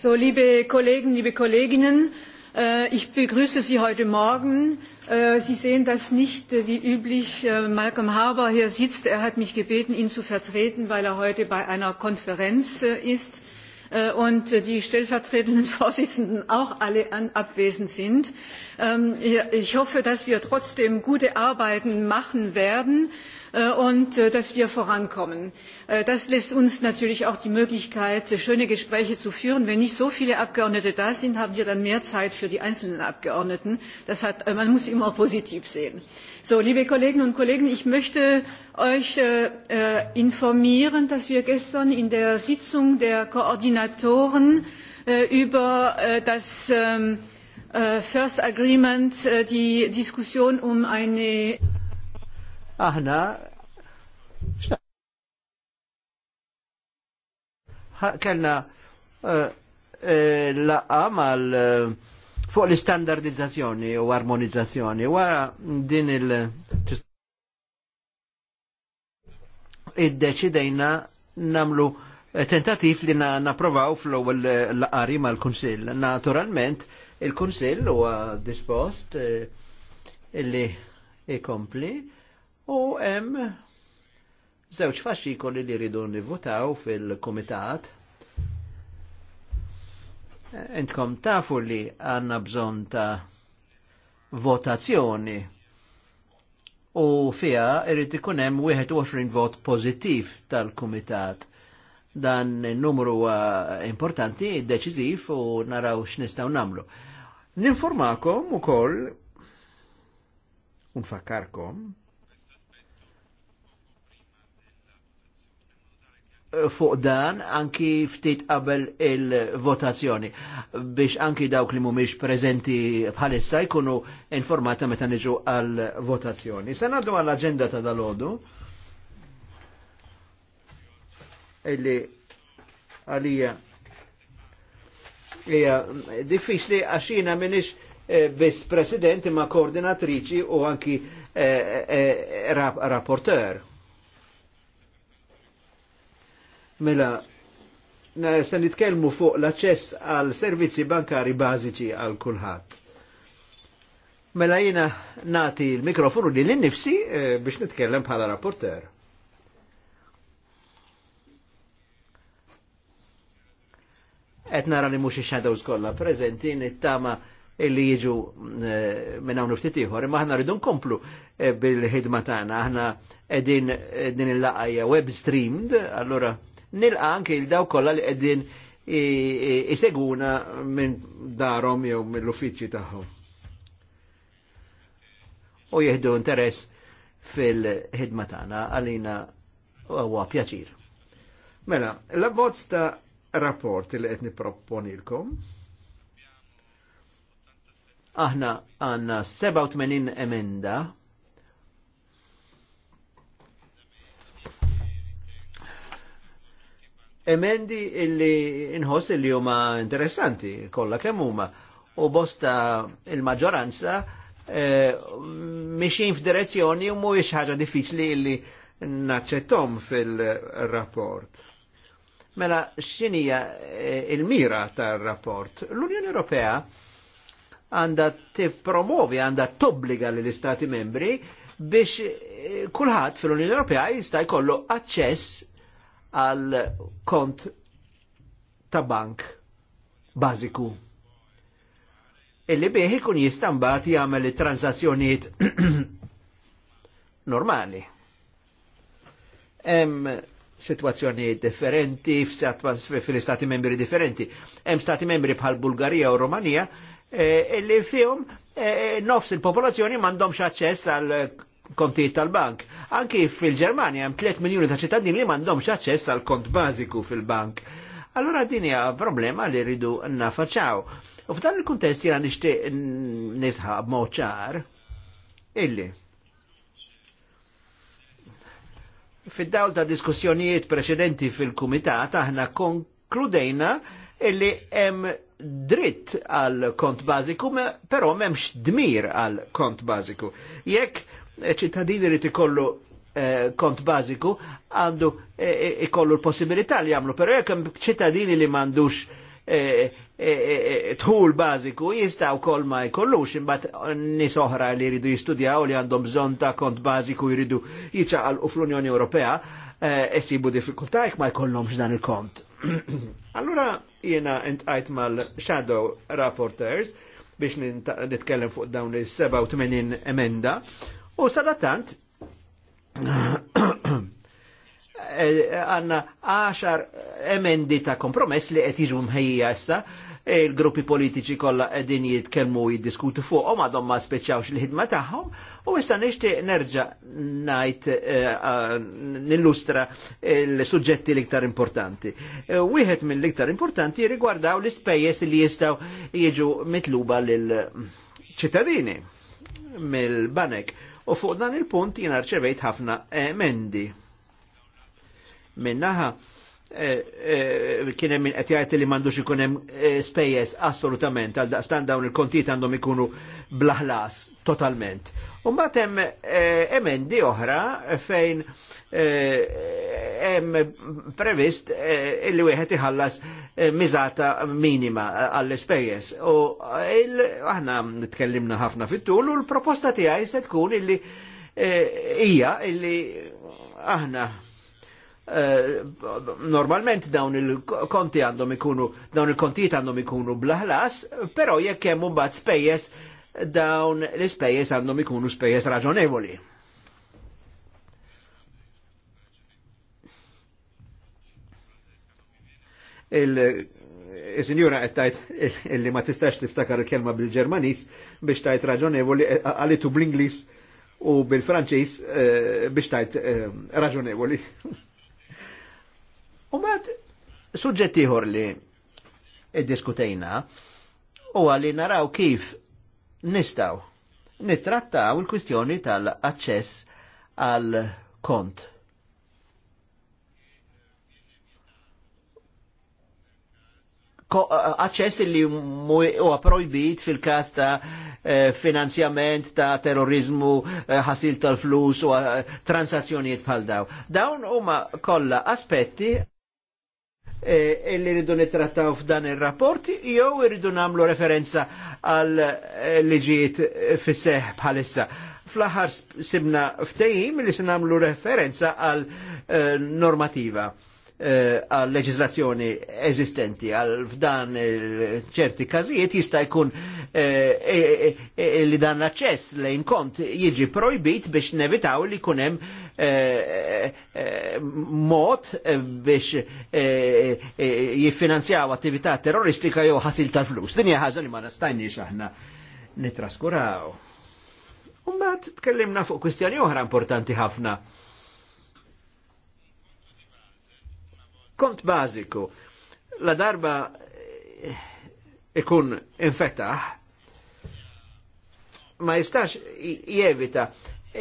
So, liebe Kollegen, liebe Kolleginnen, äh, ich begrüße Sie heute Morgen. Äh, Sie sehen, dass nicht äh, wie üblich Malcolm Harbour hier sitzt. Er hat mich gebeten, ihn zu vertreten, weil er heute bei einer Konferenz ist und die stellvertretenden Vorsitzenden auch alle abwesend sind. Ähm, ich hoffe, dass wir trotzdem gute Arbeiten machen werden. Äh, und äh, dass wir vorankommen. Äh, das lässt uns natürlich auch die Möglichkeit, schöne Gespräche zu führen. Wenn nicht so viele Abgeordnete da sind, haben wir dann mehr Zeit für die einzelnen Abgeordneten. Das hat, man muss immer positiv sehen. So, liebe Kolleginnen und Kollegen, ich möchte euch äh, informieren, dass wir gestern in der Sitzung der Koordinatoren äh, über äh, das ähm, äh, First Agreement äh, die Diskussion um eine aħna kellna uh, laqa mal eh, fuq l-istandardizzazzjoni u armonizzazzjoni wara din il id-deċidejna namlu tentativ li na naprovaw fl-ewwel laqari mal-Kunsill. Naturalment il-Kunsill huwa dispost illi ikompli. E U hemm żewġ faxxikoli li rridu nivvutaw fil-kumitat. Entkom tafu li għanna bżon ta' votazzjoni u fija irrid ikun hemm 21 vot pożittiv tal-kumitat. Dan numru importanti, deċiżiv u naraw x'nistgħu nagħmlu. Ninformakom ukoll unfakkarkom fuq dan anki ftit qabel il-votazzjoni biex anki dawk li mhumiex prezenti bħalissa jkunu informata meta niġu għal votazzjoni. Se ngħaddu għall aġenda ta' dal-ħodu illi għalija hija diffiċli għax jiena minix bis eh, biss ma' koordinatriċi u anki eh, eh, rap rapporteur. Mela, se nitkellmu fuq l-aċċess għal servizzi bankari bażiċi għal kulħadd. Mela jina nati l-mikrofonu li l-nifsi eh, biex nitkellem bħala rapporter. Et nara li mux shadows kolla prezenti nittama illi jiġu eh, minn hawn ftit ieħor, imma aħna rridu nkomplu eh, bil-ħidma tagħna, aħna qegħdin din il-laqgħa web streamed, allura nilqa anki il-daw kolla li qegħdin iseguna minn darhom jew mill-uffiċċji tagħhom. U jieħdu interess fil-ħidma tagħna għalina huwa pjaċir. Mela, l-abbozz ta' rapport li qed nipproponilkom aħna għanna 87 emenda emendi illi inħoss illi huma interessanti kollha kemm huma u bosta il-maġġoranza eh, mixin f'direzzjoni u mhuwiex ħaġa diffiċli illi naċċettom fil-rapport. Mela x'inhija eh, il-mira tar-rapport? L-Unjoni Ewropea għandha tippromovi, għandha tobbliga lill istati membri biex eh, kulħadd fil-Unjoni Ewropea jista' jkollu aċċess għal kont ta' bank bażiku. Illi bieħ kun jistambat jagħmel transazzjoniet normali. Hemm situazzjoni differenti fil-istati membri differenti. Hemm stati membri bħal Bulgarija u Romania, eh, illi fihom eh, nofs il-popolazzjoni m'għandhomx aċċess għal kontijiet tal-bank. Anki fil-Ġermanja hemm 3 miljuni ta' ċittadini li m'għandhomx aċċess għal kont bażiku fil-bank. Allura din hija problema li rridu nafaċaw. U f'dan il-kuntest jiena nixtieq nisħa mod ċar illi. Fid-dawl ta' diskussjonijiet preċedenti fil-Kumitat aħna konkludejna illi hemm dritt għal kont bażiku, però m'hemmx dmir għal kont bażiku. Jekk ċittadini rrit ikollu eh, kont bażiku għandu eh, eh, ikollu l-possibilità li jagħmlu, però jekk ċittadini li m'għandux tħul bażiku jistgħu wkoll ma jkollux imbagħad nies oħra li jridu jistudjaw li għandhom bżonn ta' kont bażiku jridu jiċċaqalqu fl-Unjoni Ewropea jsibu diffikultà jekk ma jkollhomx dan il-kont. Allura jiena intqajt mal-shadow rapporteurs biex nitkellem fuq dawn il-87 emenda U tant, eh, għanna 10 emendi ta' kompromess li qed jiġu mħejja issa, il-gruppi politiċi kollha għedin jitkelmu jiddiskutu fuqhom għadhom ma speċjawx il-ħidma tagħhom u issa nixtieq nerġa' ngħid eh, nillustra l-suġġetti l-iktar importanti. Eh, wieħed mill iktar importanti rigwardaw l-ispejjeż li jistgħu jiġu mitluba l ċittadini mill-banek u fuq dan il-punt jina rċevejt ħafna emendi. Minnaħa Eh, eh, kien hemm qed jgħid li m'għandux ikun hemm eh, spejjeż assolutament għal daqstan dawn il kontijiet għandhom ikunu blaħlas totalment. U mbagħad hemm emendi oħra fejn hemm previst illi wieħed iħallas miżata minima għall-ispejjeż. U aħna nitkellimna ħafna fit-tul u l-proposta tiegħi se tkun illi hija illi aħna Eh, normalment dawn il-konti għandhom ikunu, dawn il-kontijiet għandhom ikunu blaħlas, però jekk hemm mbagħad spejjeż dawn l-ispejjeż għandhom ikunu spejjeż raġonevoli. il-sinjura qed tajt illi ma tistax tiftakar il-kelma bil-Ġermaniż biex tajt raġonevoli eh, għalitu bl-Ingliż u bil-Franċiż eh, biex tajt raġonevoli. U bat, suġġettiħor li id-diskutejna, huwa li naraw kif nistaw nittrattaw il-kwistjoni tal-aċċess għal kont. Ko, aċċess li huwa projbit fil-każ ta' eh, finanzjament ta' terrorizmu, eh, ħasil tal-flus u eh, transazzjonijiet bħal daw. Dawn huma kollha aspetti Eh, e li rridu nittrattaw f'dan il-rapport jew irridu namlu referenza għal eh, liġijiet eh, fis-seħ bħalissa. Fl-aħħar sibna ftehim li se namlu referenza għal normativa Eh, għal leġizlazzjoni eżistenti għal f'dan ċerti każijiet jista' jkun eh, eh, li dan l-aċċess lejn kont jiġi projbit biex nevitaw li jkun hemm mod biex jiffinanzjaw attività terroristika jew ħasil tal-flus. Din hija ħaġa li ma nastajniex aħna nitraskuraw. Umbat tkellimna fuq kwistjoni oħra importanti ħafna kont bażiku. La darba eh, ikun infetaħ, ma jistax jevita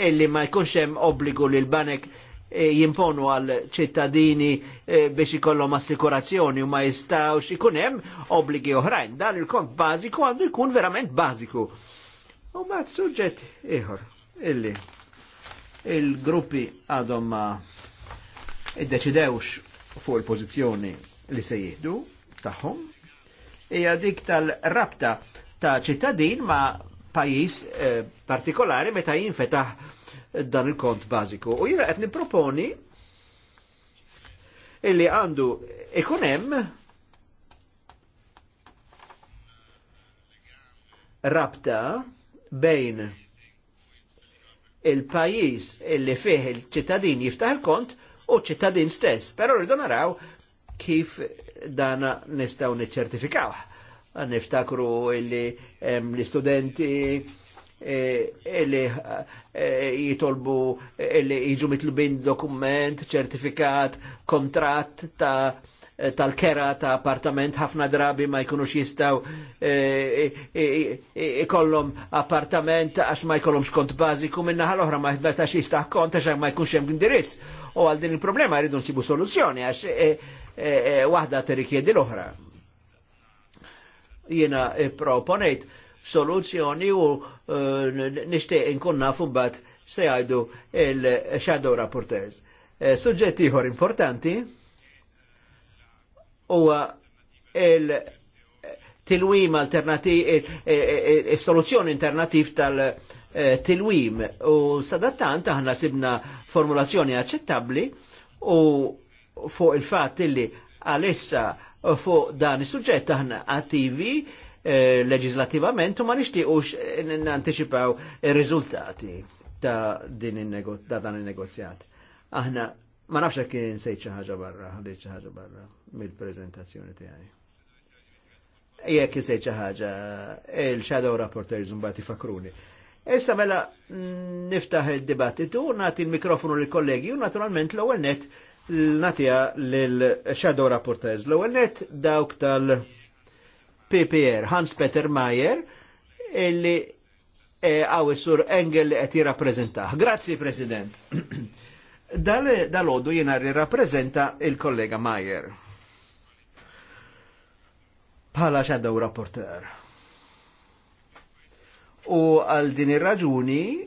illi ma jkunx hemm obbligu li l banek eh, jimponu għal ċittadini eh, biex ikollhom assikurazzjoni u ma jistax ikun hemm obbligi oħrajn. Dan il-kont bażiku għandu jkun verament bażiku. U ma suġġett ieħor illi il-gruppi għadhom ma iddeċidewx fuq il-pożizzjoni li se jieħdu tagħhom hija dik tal-rabta ta' ċittadin ma' pajis eh, partikolari meta jinfetaħ dan il-kont bażiku. U jiena qed nipproponi illi għandu ikun hemm rabta bejn il-pajis illi fih il-ċittadin jiftaħ il-kont u ċittadin stess. Però rridu naraw kif dana nistgħu niċċertifikaw. Niftakru illi l-istudenti e, illi e, jitolbu illi jiġu mitlubin dokument, ċertifikat, kontrat ta' tal-kera ta' appartament ħafna drabi ma jkunux jistaw ikollom e, appartament għax ma jkollhomx kont bażiku minna ħal-oħra ma jistax jistaħ kont għax ma jkunx hemm indirizz u għal din il-problema rridu nsibu soluzzjoni għax e, e, e t-rikjedi l-oħra. Jena proponejt soluzzjoni u e, nishtiq inkun nafu mbagħad se għajdu il-shadow rapporteurs. Suġġetti ieħor importanti u il- tilwim alternativ, il-soluzzjoni alternativ tal- Eh, tilwim u sadattant aħna sibna formulazzjoni aċċettabbli u fuq il-fatt illi għalissa fuq dan is-suġġett aħna attivi eh, leġislativament u ma nixtiequx nanticipaw ir-riżultati ta' din ta' dan il-negozjat. Aħna ma nafx hekk insejt xi ħaġa barra, ħadejt xi ħaġa barra mill-preżentazzjoni tiegħi. Jekk insejt xi ħaġa, il-shadow rapporter Zumbati Fakruni. Issa mela mm, niftaħ il-dibattitu, nati il-mikrofonu l-kollegi, u naturalment l ewwel net natija l-Shadow Rapportez. l ewwel net dawk tal-PPR, Hans Peter Mayer, illi e, għaw sur Engel li jirrappreżentah. Grazzi, President. Dal-ħodu jena rirrapprezenta il-kollega Mayer. Bħala Shadow Rapportez. U għal din ir-raġuni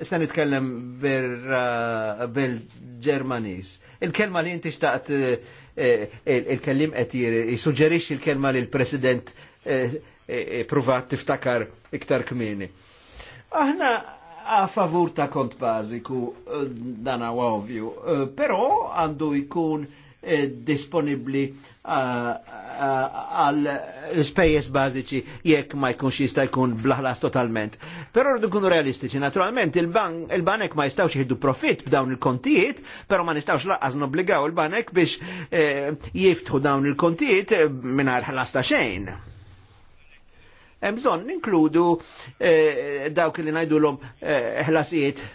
Issa nitkellem bil-Ġermanis. Uh, il-kelma li inti xtaqt uh, uh, il-kellim qed jisuġġerixxi il-kelma li l-President pruvat tiftakar iktar kmini. Aħna a favur ta' kont bażiku dan huwa ovvju, però għandu jkun Eh, disponibli eh, eh, għal spejjeż bażiċi jekk ma jkunx jista' jkun blaħlas totalment. Però rridu nkunu realistiċi, naturalment il-banek ma jistgħux jieħdu profitt b'dawn il-kontijiet, però ma nistgħux laqqas nobbligaw il-banek biex jiftħu dawn il-kontijiet mingħajr ħlas ta' xejn. Hemm bżonn ninkludu dawk li ngħidulhom ħlasijiet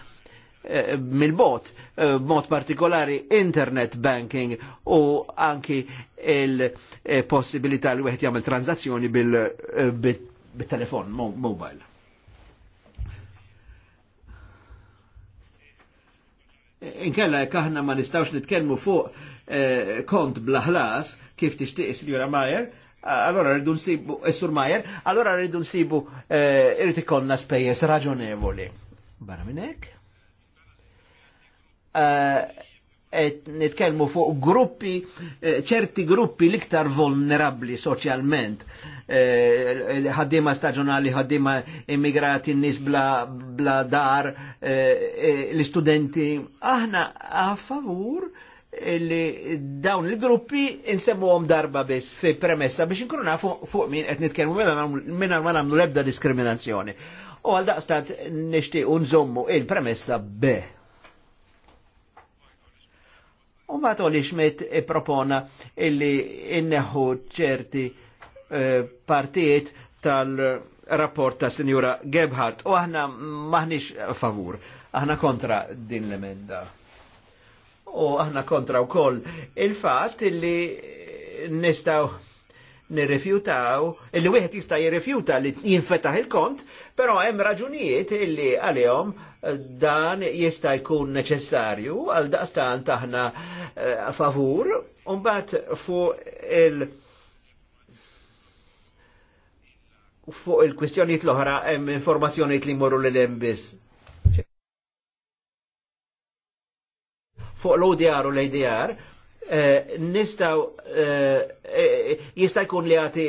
mill-bot Eh, mod partikolari internet banking u anki il-possibilità eh, li wieħed jagħmel transazzjoni eh, bil-telefon mobile. inkella jekk aħna ma nistawx nitkellmu fuq kont bla ħlas kif tixtieq Sinjura Majer, allora rridu nsibu Sur Majer, allora rridu nsibu eh, irrid ikollna spejjeż raġonevoli. Barra minn hekk? Eh, nitkellmu fuq gruppi, eh, ċerti gruppi liktar vulnerabli soċjalment. Eh, ħaddima staġjonali, ħaddima immigrati, nis bla, bla dar, l-istudenti. Aħna a li dawn il-gruppi insemmuhom darba biss fi premessa biex inkunu nafu fuq min qed nitkellmu minn ma nagħmlu l-ebda diskriminazzjoni. U għal daqstat nixtiequ nżommu il-premessa B U ma toli xmet propona illi inneħu ċerti eh, partijiet tal-rapport ta' Sinjura Gebhardt u aħna maħnix favur, aħna kontra din l-emenda. U aħna kontra u koll il-fat illi nistaw nirrifjutaw, illi wieħed jista' jirrifjuta li jinfetaħ il-kont, però hemm raġunijiet illi għalihom eh, dan jista' jkun neċessarju għal daqstan aħna eh, favur, mbagħad fuq il- fuq il-kwistjonijiet l-oħra hemm informazzjonijiet li mmorru lil hemm biss. Fuq l-ODR u l-ADR, Eh, nistaw eh, eh, jista' jkun li għati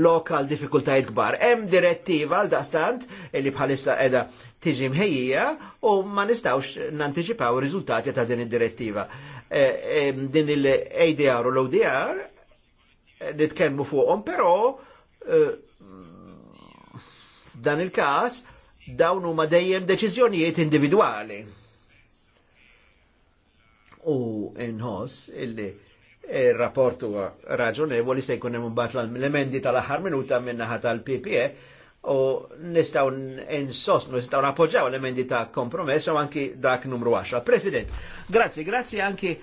lokal diffikultajiet kbar. Hemm direttiva għal daqstant li bħalissa qiegħda tiġi mħejjija u ma nistawx nanticipaw riżultati ta' din id-direttiva. Din il-ADR u l-ODR nitkellmu fuqhom, però f'dan il-każ dawn huma dejjem deċiżjonijiet individwali u nħoss illi il-rapport huwa raġonevoli se jkun hemm imbagħad l-emendi tal-aħħar minuta minnaħa tal-PPE u nistgħu insostnu nistgħu nappoġġaw l-emendi ta' kompromess u anki dak numru 10. President, grazzi, grazzi anki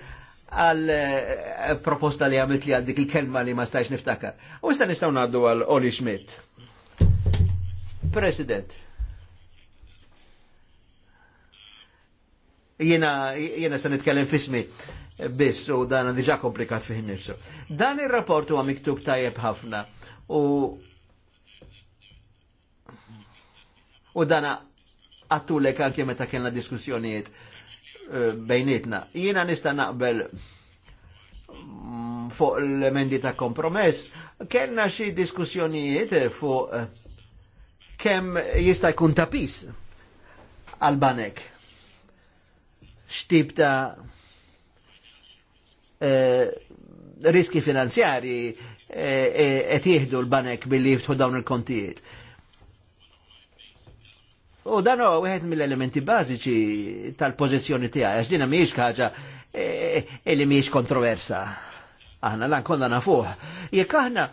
għal eh, proposta li għamilt li għal dik il-kelma li ma stajx niftakar. U sta nistgħu ngħaddu għal Oli Schmidt. President. Jena, jena sa' nitkellem fismi biss u dan diġa komplikat fih nifsu. Dan il-rapport huwa miktub tajjeb ħafna u u dana għattulek anke meta kellna diskussjonijiet eh, bejnietna. Jena nista' naqbel mm, fuq l-emendi ta' kompromess, kellna xi diskussjonijiet fuq eh, kemm jista' jkun tapis għal banek xtib ta' eh, riski finanzjari qed eh, eh, jieħdu l-banek billi jiftħu dawn il-kontijiet. U dan u wieħed mill-elementi bażiċi tal-pożizzjoni tiegħi għax dinha mhijiex ħaġa eh, li mhijiex kontroversa. Aħna lan konna nafuħ. Jekk aħna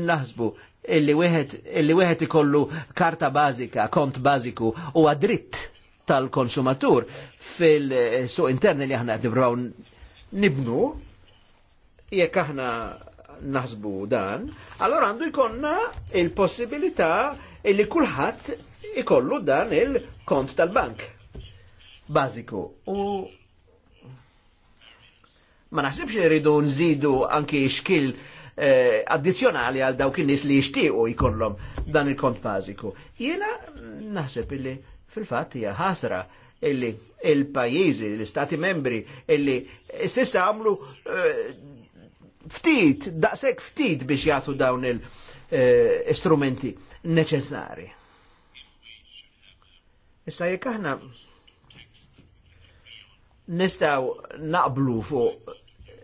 naħsbu illi wieħed illi wieħed ikollu karta bażika, kont bażiku u dritt tal-konsumatur fil-suq interni li aħna nibraw nibnu, jekk aħna naħsbu dan, allora għandu jkonna il-possibilità li kulħadd ikollu dan il-kont tal-bank. Bażiku. U ma naħsibx li nżidu anki xkil eh, addizjonali għal dawk in-nies li jixtiequ jkollhom dan il-kont bażiku. Jiena naħseb illi Fil-fatt hija ħasra illi il-pajjiżi, l-istati membri illi sissa għamlu eh, ftit, daqshekk ftit biex jagħtu dawn il-istrumenti eh, neċessari. Issa jekk aħna nistaw naqblu fuq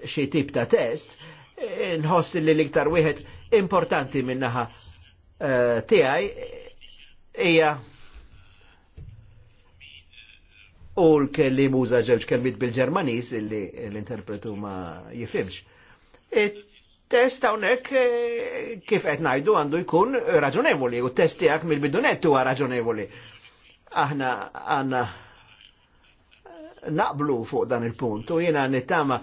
xi tip ta' test, eh, nħoss li l-iktar wieħed importanti minnaħa tiegħi hija u l-kelli muża ġewġ kelmit bil-Ġermanis illi l-interpretu ma jifimx. Test hawnhekk eh, kif qed ngħidu għandu jkun raġonevoli u test tiegħek mill-bidunet huwa raġonevoli. Aħna għandna naqblu fuq dan il-punt u jiena nittama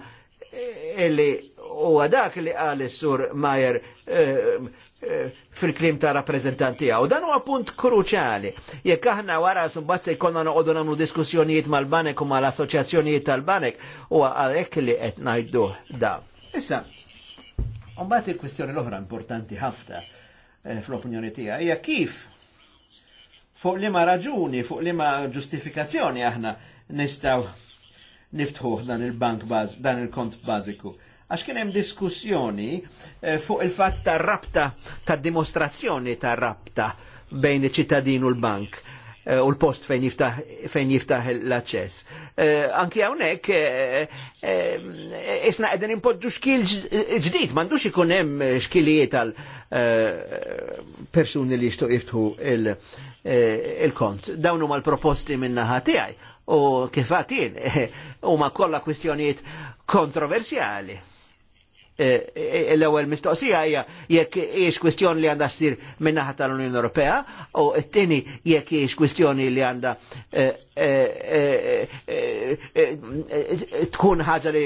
eh, illi huwa dak li is sur Majer eh, Eh, fil-klim ta' rappresentanti għaw. Dan huwa punt kruċali. Jekk aħna wara sumbat se jkollna noqogħdu nagħmlu diskussjonijiet mal-banek u mal-assoċjazzjonijiet tal-banek huwa għalhekk li qed ngħidu da. Issa, mbagħad il-kwistjoni l-oħra importanti ħafna eh, fl-opinjoni tiegħi hija kif fuq liema raġuni, fuq liema ġustifikazzjoni aħna nistgħu niftħuh dan il-bank dan il-kont bażiku Għax kien hemm diskussjoni eh, fuq il-fatt ta' rabta, ta' dimostrazzjoni ta' rabta bejn iċ-ċittadin u l-bank eh, u l-post fejn jiftaħ, fejn jiftaħ l-aċċess. Eh, anki hawnhekk isna qegħdin impoġġu xkil ġdid, m'għandux ikun hemm xkilijiet għal persuni li jistgħu jiftħu il-kont. Dawn huma l-proposti min-naħa tiegħi u kif u huma kollha kwistjonijiet kontroversjali. Eh, eh, l-ewwel mistoqsija hija jekk hiex kwistjoni li għandha ssir min-naħa tal-Unjoni Ewropea u t-tieni jekk hiex kwistjoni li għandha eh, tkun ħaġa li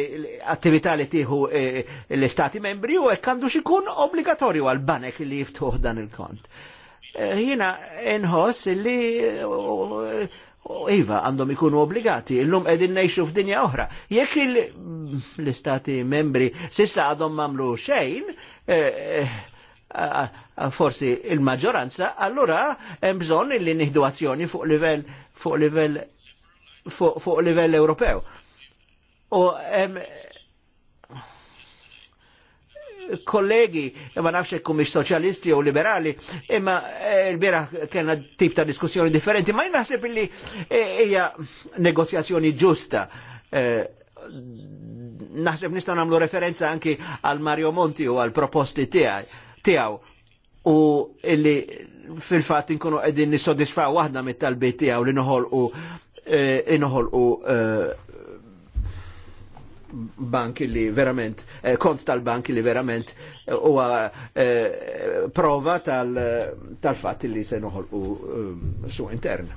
attività li tieħu l-Istati membri u hekk għandux ikun obbligatorju għal banek li jiftuħ dan il-kont. Jiena inħoss li Iva, għandhom ikunu obbligati, l-lum edin nejxu f'dinja oħra. Jekk l-istati membri sissa għadhom mamlu xejn, eh, eh, forsi il-maġġoranza, allura hemm bżonn li nieħdu azzjoni fuq livell fuq livell fuq livell Ewropew. U kollegi, ma nafx jekk mhix soċjalisti u liberali, imma eh, l-bira kena tip ta' diskussjoni differenti, ma jnaħseb illi eh, hija negozjazzjoni ġusta eh, naħseb nistgħu nagħmlu referenza anki għal Mario Monti u għal proposti tijaw u illi fil fat inkunu għedin nissodisfaw waħda mit talbi tijaw li noħolqu u bank li verament, eh, kont tal-bank li verament eh, huwa eh, prova tal-fat tal li se noħolqu um, su intern.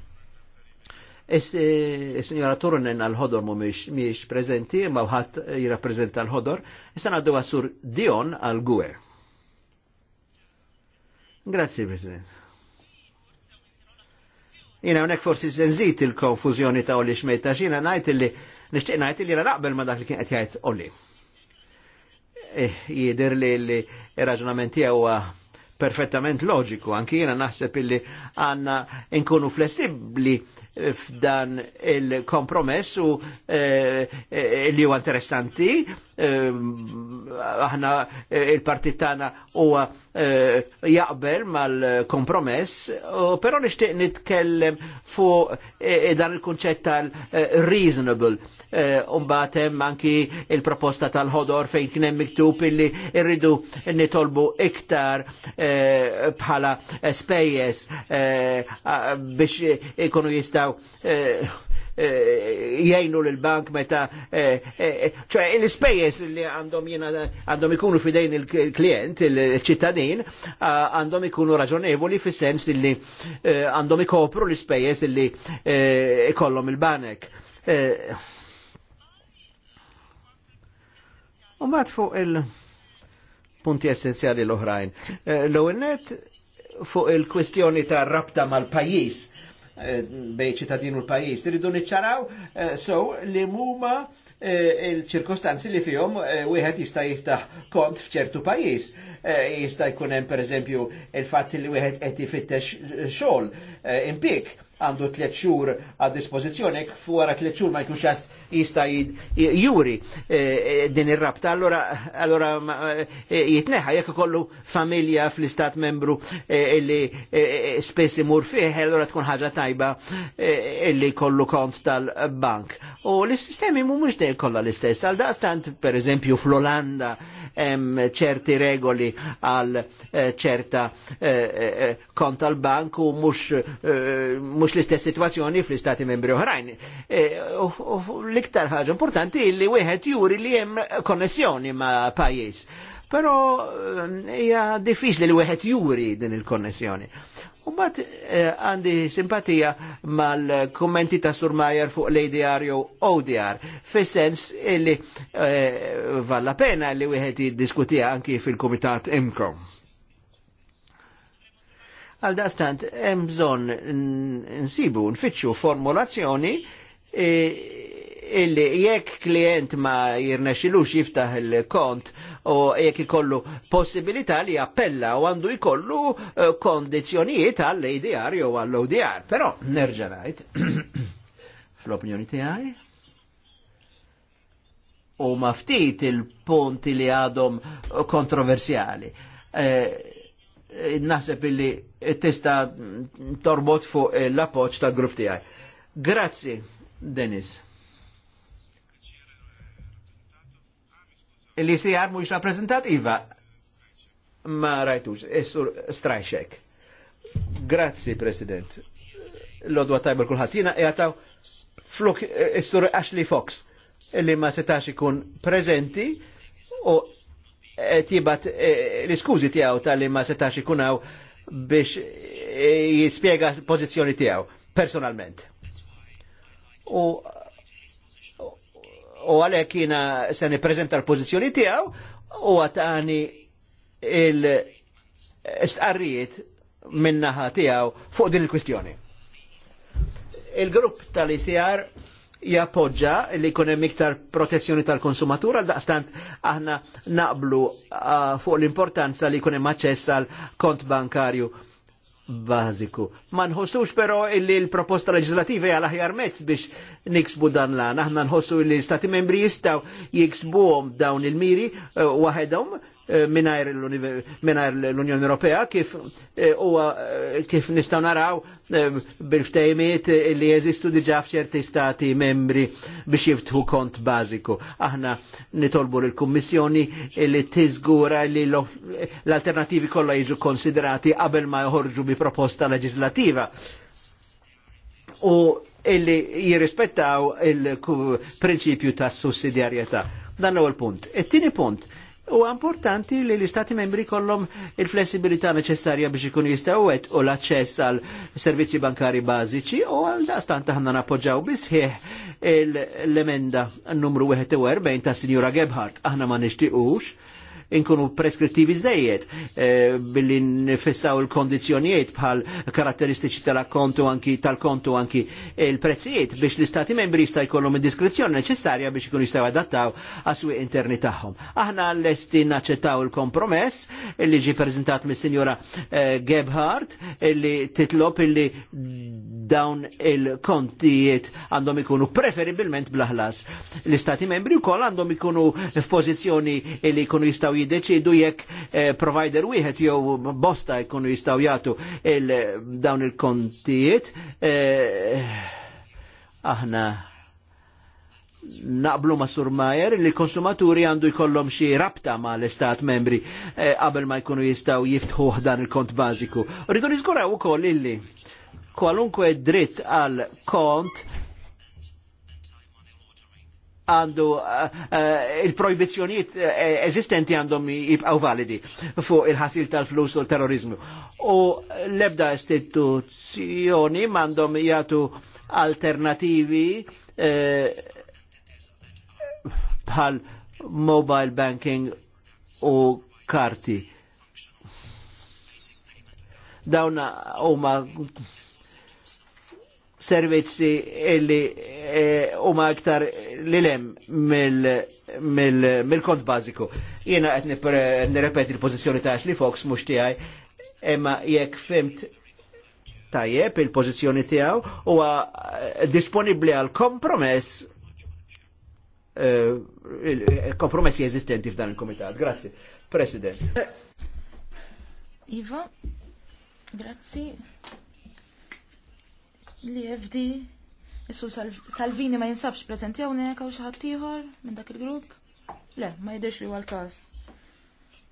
Is-signora Turunen għal-ħodor mu miex prezenti, ma uħat jirrapprezenta l-ħodor, issa għaddu għasur Dion għal-Gwe. Grazie, President. Jina unek forsi senzit il-konfuzjoni ta' u li xmejta xina najt li Nixtieq ngħid li naqbel ma dak li kien qed jgħid Olli. Eh, Jider li l-raġunament tiegħu perfettament loġiku, anki jiena naħseb illi għanna nkunu flessibli f'dan il-kompromess u eh, eh, li huwa interessanti. Eh, aħna il-partit tagħna huwa jaqbel mal-kompromess, però nixtieq nitkellem fuq dan il-kunċett tal-reasonable. Umbagħad hemm anki il-proposta tal-ħodor fejn kien hemm miktub illi rridu nitolbu iktar bħala spejjeż biex ikunu jista' jistaw eh, eh, jajnu l-bank meta eh, ċoħe l-spejjes li għandhom jina għandhom ikunu fidejn il-klient, il-ċittadin, għandhom ikunu raġonevoli fi sens li għandhom ikopru l-spejjes li ikollom il-banek. U fuq il-punti essenzjali l-oħrajn. L-għennet fuq il-kwestjoni ta' rabta mal-pajis Eh, bej ċittadin l-pajis. Rridu niċċaraw eh, so li muma eh, il-ċirkostanzi li fihom wieħed jista' jiftaħ kont f'ċertu pajjiż. Jista' jkun hemm pereżempju il-fatt li wieħed qed jfittex xogħol impik għandu tliet xhur għad dispożizzjoni fu wara tliet xhur ma jkunx għast jista' juri eh, eh, din ir-rabta. Allora allora eh, jitneħħa jekk ikollu familja fl-istat membru illi spess imur fih, allora tkun ħaġa tajba illi kollu kont tal-bank. U l-sistemi mhumiex dejjem kollha l-istess. Għal daqstant pereżempju fl-Olanda hemm ċerti regoli għal ċerta kont tal-bank u mhux mux l-istess situazzjoni fl-istati membri oħrajn. E, l-iktar ħaġa importanti li wieħed juri li hemm konnessjoni ma' pajis. Però eh, hija diffiċli li wieħed juri din il-konnessjoni. U bat eh, għandi eh, simpatija mal-kommenti ta' Surmajer fuq l-ADR jew ODR, fis-sens illi eh, valla pena li wieħed jiddiskutija anki fil-Kumitat Imkom. Għal dastant, hemm bżonn nsibu, nfittxu formulazzjoni e, illi jekk klient ma jirnexilux jiftaħ il-kont u jekk ikollu possibilità li appella u għandu jkollu e, kondizjonijiet għall-ADR jew għall-ODR. Però nerġa' ngħid fl-opinjoni tiegħi u maftit il-punti li għadhom kontroversjali. Eh, naħseb illi tista torbot fuq l-appoċ ta' grupp tijaj. Grazzi, Denis. Illi si għar mux rappresentat Iva, ma rajtux, essur strajxek. Grazzi, President. L-odwa tajber kullħatina, jgħataw fluk essur e, Ashley Fox, illi ma setax ikun prezenti u tibat e, l-iskużi tiegħu tal-li ma setax ikunaw biex e, jispjega l-pożizzjoni tiegħu personalment. U u għalhekk jiena se nippreżenta l-pożizzjoni tiegħu u għatani il-istqarrijiet minnaħa tiegħu fuq din il-kwistjoni. Il-grupp tal-ICR jappoġġa li jkun hemm iktar protezzjoni tal-konsumatura daqstant aħna naqblu ah, fuq l-importanza li jkun hemm aċċess għal kont bankarju bażiku. Ma nħossux però illi l-proposta leġislativa hija l-aħjar mezz biex niksbu dan l-għan. Aħna nħossu li stati membri jistgħu jiksbuhom dawn il-miri eh, waħedhom Eh, minnajr l-Unjoni Ewropea kif eh, huwa eh, kif nistgħu naraw bil-ftejmiet li jeżistu diġà f'ċerti stati membri biex jiftħu kont bażiku. Aħna nitolbu lill-Kummissjoni li tiżgura li l-alternativi kollha jiġu konsiderati qabel ma joħorġu bi proposta leġislativa. U illi jirrispettaw il-prinċipju tas sussidjarjetà. Dan l-ewwel punt. It-tieni punt U importanti li l-Istati membri kollom il-flessibilità neċessarja biex ikun jistaw u l-access għal servizzi bankari bażiċi u għal daqstant ħanna napoġġaw bisħieħ l-emenda numru 41 ta' Signora Gebhardt. Aħna ma nixtiqux inkunu preskrittivi żejjed eh, billi nfissaw il-kondizjonijiet bħal karatteristiċi tal-kontu anki tal-kontu anki il-prezzijiet biex l-istati membri jista' jkollhom id-diskrezzjoni neċessarja biex ikunu jistgħu adattaw għas-swieq interni tagħhom. Aħna lesti naċċettaw il-kompromess li ġi preżentat mis-Sinjora eh, Gebhardt illi titlob illi dawn il-kontijiet għandhom ikunu preferibilment blaħlas. L-istati membri wkoll għandhom ikunu f'pożizzjoni illi jkunu jistgħu jistgħu jiddeċidu jekk eh, provider wieħed jew bosta jkunu jistgħu jagħtu dawn il-kontijiet. Eh, aħna naqblu ma' Majer li konsumaturi għandu jkollhom xi rabta ma' l-istat membri eh, qabel ma' jkunu jistgħu jiftħu dan il-kont bażiku. Rridu niżguraw ukoll illi kwalunkwe dritt għal kont għandu eh, eh, il-projbizjoniet eh, eżistenti għandhom jibqaw validi fuq il-ħasil tal-flus u l-terrorizmu. U lebda istituzzjoni mandom jgħatu alternativi bħal mobile banking u karti. Dawna huma servizzi illi eh, u ma aktar li lem mill-kont baziku. Jena qed nirrepeti il-pozizjoni ta' Ashley Fox mux tijaj, emma jekk fimt tajjeb il-pożizzjoni tiegħu huwa eh, disponibli għal kompromess eh, kompromessi eżistenti f'dan il-komitat. Grazie, President. Iva, grazie li FD Issu Salvini ma jinsabx prezenti hawnhekk hawn xi ħadd ieħor minn dak il-grupp? Le, ma jidhirx li huwa l-każ.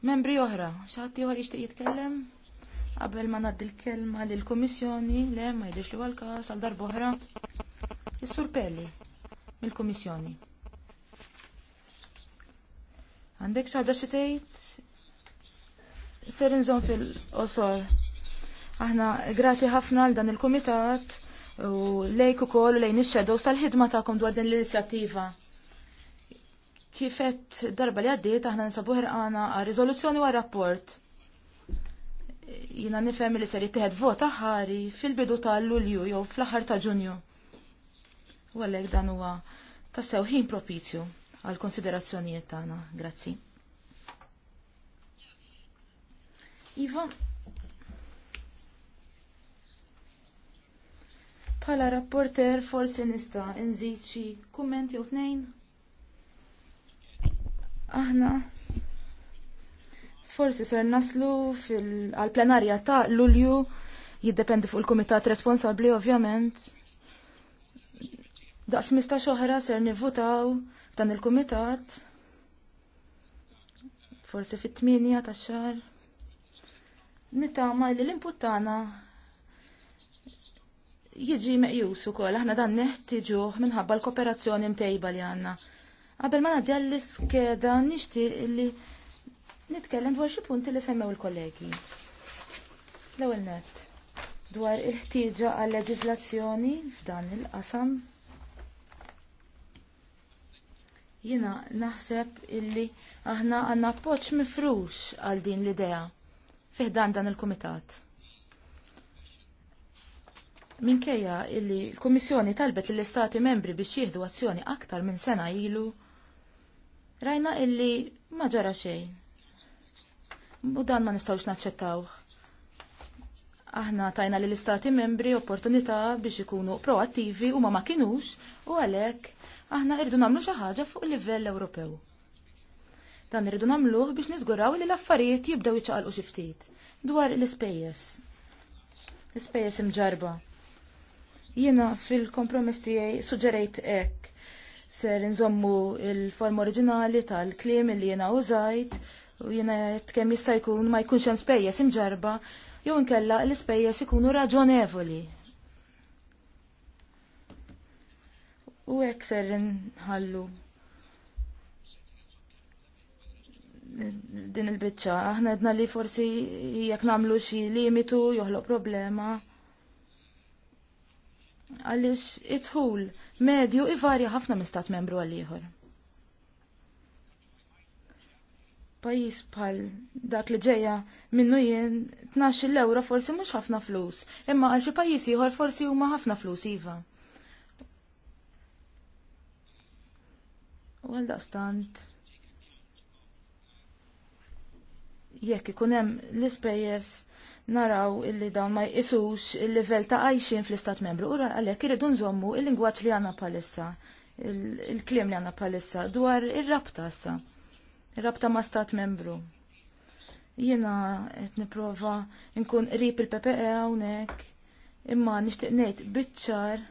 Membri oħra, xi ħadd ieħor jitkellem? Qabel ma ngħaddi l-kelma lill-Kummissjoni, le ma jidhirx li huwa kas għal darba oħra. Is-Sur Pelli mill-Kummissjoni. Għandek xaħġa xitejt? xi tgħid? Ser fil-qosor. Aħna grati ħafna għal dan il-kumitat u lejk ukoll lejn ix-shadows tal-ħidma tagħkom dwar din l-inizjattiva. Kifet darba li għaddiet aħna nisabu ħirqana għal riżoluzzjoni u rapport. Jina nifhem li ser jittieħed vota ħari fil-bidu ta' Lulju jew fl-aħħar ta' Ġunju. U għalhekk dan huwa tassew ħin propizju għal konsiderazzjonijiet tagħna. Grazzi. Iva, Bħala rapporter forsi nista' nżid xi kumment jew tnejn. Aħna forsi ser naslu fil plenarja ta' Lulju jiddependi fuq il-kumitat responsabbli ovvjament. Daqs mista xoħra ser nivvutaw f'dan il-kumitat forsi fit-8 ta' xar. Nitama li l-input tagħna jiġi meqjus ukoll aħna dan neħtiġu minħabba l-kooperazzjoni mtejba li għandna. Qabel ma ngħaddi l-iskeda nixtieq li nitkellem dwar xi punti li semmew il-kollegi. L-ewwel nett dwar il-ħtieġa għal leġiżlazzjoni f'dan il-qasam. Jiena naħseb illi aħna għandna appoġġ mifrux għal din l-idea fiħdan dan il-kumitat. Minkejja illi l-Kummissjoni talbet lill istati membri biex jieħdu azzjoni aktar minn sena ilu, rajna illi ma ġara xejn. U dan ma nistawx naċċettawh. Aħna tajna lill istati membri opportunità biex ikunu proattivi u ma ma kinux u għalhekk aħna irridu nagħmlu xi ħaġa fuq livell Ewropew. Dan irridu nagħmluh biex niżguraw li l-affarijiet jibdew iċaqalqu xi ftit dwar l-ispejjeż. L-ispejjeż imġarba. Jiena fil-kompromess tiegħi suġerejt hekk ser nżommu il-form oriġinali tal-kliem li jiena użajt u jiena kemm jista' jkun ma jkunx hemm spejjeż imġarba jew inkella l-ispejjeż ikunu raġonevoli. U hekk ser nħallu din il-biċċa. Aħna edna li forsi jekk nagħmlu xi limitu joħloq problema għaliex it-ħul medju ivarja ħafna mistat membru għalliħor. Pajis bħal dak li ġeja minnu jien 12 euro forsi mhux ħafna flus, imma għal xi pajjiż ieħor forsi huma ħafna flus iva. U għal daqstant jekk ikun hemm l-ispejjeż naraw illi dawn ma jqisux il-livell ta' għajxin fl-istat membru. Ura għalhekk irridu nżommu il-lingwaġġ li għandna palissa, il-kliem li għandna palissa dwar ir-rabta issa. Ir-rabta ma' stat membru. Jiena qed nipprova nkun qrib il-PPE hawnhekk imma nixtieq ngħid biċ-ċar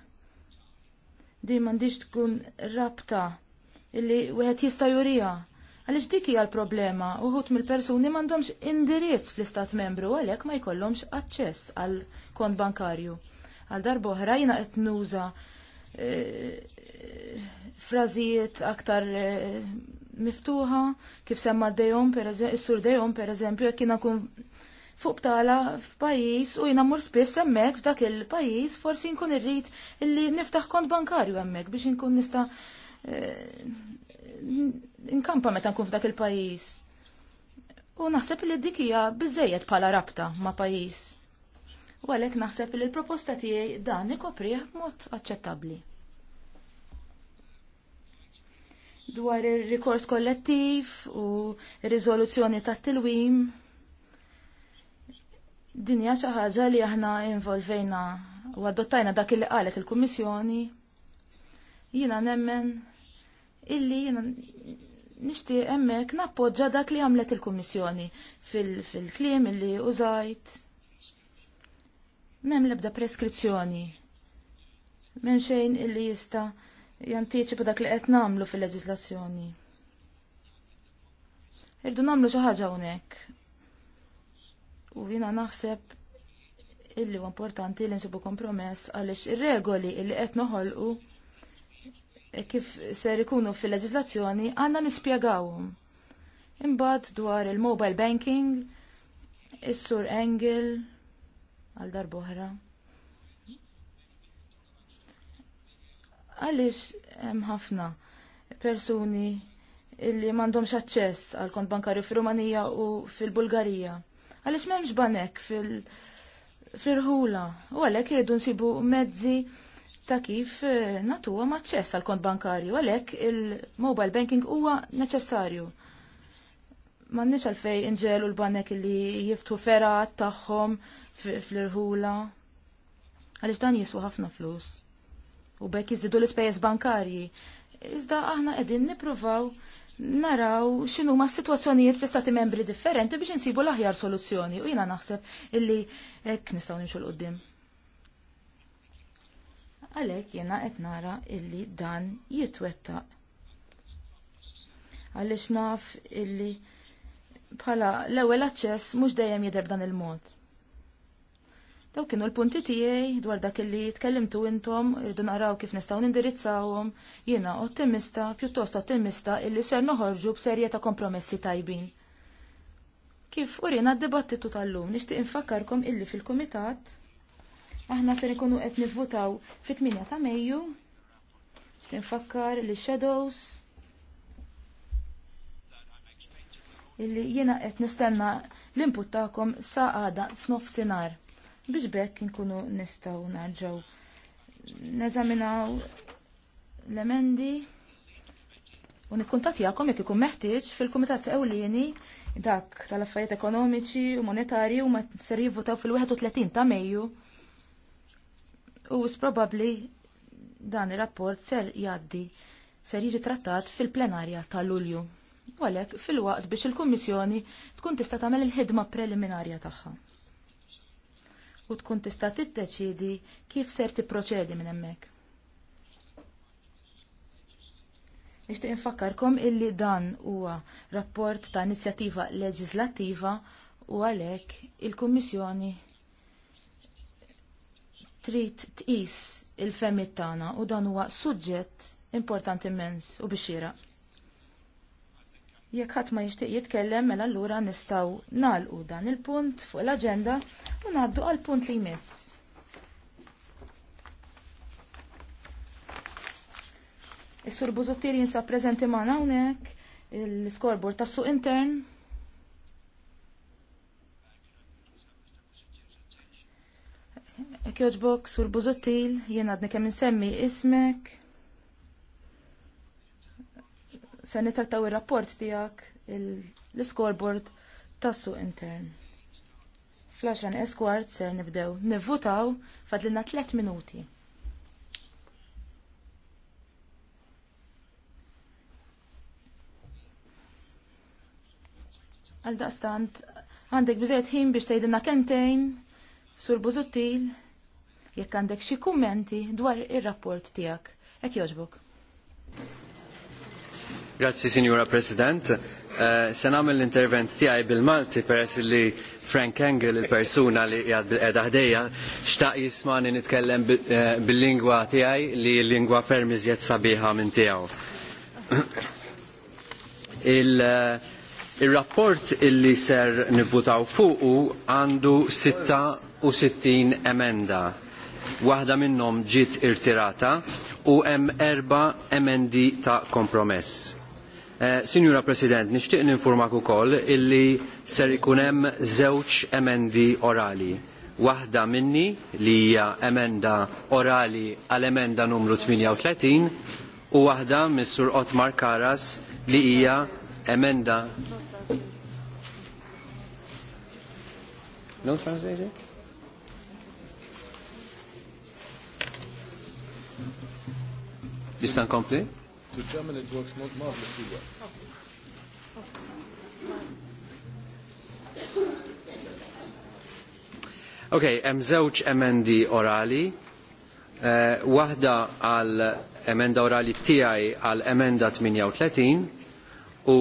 di m'għandix tkun rabta illi wieħed jista' jurija Għaliex dik hija l-problema, uħut mill-persuni m'għandhomx indirizz fl-istat membru għalhekk ma jkollhomx aċċess għal kont bankarju. Għal darba oħra jiena qed nuża eh, frażijiet aktar eh, miftuħa kif semma dejhom is-sur dejhom pereżempju jekk jiena kun fuq tala f'pajjiż u jiena mmur spiss hemmhekk f'dak il-pajjiż forsi nkun irrid illi niftaħ kont bankarju hemmhekk biex inkun nista' eh, inkampa meta nkun f'dak il-pajjiż. U naħseb li dik hija biżejjed bħala rabta ma' pajjiż. U għalhekk naħseb li l-proposta tiegħi dan ikoprih mod aċċettabbli. Dwar ir-rikors kollettiv u r-riżoluzzjoni tat-tilwim Din hija xi ħaġa li aħna involvejna u adottajna dak li qalet il-Kummissjoni. Jiena nemmen illi jena nishti emmek nappoġġa dak li għamlet il-Kommissjoni fil-klim fil illi użajt. Mem lebda preskrizzjoni. Mem xejn illi jista jantiċipa dak li qed namlu fil-leġislazzjoni. Irdu namlu xi ħaġa hawnhekk. U jiena naħseb illi huwa importanti li nsibu kompromess għaliex ir-regoli illi qed noħolqu kif ser ikunu fil leġislazzjoni għanna nispjegawhom. Imbagħad dwar il-mobile banking, is-sur Engel għal darboħra. Għaliex hemm ħafna persuni illi m'għandhomx aċċess għal kont bankarju fir-Rumanija u fil-Bulgarija. Għaliex m'hemmx banek fil firħula u għalhekk iridu nsibu mezzi ta' kif eh, natuwa maċċess għal kont bankarju għalhekk il-mobile banking huwa neċessarju. M'għandniex għalfej inġelu l-banek li jiftu ferat tagħhom fl-irħula. Għaliex dan jiswa ħafna flus. U bekk jizdidu l-ispejjeż bankarji. Iżda aħna qegħdin nippruvaw naraw xinu ma situazzjonijiet fi stati membri differenti biex insibu l-aħjar soluzzjoni u jina naħseb illi ek nistaw nimxu l-qoddim għalhekk jiena qed nara illi dan jitwettaq. Għaliex naf illi bħala l-ewwel aċċess mhux dejjem jidher dan il-mod. Daw kienu l-punti tiegħi dwar dak illi tkellimtu intom, irridu naraw kif nistgħu nindirizzawhom, jiena ottimista, pjuttost ottimista illi ser noħorġu b'serje ta' kompromessi tajbin. Kif urina d-dibattitu tal-lum nixtieq infakkarkom illi fil-kumitat Aħna ser ikunu qed nivvutaw fit-8 ta' Mejju. Tinfakkar li shadows illi jiena qed nistenna l-input tagħkom sa għada f'nofsinhar biex bekk inkunu nistgħu narġgħu neżaminaw l-emendi u nikkuntatjakom jekk ikun meħtieġ fil-Kumitat Ewlieni dak tal-affarijiet ekonomiċi u monetarji u ma ser jivvotaw fil-31 ta' Mejju u s-probabli dan ir-rapport ser jgħaddi ser jiġi trattat fil-plenarja ta' Lulju. U għalhekk fil-waqt biex il-Kummissjoni tkun tista' tagħmel il-ħidma preliminarja tagħha. U tkun tista' tiddeċiedi kif ser tipproċedi minn hemmhekk. Nixtieq infakkarkom illi dan huwa rapport ta' inizjattiva leġislattiva u għalhekk il-Kummissjoni trid tqis il-femmit tagħna u dan huwa suġġett importanti immens u bixira. Jekk ħadd ma jixtieq jitkellem mela allura nistgħu nagħlqu dan il-punt fuq l-aġenda u ngħaddu għall punt li jmiss. Is-sur Bużottieri jinsab preżenti magħna hawnhekk, il-skorbur tas-suq intern, Ek joġbok sur bużuttil, jien għadni kemm insemmi ismek. Se nitrattaw ir-rapport tiegħek l-scoreboard tas-suq intern. Flashan Esquart ser nibdew nivvutaw fadlina 3 minuti. Għal daqstant, għandek bżejt ħin biex tgħidilna Kentejn sur Buzuttil jekk għandek xi kummenti dwar ir-rapport tiegħek. Hekk jogħġbok. Grazzi, Signora President. Eh, se nagħmel l-intervent tiegħi bil-Malti peress li Frank Engel, il-persuna li jgħad bil-qeda ħdejja, xtaq jismani nitkellem eh, bil-lingwa tiegħi li l lingwa ferm iżjed sabiħa minn tiegħu. Eh, il-rapport illi ser nivvutaw fuqu għandu 66 emenda waħda minnhom ġiet irtirata u hemm erba' emendi ta' kompromess. Eh, Sinjura President, nixtieq ninformak ukoll illi ser ikun hemm żewġ emendi orali. Waħda minni li hija emenda orali għal emenda numru 38 u waħda missur sur Otmar Karas li hija emenda No translation? This incomplete? To German it works not marvelously well. Okay. Okay, hemm żewġ emendi orali. Eh, Waħda għal emenda orali tiegħi għal emenda 38 u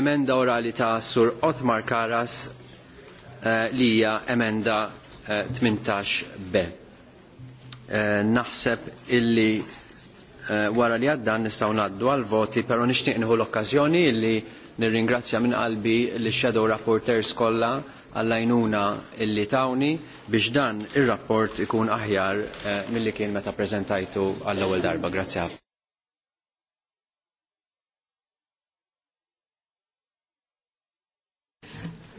emenda orali ta' Sur Otmar Karas eh, li hija emenda eh, 18b. Eh, naħseb illi Eh, wara li għaddan nistgħu ngħaddu għal voti, però nixtieq nieħu l-okkażjoni li nirringrazzja minn qalbi li shadow rapporters kollha għallajnuna għajnuna illi tawni biex dan ir-rapport ikun aħjar eh, milli kien meta prezentajtu għall-ewwel darba. Grazzi ħafna.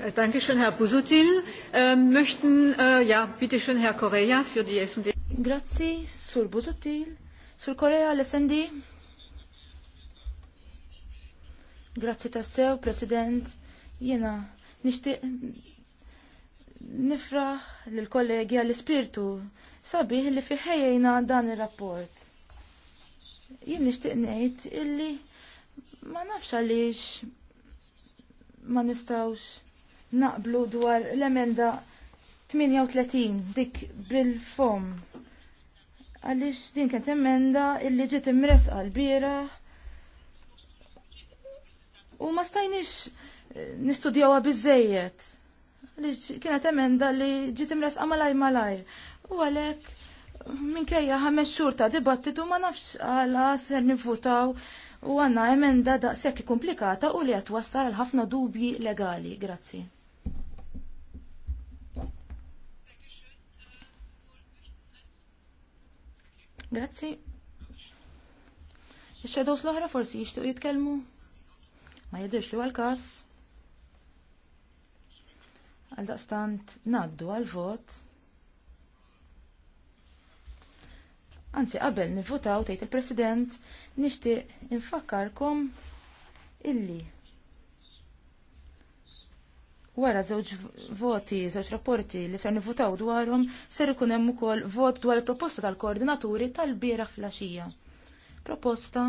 Eh, danke schön, Herr Busutil. Ähm, möchten, äh, ja, bitte schön, Herr Correa für die SMD. Grazie, Sul Busutil. Sul-Korea l-SND? Grazzi tassew, President. Jena, nishti nifra l-kollegi għall-ispirtu sabiħ li fiħejjena dan il-rapport. Jien nishtiq ngħid illi ma nafx għaliex ma nistawx naqblu dwar l-emenda 38 dik bil-fom għaliex din kienet emenda illi ġiet imresqa l-bieraħ u ma stajniex eh, nistudjawha biżejjed. Għaliex kienet emenda li ġiet imresqa malaj malajr. U għalhekk minkejja ħames xhur ta' dibattitu ma nafx għala ser nifutaw u għanna emenda da' sekki komplikata u li għatwassar għal ħafna dubji legali. Grazzi. Grazzi. ix xedows l-oħra forsi jixtiequ jitkellmu? Ma jidhirx li għal-każ. Għal daqstant naddu għal-vot. Anzi, qabel nivvotaw tgħid il-President nixtieq infakkarkom illi Wara żewġ voti, żewġ rapporti li ser nivutaw dwarhom ser ikun hemm ukoll vot dwar il-proposta tal-koordinaturi tal-bieraħ flaxija. Proposta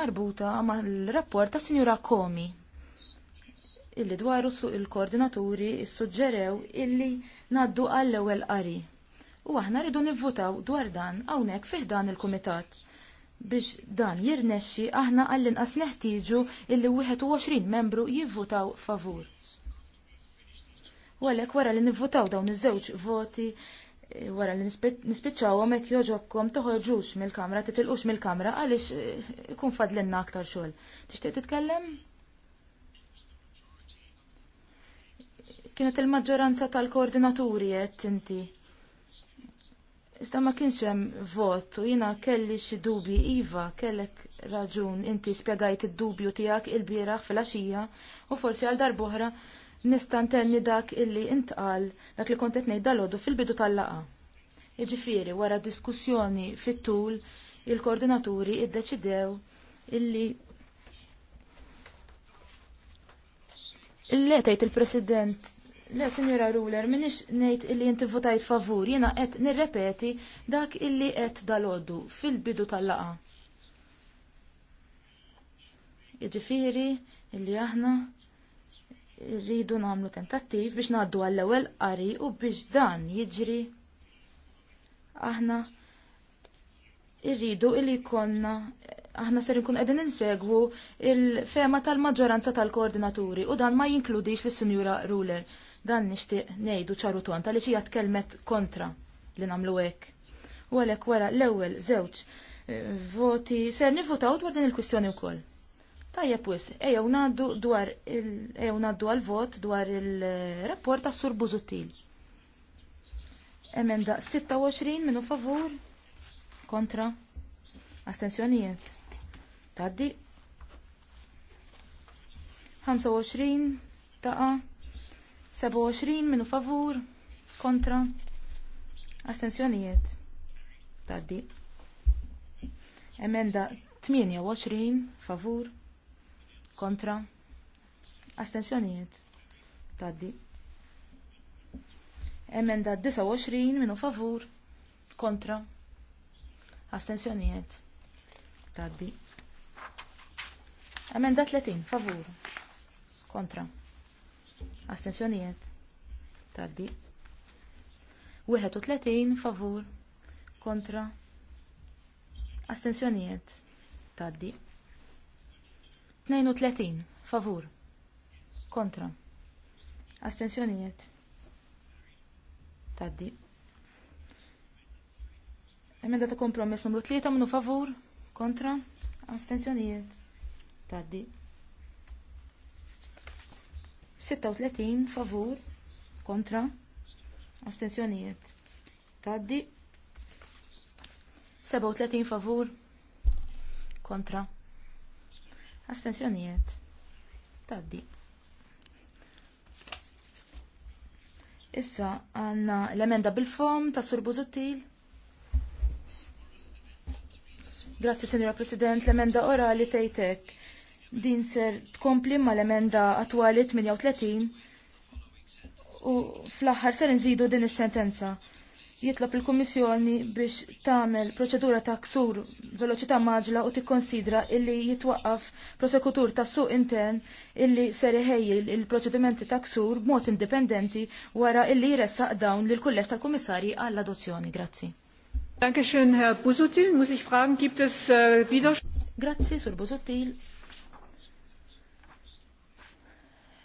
marbuta mal-rapport ta' Sinjura Komi illi dwaru suq il-koordinaturi suġġerew illi naddu għall ewwel qari. U aħna rridu nivvutaw dwar dan hawnhekk fih dan il-kumitat biex dan jirnexxi aħna għall-inqas neħtieġu illi 21 membru jivvutaw favur. U għalhekk wara li nivvutaw dawn iż-żewġ voti eh, wara li nispiċċawhom hekk joġobkom toħorġux mill-kamra, titilqux mill-kamra għaliex eh, ikun fadlinna aktar xogħol. Tixtieq titkellem? Kienet il-maġġoranza tal-koordinaturi qed inti. Iżda ma kienx hemm vot u jiena kelli xi dubji iva kellek raġun inti spjegajt id-dubju tiegħek il-bieraħ fil-għaxija u forsi għal darb'oħra nista' ntenni dak illi intqal dak li kont qed ngħid dalodu fil-bidu tal laqgħa Jiġifieri wara diskussjoni fit-tul il-koordinaturi iddeċidew illi Illi tgħid il-President Le, Signora Ruler, minix nejt illi jinti votajt favur, jena qed nirrepeti dak illi qed dal-oddu fil-bidu tal-laqa. Iġifiri, illi aħna rridu namlu tentattiv biex naddu għall-ewel qari u biex dan jiġri aħna irridu illi konna aħna ser nkun qegħdin insegwu il-fema tal-maġġoranza tal-koordinaturi u dan ma jinkludix lis-Sinjura Ruler. Dan nixtieq ngħidu ċaru tonta li xija tkellmet kontra li nagħmlu hekk. U għalhekk wara l-ewwel żewġ eh, voti ser nivvotaw dwar din il-kwistjoni wkoll. Tajjeb wis, ejjew ngħaddu għal vot dwar il-rapport tas Sur Bużuttil. Emenda 26 minu favur kontra astensjonijiet. Taddi 25 taqa' 27 minu favur kontra astensjonijiet taddi. Emenda 28 favur kontra astensjonijiet taddi. Emenda 29 minu favur kontra astensjonijiet taddi. Emenda 30 favur kontra Astenzjonijiet, Taddi. 31 favur kontra. Astenzjonijiet, Taddi. 32 favur kontra. Astensjonijiet. Taddi. Emenda ta' kompromess numru 3 minu favur kontra. Astensjonijiet. Taddi. 36 favur kontra astensjonijiet taddi 37 favur kontra astensjonijiet taddi Issa għanna l-emenda bil-fom ta' Sur Busuttil? Grazzi, Signora President, l-emenda orali tejtek din ser tkompli mal-emenda attwali 38 u fl-aħħar ser nżidu din is-sentenza. Jitlob il-Kummissjoni biex tagħmel proċedura ta' ksur veloċità maġla u tikkonsidra illi jitwaqqaf prosekutur ta' suq intern illi ser iħejjil il-proċedimenti ta' ksur b'mod indipendenti wara illi jressaq dawn lil kulleġġ tal-Kummissarji għall-adozzjoni. Grazzi. Dankeschön, Herr Busutil. Muss ich fragen, gibt es äh, Widerspruch? Grazzi, Sur Busutil.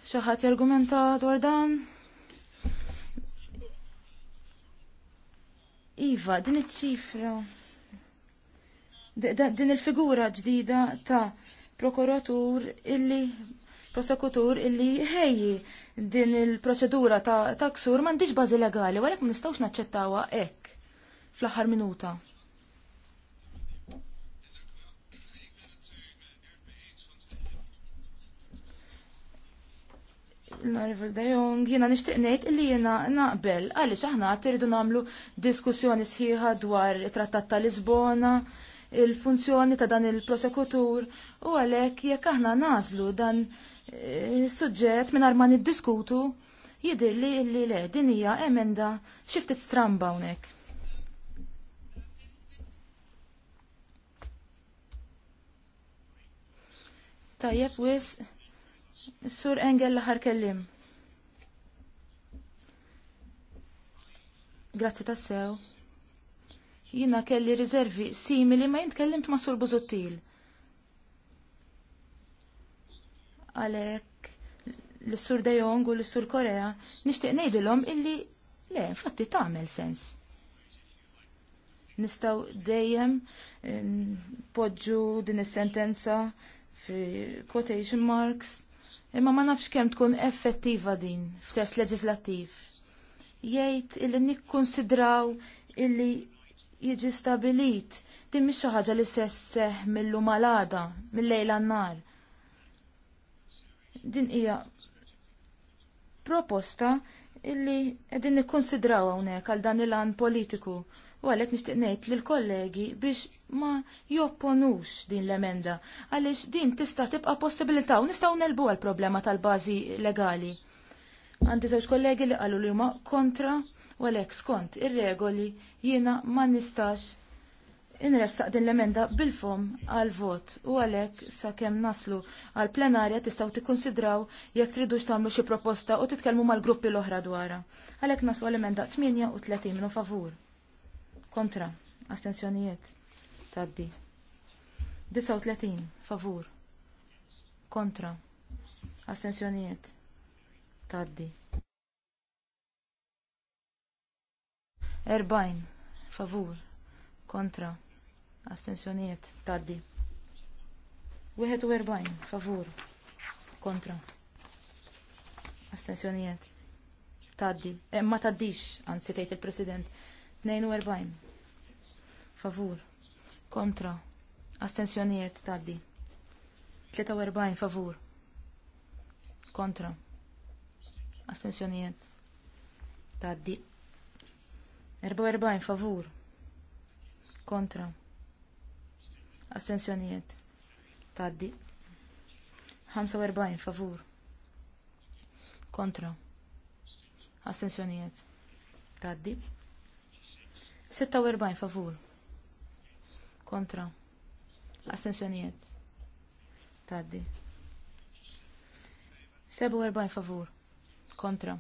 Xi ħadd jargumenta dwar dan? Iva, din iċ-ċifra. Din il-figura ġdida ta' prokuratur illi prosekutur illi ħejji din il-proċedura ta' taksur mandiġ bażi legali, għalek ma nistgħux naċċettawha hekk fl-aħħar minuta. Narvel de Jong, jena nishtiq ngħid illi jena naqbel għaliex aħna qatt namlu nagħmlu diskussjoni sħiħa dwar it-Trattat ta' Lisbona, il-funzjoni ta' dan il-prosekutur u għalhekk jekk aħna nazlu dan is-suġġett eh, mingħajr ma niddiskutu li illi le din hija emenda xi ftit stramba hawnhekk. Tajjeb wis. Sur Engel l-ħar kellim. Grazzi tassew. Jina kelli riservi simili ma jintkellimt ma' Sur Buzuttil. Għalek, l-Sur Dejong u l-Sur Korea, nishtiq nejdilom illi le, fatti tamel sens. Nistaw dejjem eh, podġu din is-sentenza fi quotation marks Imma ma nafx kemm tkun effettiva din f'test leġislattiv. Jgħid illi nikkonsidraw illi jiġi stabilit din mhix xi ħaġa li se sseħħ millu malada mill-lejla n-nar. Din hija proposta illi qegħdin nikkonsidraw hawnhekk għal dan il-għan politiku u għalhekk nixtieq ngħid lill-kollegi biex ma jopponux din l-emenda għaliex din tista' tibqa' possibilità u nistgħu nelbu għal problema tal-bażi legali. Għandi żewġ kollegi li qalu li huma kontra u għalhekk skont ir-regoli jiena ma nistax inrestaq din l-emenda bil-fom għal vot u għalhekk sakemm naslu għal plenarja tistgħu tikkonsidraw jekk tridux tagħmlu xi proposta u titkellmu mal-gruppi l-oħra dwarha. Għalhekk naslu l-emenda 38 minu favur kontra astensjonijiet taddi 39 favur kontra astensjonijiet taddi 40 favur kontra astensjonijiet taddi 41 favur kontra astensjonijiet taddi e, ma taddix anzi tgħid il-president 42. Favur. Kontra. Astensjonijiet taddi. 43. Favur. Kontra. Astensjonijiet. Taddi. 44. Favur. Kontra. Astensjonijiet. Taddi. 45. Favur. Kontra. Astensjonijiet. Taddi. 46 favur. Kontra. Assenzjonijiet. Taddi. 47 favur. Kontra.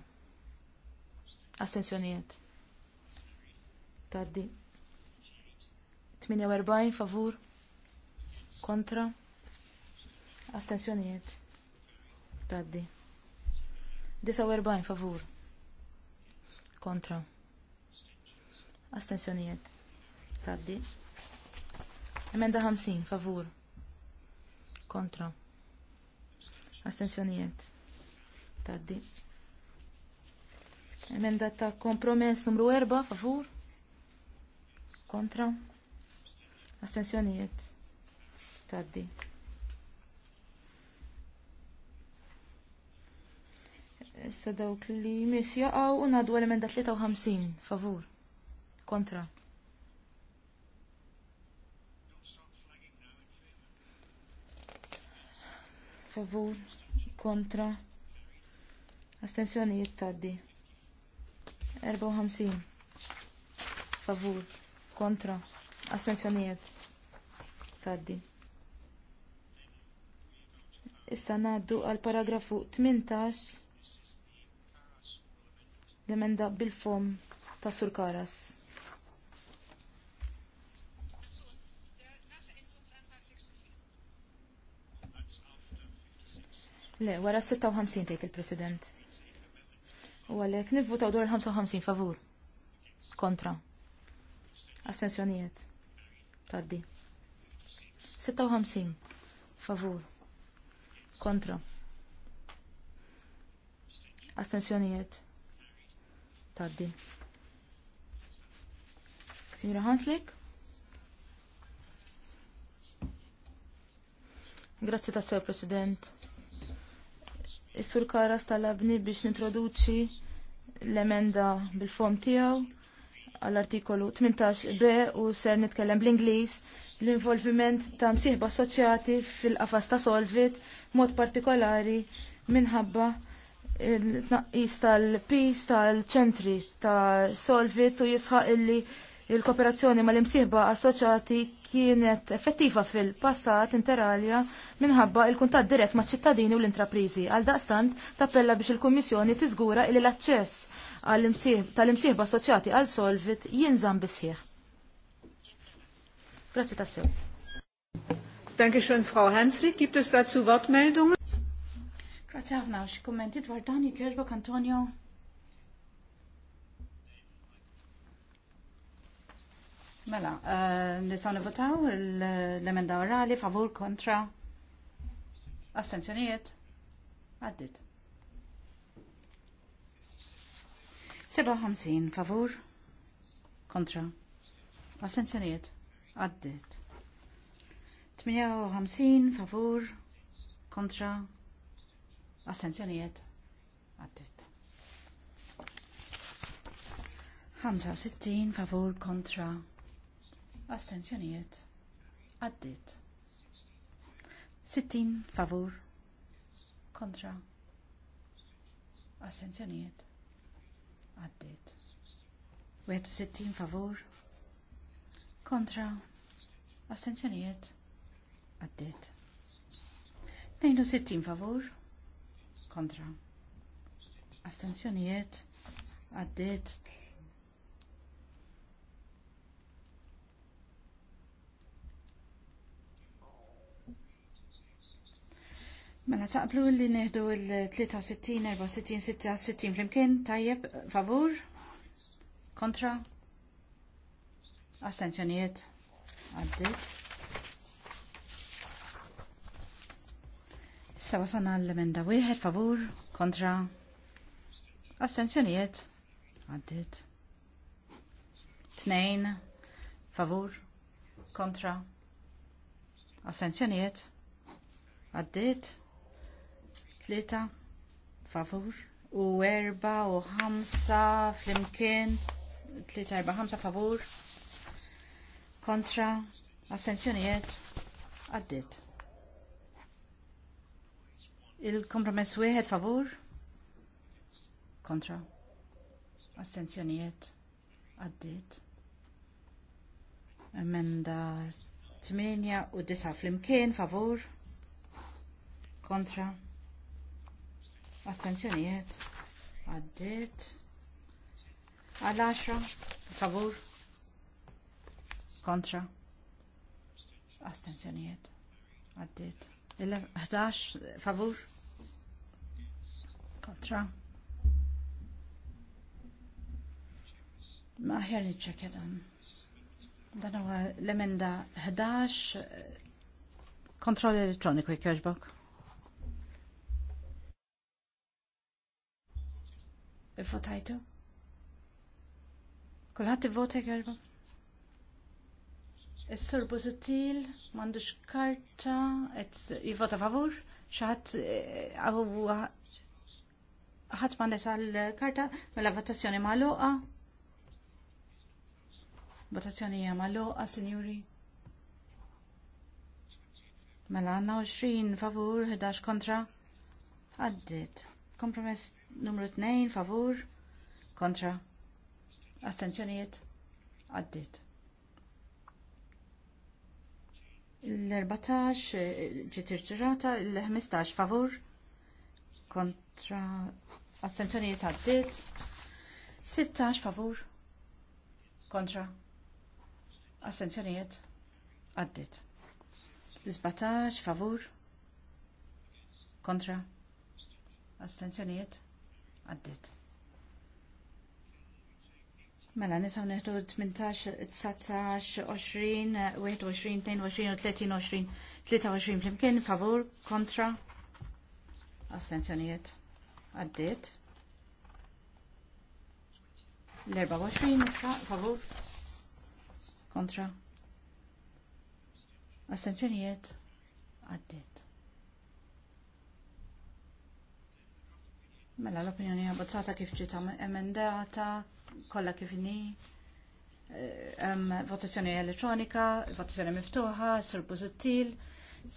Assenzjonijiet. Taddi. 48 favur. Kontra. Astensjonijiet. Taddi. 49 favur. Kontra. Astensjonijiet. Taddi. Emenda 50, favur. Kontra. Astensjonijiet. Taddi. Emenda ta' kompromess numru 4, favur. Kontra. Astensjonijiet. Taddi. Issa dawk li mis u naddu l-emenda 53, favur kontra. Favur, kontra. Astensjonijiet taddi. 54. Favur, kontra. Astensjonijiet taddi. Issa ngħaddu għal paragrafu 18 l-emenda bil-fom ta' Sur Karas. Le, wara 56 tgħid il-President. U għalhekk nivvutaw dwar il-55 favur. Kontra. Astensjonijiet. Taddi. 56 favur. Kontra. Astensjonijiet. Taddi. Signora Hanslik? Grazie tassew, President. Is-sur Karas talabni biex nintroduċi l-emenda bil-fom tiegħu għall-artikolu 18b u ser nitkellem bl-Ingliż l-involviment ta' msieħba assoċjati fil-qafas ta' Solvit mod partikolari minħabba il-tnaqqis tal-pis tal-ċentri ta' Solvit u jisħaq illi Il-kooperazzjoni mal-imsieħba assoċjati kienet effettiva fil-passat interalja minħabba il-kuntat dirett ma' ċittadini u l-intraprizi. Għal daqstant tappella biex il-Kummissjoni tiżgura il l-aċċess tal-imsieħba assoċjati għal Solvit jinżam bisħieħ. Grazzi tassew. Dankeschön, Frau Hansli. Gibt es dazu Wortmeldungen? Grazie ħafna, xi war dwar dan Antonio? Mela, eh, nistaw nivotaw l-emenda orali, favur, kontra, astenzjonijiet, għaddit. 57, favur, kontra, astenzjonijiet, għaddit. 58, favur, kontra, astenzjonijiet, għaddit. 65 favur kontra Astenzjonijiet. Għaddit. 60 favur. Kontra. Astenzjonijiet. Għaddit. 61 favur. Kontra. Astenzjonijiet. Għaddit. 62 favur. Kontra. Astenzjonijiet. Għaddit. Mela taqblu li neħdu il-63, 64, 66 flimkien tajjeb favur? Kontra? assenzjonijiet, Għaddit? Issa wasanna l-emenda wieħed favur? Kontra? assenzjonijiet, Għaddit? Tnejn? Favur? Kontra? assenzjonijiet? Għaddit? tlita favur u erba u ħamsa flimkien tlita erba ħamsa favur kontra assenzjonijiet għaddit. Il-kompromess wieħed favur kontra astenzjonijiet għaddit. Emenda 8 u 9 flimkien favur kontra Astenzjonijiet. Għaddit. Għal 10. Favur. Kontra. Astenzjonijiet. Għaddit. 11. Favur. Kontra. Ma ħjar nitċekja dan. Dan huwa l-emenda 11 eh, kontroll elettroniku jekk jogħġbok. Votajtu? Kulħadd ivvota għalba? Is-sur Busuttil m'għandux karta qed jivvota favur, xaħat ħadd eh, ħadd mandes għall-karta mela votazzjoni magħluqa. Votazzjoni hija magħluqa, sinjuri. Mela għandna 20 favur, 11 kontra. Għaddit. Kompromess numru 2 favur kontra astenzjonijiet għaddit. L-14 eh, ġitirġirata, l-15 favur kontra astenzjonijiet għaddit. 16 favur kontra astenzjonijiet għaddit. 17 favur kontra astenzjoniet għaddit. Mela, nisaw neħtu 18, 19, 20, 21, 22, 23, 23 flimkien, favur, kontra, astenzjoniet għaddit. L-24 nisa, favur, kontra, astenzjoniet għaddit. Mela l-opinjoni abbozzata kif ġiet emendata, kollha kif ni, eh, Votazzjoni elettronika, votazzjoni miftuħa, sur Busuttil,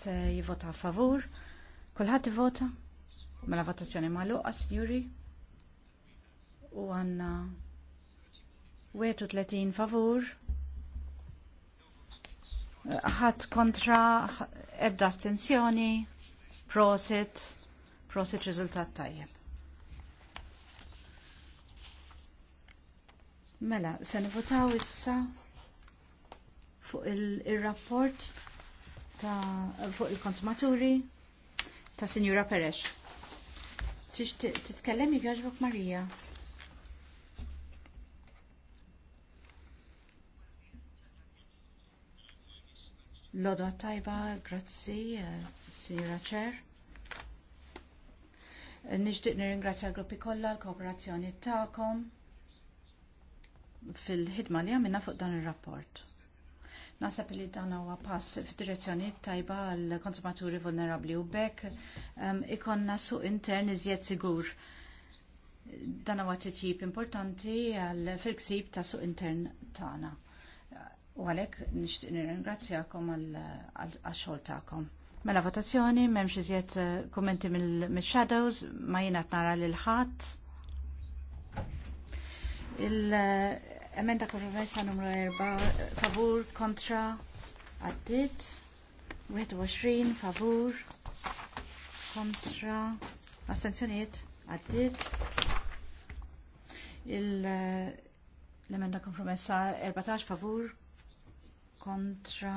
se jivota a favur. Kulħadd ivota. Mela votazzjoni magħluqa, Juri. U għanna 31 favur. Ħadd kontra, ebda astensjoni, prosit, prosit riżultat tajjeb. Mela, se nivotaw issa fuq il-rapport il ta' fuq il-konsumaturi ta' Sinjura Peresh. Titkellem jgħajbuk Marija. Lodo tajba, grazzi, eh, Sinjura Ċer. Eh, Nixdiq nirringrazzja l-gruppi kollha l-kooperazzjoni ta'kom fil-ħidma li għamilna fuq dan il-rapport. Nasab li dan huwa pass f'direzzjoni tajba għal konsumaturi vulnerabli u bekk ikonna suq intern iżjed sigur. Dan huwa titjib importanti għal fil-ksib ta' suq intern tagħna. U għalhekk nixtieq nirringrazzjakom għax-xogħol tagħkom. Mela votazzjoni, m'hemmx iżjed eh, kummenti mill-shadows, ma jiena nara lil ħadd. Il-emenda kompromessa numru 4 favur kontra għaddit 21 favur kontra astenzjoniet għaddit l-emenda kompromessa 14 favur kontra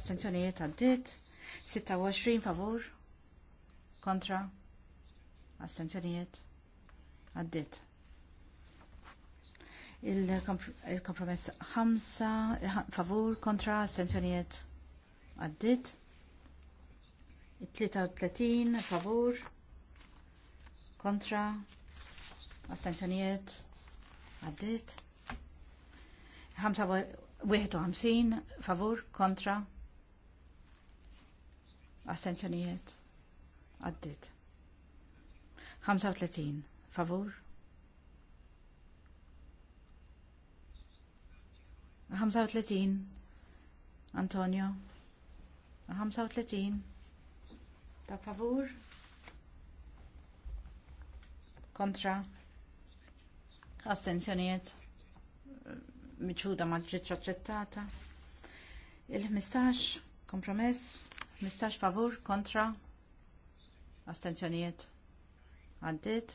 astenzjoniet għaddit 26 favur kontra astenzjoniet għaddit Il-kompromess ħamsa, favur, kontra, astenzjonijiet għaddit. 33, favur, kontra, astenzjonijiet għaddit. 51, favur, kontra, astenzjonijiet għaddit. 35, favur, 35 Antonio 35 ta' favur kontra astenzjonijiet miċuda ma ġietx aċċettata il-15 kompromess 15 favur kontra astenzjonijiet għaddit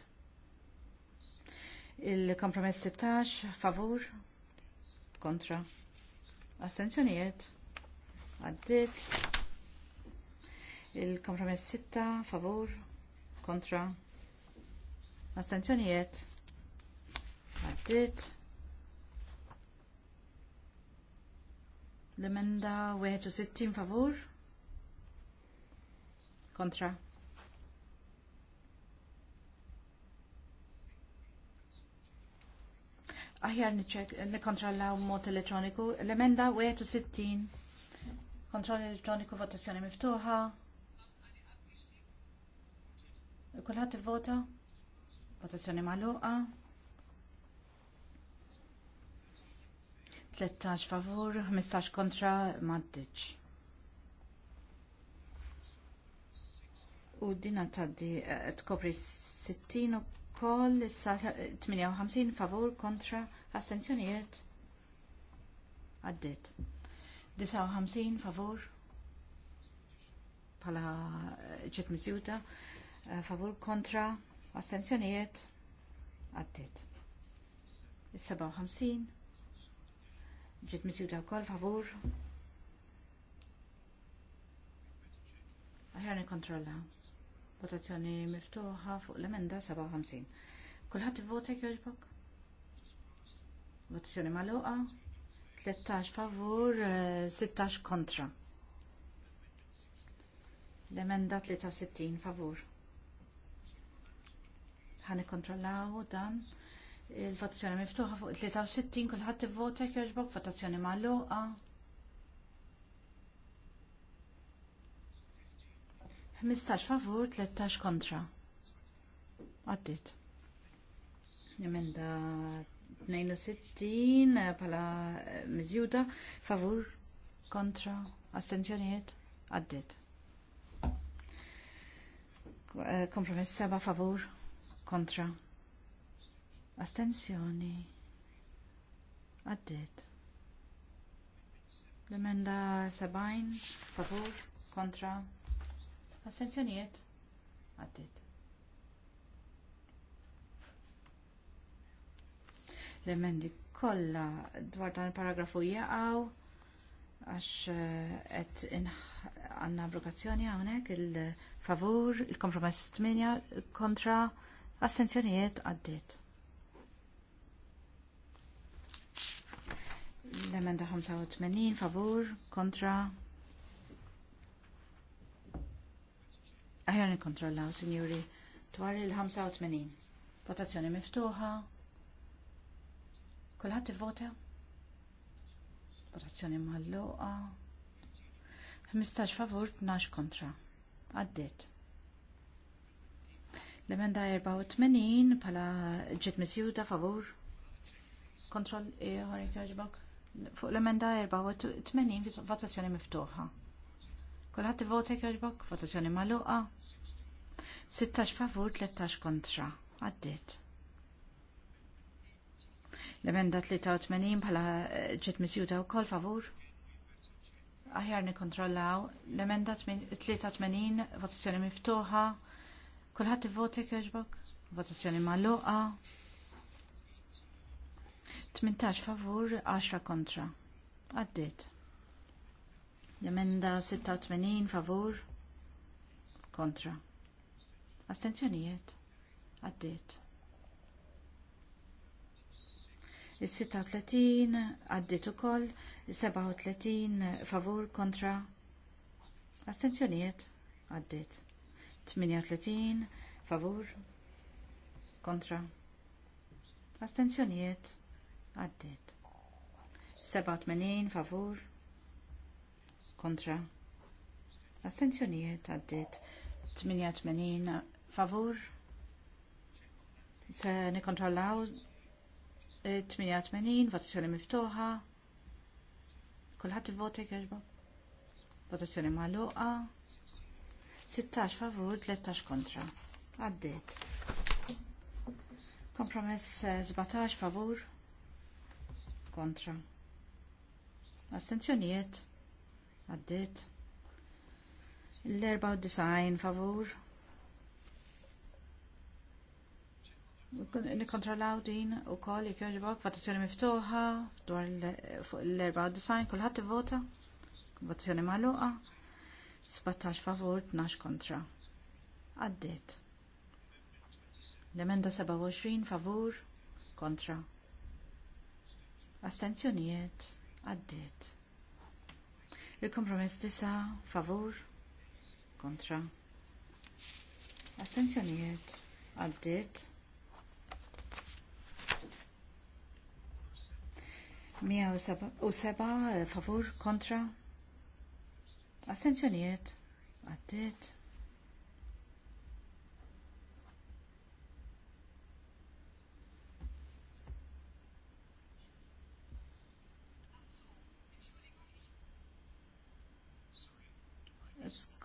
il-kompromess 16 favur kontra astenzjonijiet għaddit il-kompromess sitta, favur kontra astenzjonijiet għaddit l-emenda 61 favur kontra aħjar nikontrollaw mod elettroniku. L-emenda 61. Kontroll elettroniku votazzjoni miftuħa. Kulħadd vota Votazzjoni magħluqa. 13 favur, 15 kontra maddiċ. U dina taddi eh, tkopri 60 u ukoll issa 58 favur kontra astenzjonijiet għaddit. 59 favur bħala eh, ġiet misjuta eh, favur kontra astenzjonijiet għaddit. Is-57 ġiet misjuta wkoll favur. Aħjar nikkontrollaw. Votazzjoni miftuħa fuq l-emenda 57. Kulħadd ivvota jogħġbok? Votazzjoni magħluqa. 13 favur, 16 eh, kontra. L-emenda 63 favur. Ħani kontrollaw dan. Il-votazzjoni miftuħa fuq 63 kulħadd ivvota jogħġbok, votazzjoni magħluqa. 15 favur, 13 kontra. Għaddit. Nimenda 62 eh, pala eh, mizjuda, favur, kontra, astenzjoniet, għaddit. Eh, kompromess seba favur, kontra, astenzjoni, għaddit. L-emenda 70, favur, kontra, Astenzjonijiet? Għaddit. L-emendi kollha dwar dan il-paragrafu jgħaw, għax eh, qed għandna abrogazzjoni hawnhekk il-favur, il-kompromess 8 kontra astenzjonijiet għaddiet. L-emenda 85 favur kontra Aħjar nikontrollaw, sinjuri, dwar il-85. Votazzjoni miftuħa. Kulħadd ivvota? Votazzjoni magħluqa. 15 favur, 12 kontra. Għaddiet. L-emenda 84 pala ġiet misjuta favur. Kontroll ieħor eh, jekk Fuq l-emenda 84 votazzjoni miftuħa. Kulħadd ivota jogħġbok, votazzjoni maluqa. 16 favur, 13 kontra. Għaddit. L-emenda 83 bħala eh, ġet misjuta u kol favur. Aħjar nikkontrollaw. L-emenda 83 votazzjoni miftuħa. Kulħadd ivota jogħġbok, votazzjoni maluqa. 18 favur, 10 kontra. Għaddiet. L-emenda 86 favur kontra. Astenzjonijiet għaddiet. Is-36 għaddiet ukoll, is-37 favur kontra. Astenzjonijiet għaddiet. 38 favur kontra. Astenzjonijiet għaddiet. 87 favur kontra kontra astenzjonijiet għaddit 88 favur se nikontrollaw 88 e, votazzjoni miftuħa kulħadd ivvota kerba votazzjoni magħluqa 16 favur 13 kontra għaddit kompromess 17 e, favur kontra astenzjonijiet Għaddit. L-94 favur. Nikontrollaw din u koll jek joġibok votazzjoni miftuħa dwar l-94 kullħat vota votazzjoni maluqa 17 favur 12 kontra. Għaddit. L-emenda 27 favur kontra. Astenzjonijiet għaddit. Il-kompromess disa, favur, kontra. Astenzjonijiet, għaddit. 107 eh, favur kontra. Astenzjonijiet, għaddit.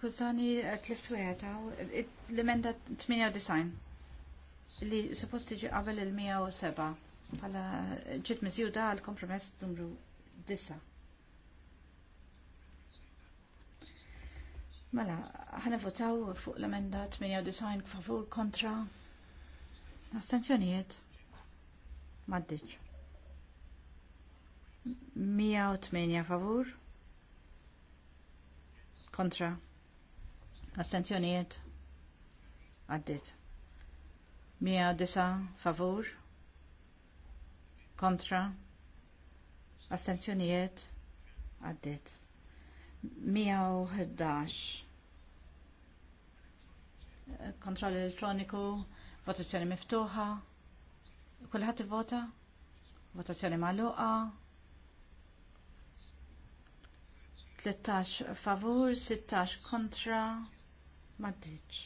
Kuzani tlift eh, wieħed l-emenda 98 li suppost tiġi qabel il-107 bħala ġiet miżjuda għal kompromess numru disa' Mela, ħana votaw fuq l-emenda 98 favur kontra astenzjonijiet maddiċ. 108 favur kontra Astenzjonijiet? Għaddit. 109 favur? Kontra? Astenzjonijiet? Għaddit. 111 kontroll elettroniku, votazzjoni miftuħa, kullħat vota, votazzjoni maluqa, 13 favur, 16 kontra, Maddiċ.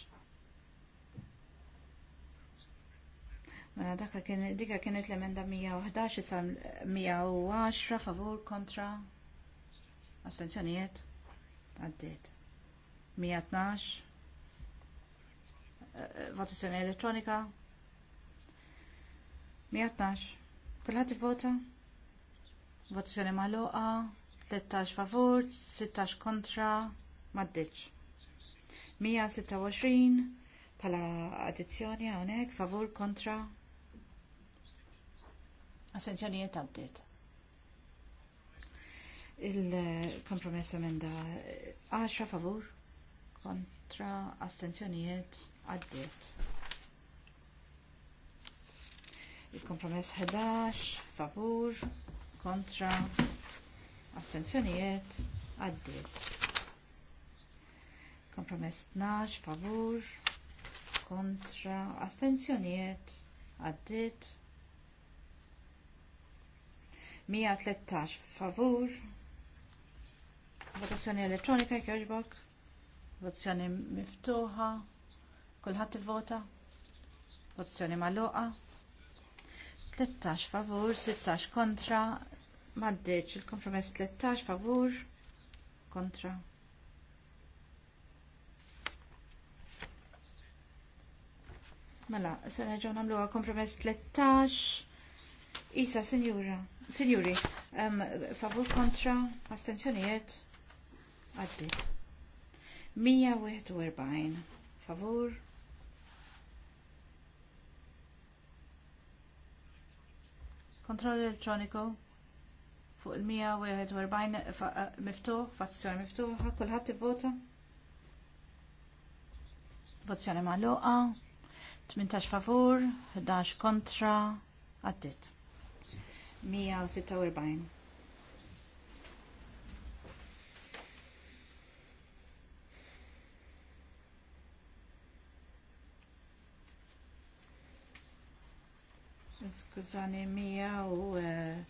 Mela dakka kien dikka kienet l-emenda 111 issa 110 favur kontra astenzjonijiet għaddiet. 112 eh, eh, votazzjoni elettronika 112 Kulħadd ivota? Votazzjoni magħluqa 13 favur, 16 kontra, maddiċ. 126 pala addizzjoni hawnhekk favur kontra assenzjonijiet għaddiet. Il-kompromess emenda 10 favur kontra astenzjonijiet għaddiet. Il-kompromess 11 favur kontra astenzjonijiet għaddiet. Kompromess 12, favur, kontra, astenzjoniet, għaddit. 113 favur. Votazzjoni elettronika jkjoġbok. Votazzjoni miftuħa. Kulħadd il-vota. Votazzjoni maluqa, 13 favur, 16 kontra. Maddeċ il-kompromess 13 favur kontra Mela, se nerġgħu nagħmluha kompromess 13. Isa, sinjura, sinjuri, um, favur kontra, astenzjonijiet, għaddit. 141, favur. Kontroll elettroniku fuq il-141 eh, miftuħ, fazzjoni miftuħa, kulħadd ivvota. Votazzjoni magħluqa 18 favur, 11 kontra, għaddit. 146. Skużani, 143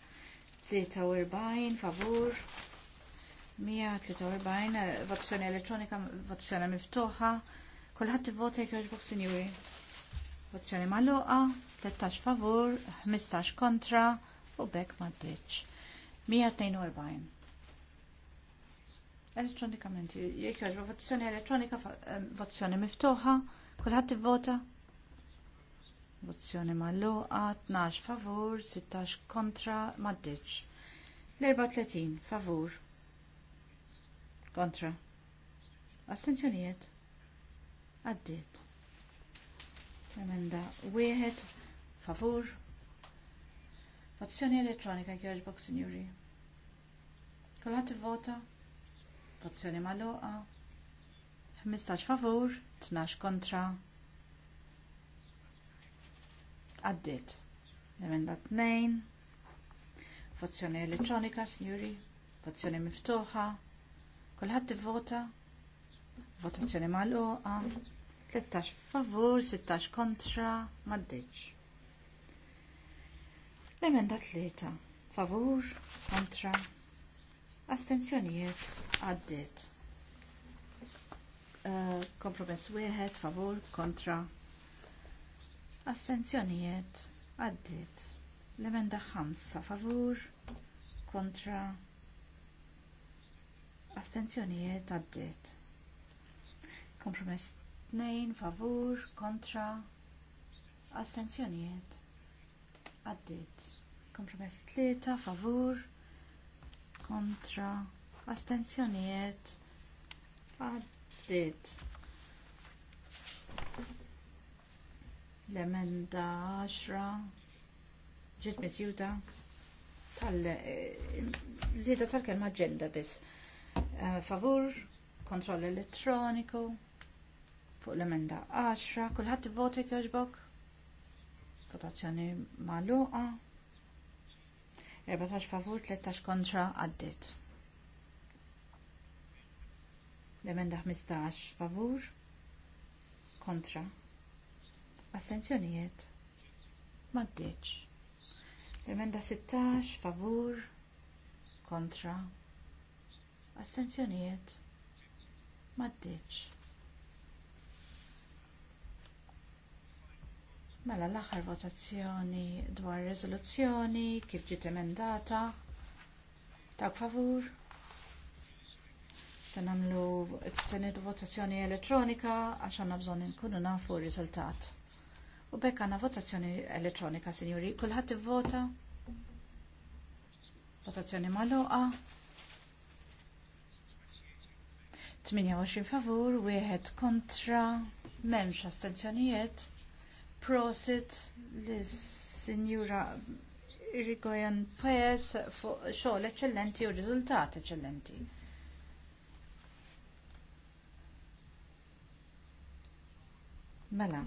eh, favur, 143 eh, votazzjoni elettronika, votazzjoni miftuħa, kolħat t-vota jek joġbok, signori. Votazzjoni magħluqa, 13 favur, 15 kontra u bekk m'għaddiċ. 142. Elektronikament, jekk jogħġbu votazzjoni elettronika, eh, votazzjoni miftuħa, kulħadd vota Votazzjoni magħluqa, 12 favur, 16 kontra, m'għaddiċ. L-34 favur. Kontra. Astenzjonijiet. Għaddiet. Emenda wieħed favur. Votazzjoni elettronika jogħġbok, sinjuri. Kulħadd vota. Votazzjoni magħluqa. 15 favur, 12 kontra. Għaddit. Emenda 2. Votazzjoni elettronika, sinjuri. Votazzjoni miftuħa. Kulħadd ivvota. Votazzjoni magħluqa. 13 favur, 16 kontra, maddiċ. L-emenda tlieta, favur, kontra, astenzjonijiet, għaddit. Eh, kompromess wieħed, favur, kontra, astenzjonijiet, għaddit. L-emenda 5 favur, kontra, astenzjonijiet, għaddit kompromess Nejn, favur kontra astenzjonijiet għaddit. Kompromess tlieta favur kontra astenzjonijiet għaddit. L-emenda 10 ġiet misjuta? tal-zida eh, tal-kelma ġenda biss. Eh, favur, kontroll elettroniku, fuq l-emenda 10, kullħat voti jogħġbok, votazzjoni maluqa, 14 favur, 13 kontra għaddit. L-emenda 15 favur, kontra, astenzjonijiet, maddiċ. L-emenda 16 favur, kontra, astenzjonijiet, maddiċ. Mela l-aħħar votazzjoni dwar rezoluzzjoni kif ġiet emendata. Dawk favur. Se nagħmlu tistenidu votazzjoni elettronika għax għandna bżonn inkunu nafu r-riżultat. U bekk għandna votazzjoni elettronika, sinjuri. Kulħadd ivvota. Votazzjoni magħluqa. 28 favur, wieħed kontra, m'hemmx astenzjonijiet prosit l-Sinjura Irigoyen Pes fuq xogħol eċċellenti u riżultat eċċellenti. Mela,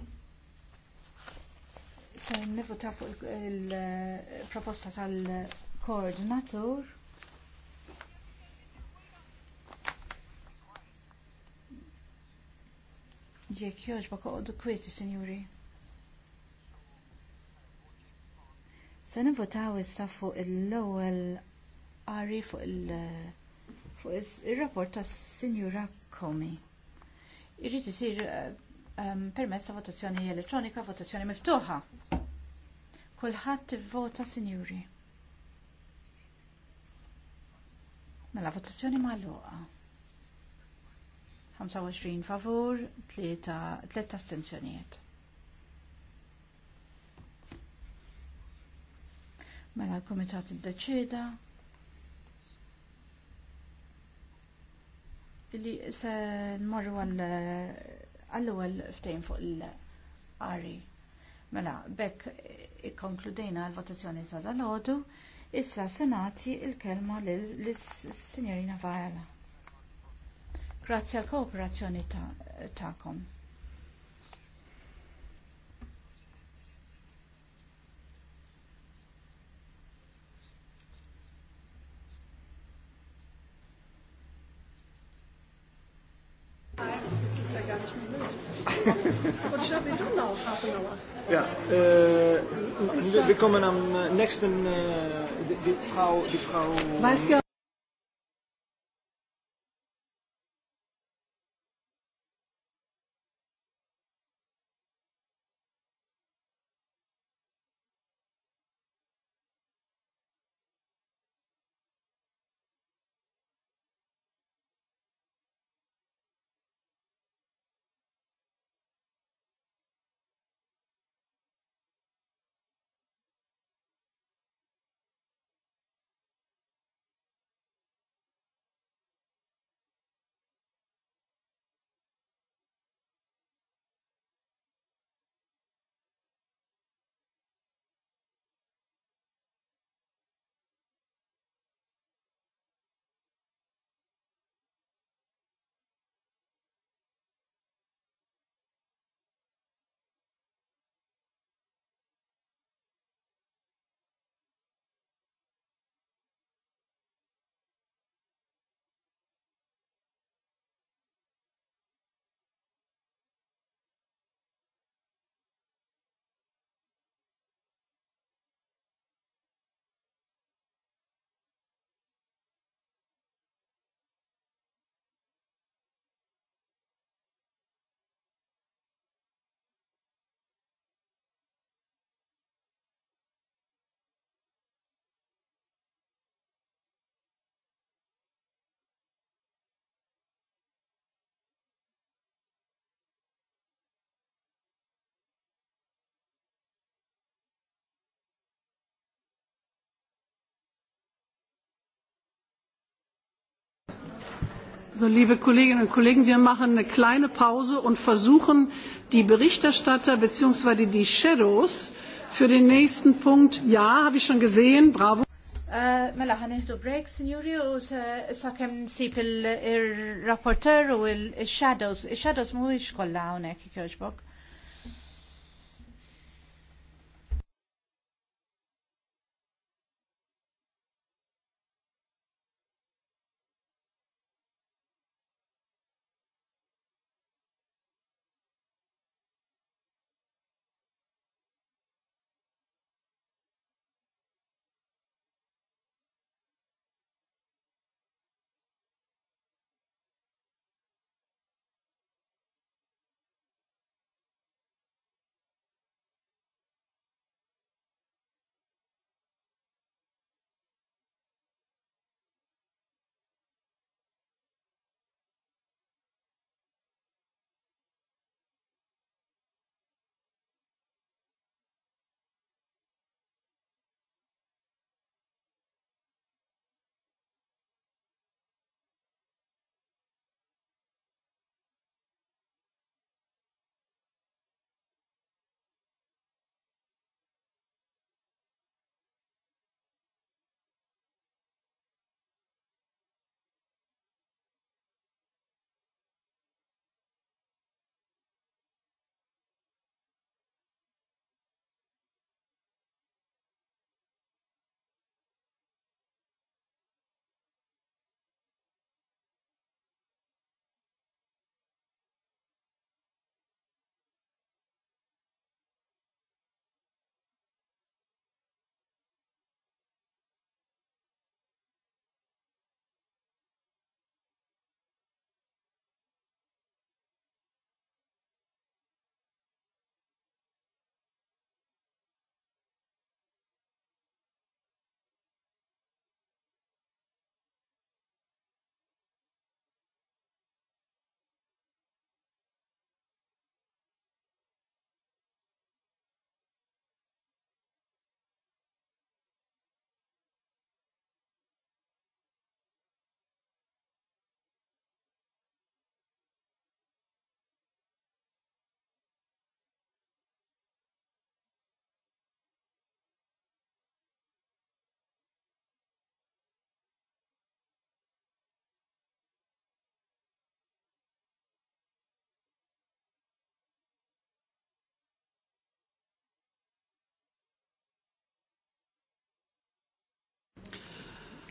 se nivuta fuq il-proposta tal-koordinatur. Jekk jogħġbok oqgħodu kwieti, sinjuri. Se nivvotaw issa fuq l-ewwel qari fuq il- fuq ir-rapport tas-Sinjura Komi. Irrid isir eh, permezz ta' votazzjoni elettronika, votazzjoni miftuħa. Kulħadd ivvota Sinjuri. Mela votazzjoni magħluqa. 25 favur, 3 astenzjonijiet. Mela l-Komitat id-deċida li se nmorru għall-ewwel ftejn fuq il-qari. Mela, bekk ikkonkludejna l-votazzjoni ta' dal-ħodu, issa senati il-kelma lis-Sinjorina Vajala. Grazzi għall kooperazzjoni tagħkom. wir am äh, nächsten, äh, die, die Frau, die Frau. So, liebe Kolleginnen und Kollegen, wir machen eine kleine Pause und versuchen, die Berichterstatter bzw. die Shadows für den nächsten Punkt. Ja, habe ich schon gesehen. Bravo. Äh, mela ħan neħdu break, signori, u sa' kem sip il-rapporter u il-shadows. Il-shadows muħiġ kolla għonek, kjoġbok.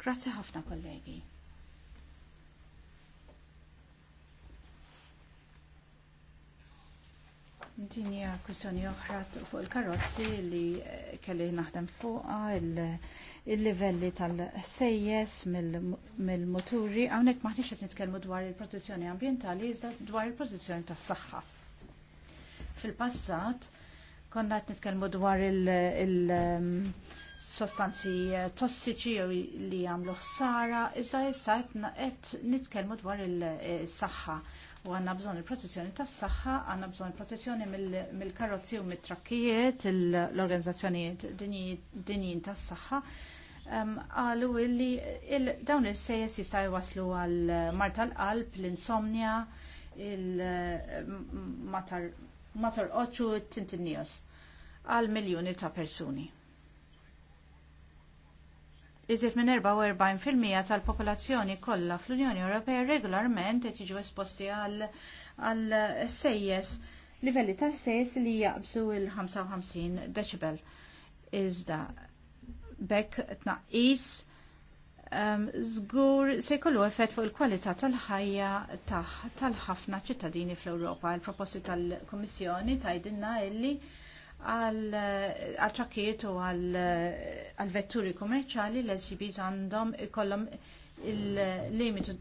Grazzi ħafna kollegi. Din hija kwistjoni oħra fuq il-karozzi li eh, kelli naħdem fuqa il-livelli tal-sejjes mill-moturi hawnhekk maħniex qed nitkellmu dwar il-protezzjoni ambjentali iżda dwar il-protezzjoni tas-saħħa. Fil-passat konna qed nitkellmu dwar il-, il sostanzi eh, tossiċi li jagħmlu ħsara, iżda issa qed nitkellmu dwar is-saħħa eh, u għandna bżonn il-protezzjoni tas-saħħa, għandna bżonn protezzjoni mill-karozzi u mit-trakkijiet, l organizzazzjoni dinjin tas-saħħa. Għalu ehm, illi dawn il-sejjes jistgħu jwasslu għal eh, mar tal-qalb, l-insomnia, il-matar oċu, t tintinnijos għal miljoni ta' persuni Iżjed minn 44% tal-popolazzjoni kollha fl-Unjoni Ewropea regolarment qed jiġu esposti għal sejjes livelli ta' sejjes li jaqbsu il-55 decibel. Iżda bekk tnaqqis ehm, żgur se jkollu effett fuq il-kwalità tal-ħajja tal-ħafna ċittadini fl-Ewropa. Il-proposti tal-Kummissjoni tgħidilna illi għal trakkiet u għal vetturi kummerċali l-LCBs għandhom ikollhom il-limitu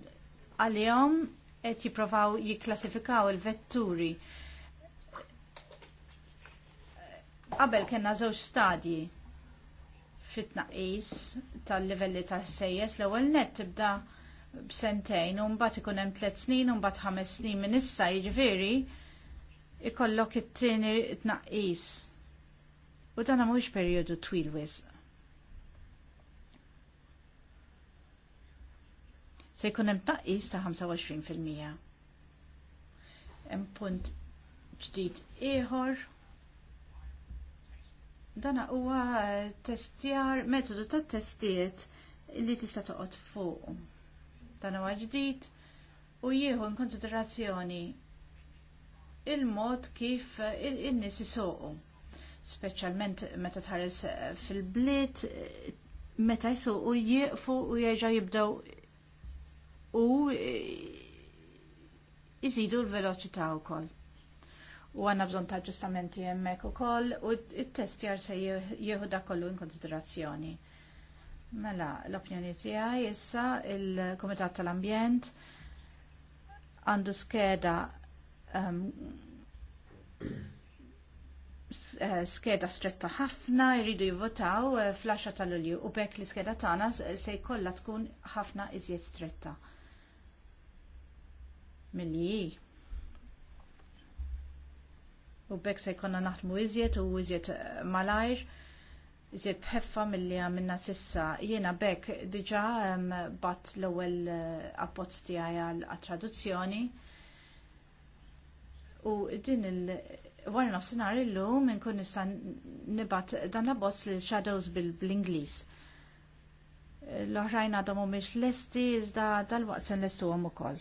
għalihom qed jipprovaw jikklassifikaw il-vetturi. Qabel kena żewġ stadji fit-tnaqqis tal-livelli tal sejjes l-ewwel net tibda b'sentejn u mbagħad ikun hemm tliet snin u mbagħad ħames snin minn issa jiġifieri ikollok it-tieni tnaqqis u dan mhuwiex perjodu twil wisq. Se jkun hemm tnaqqis ta' 25%. fil-mija. Hemm punt ġdid ieħor dan huwa testjar metodu ta' testijiet li tista' toqgħod fuq. Dan huwa ġdid u jieħu in konsiderazzjoni il-mod kif in-nies isoqu speċjalment meta tħares fil-bliet, meta jisu u jieqfu u jerġa' jibdew u jizidu l-veloċità wkoll. U għanna bżon ta' ġustamenti hemmhekk ukoll u t-test jar se jieħu kollu in konsiderazzjoni. Mela, l-opinjoni tiegħi issa il-Kumitat tal-Ambjent għandu skeda um, Eh, skeda stretta ħafna jridu jivvotaw eh, fl-10 ta' Lulju u bekk li skeda tagħna se jkollha tkun ħafna iżjed stretta. Milli. U bekk se jkollna naħdmu iżjed u iżjed eh, malajr iżjed bħeffa milli għamilna sissa. Jiena bekk diġà bat l-ewwel abbozz tiegħi għal traduzzjoni u din il- wara nofsinhar illum inkun nista' nibgħat dan la bots li Shadows bl-Ingliż. L-oħrajn għadhom mhumiex lesti iżda dal-waqt se nlestuhom ukoll.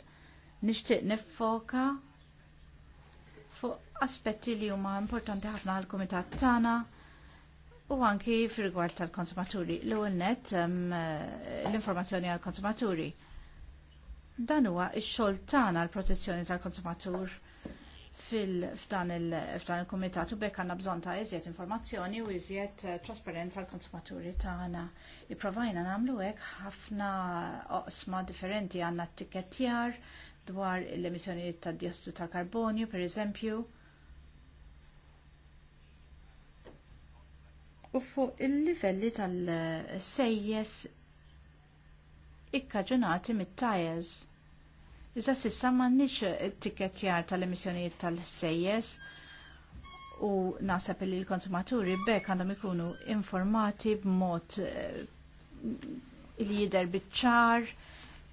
Nixtieq niffoka fuq aspetti li huma importanti ħafna għall-kumitat tagħna u anki fil rigward tal-konsumaturi. L-ewwel net l-informazzjoni għall-konsumaturi. Dan huwa x-xogħol tagħna l-protezzjoni tal-konsumatur fil-ftan il-komitatu il bekk għanna bżon ta' iżjed informazzjoni u iżjed eh, trasparenza għal-konsumaturi tagħna. Ipprovajna nagħmlu hekk ħafna oqsma differenti għandna t tikettjar dwar l-emissjonijiet ta' diossidu ta' karbonju, per eżempju. U fuq il-livelli tal-sejjes ikkaġunati mit-tajers Iżda sissa m'għandniex it-tikketjar eh, tal-emissjonijiet tal-sejjes u naħseb li l-konsumaturi bekk għandhom ikunu informati b'mod eh, li jidher biċ-ċar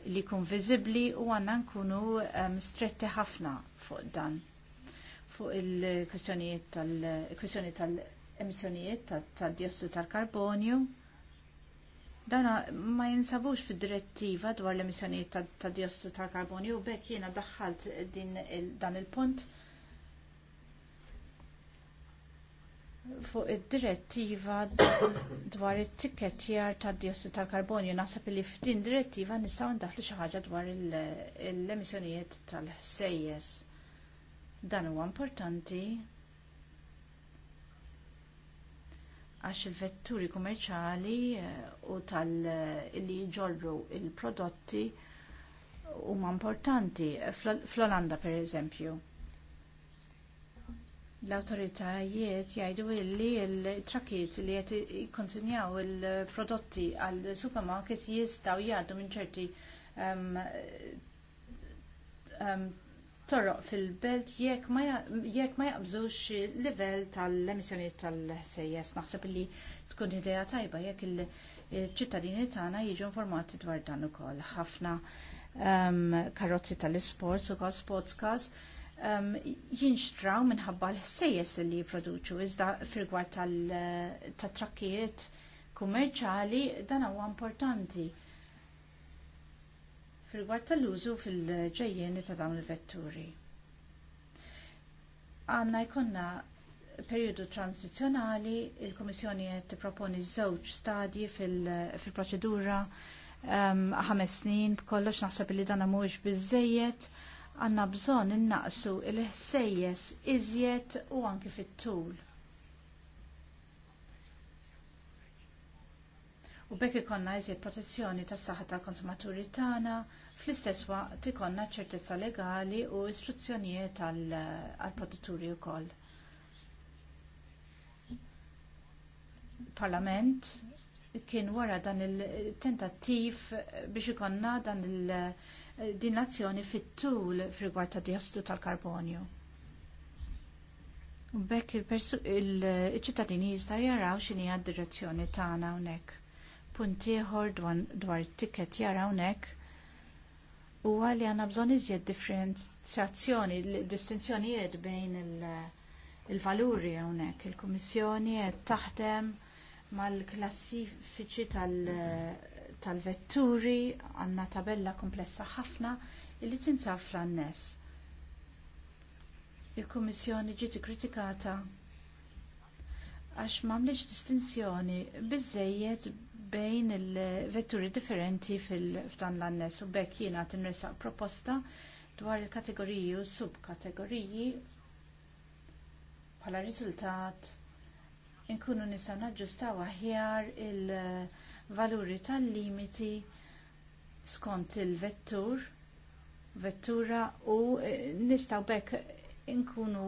li jkun viżibbli u għandna nkunu eh, stretti ħafna fuq dan fuq il tal-dioszu tal-karbonju. tal-emissjonijiet tal-diossu tal-karbonju. tal tad tal karbonju dawna ma jinsabux fid-direttiva dwar l-emissjonijiet ta' diossidu ta' karbonju u bekk jiena daħħalt dan il-punt fuq id-direttiva dwar it-tikketjar ta' diossidu ta' karbonju naħseb li f'din direttiva nistgħu ndaħlu xi ħaġa dwar l-emissjonijiet tal-ħsejjes. Dan huwa importanti għax il-vetturi kummerċali eh, u tal eh, li jġorru il-prodotti huma importanti eh, fl-Olanda per eżempju. L-autoritajiet jgħidu illi l-trakkiet li qed jikkontinjaw il-prodotti għal supermarkets jistgħu jgħaddu minn ċerti um, um, torroq fil-belt jekk ma jaqbżux il-livell tal emissjoniet tal sejjes Naħseb li tkun idea tajba jekk il-ċittadini tagħna jiġu informati dwar dan ukoll. Ħafna ehm, karozzi tal-isports ukoll sports cars ehm, jinxtraw minħabba l-ħsejjes li jipproduċu iżda firgwar tal-trakkijiet kummerċali dan huwa importanti fil-gwart tal-użu fil-ġejjeni ta' dawn il-vetturi. Għanna jkonna periodu transizjonali, il-Komissjoni qed tipproponi żewġ stadji fil-proċedura ehm, ħames snin b'kollox naħseb li dan mhuwiex biżejjed għandna bżonn innaqsu il-ħsejjes iżjed u anki fit-tul. u bekk ikonna iżjed protezzjoni tas saħħa tal-konsumaturi tagħna fl-istess waqt ikonna ċertezza legali u istruzzjonijiet għall produtturi wkoll. Parlament kien wara dan il-tentattiv biex ikonna dan il-din l-azzjoni fit-tul fil-gwar ta' dijossidu tal-karbonju. Bekk il-ċittadini jista' jaraw x'inhi d-direzzjoni tagħna hawnhekk. Punt ieħor dwar it-ticket jaraw hawnhekk u għalli għanna bżon iżjed differenzjazzjoni, distinzjonijiet bejn il-valuri il għonek. Il-Komissjoni taħdem mal-klassifiċi tal-vetturi tal għanna tabella komplessa ħafna illi tinsaf fl-annes. Il-Komissjoni ġiet kritikata għax m'għamlitx distinzjoni bizzejiet bejn il-vetturi differenti fil-ftan l-annes u bekk jiena nresa proposta dwar il-kategoriji u subkategoriji bħala riżultat inkunu nistgħu naġġustaw aħjar il-valuri tal-limiti skont il-vettur, vettura u eh, nistgħu bekk inkunu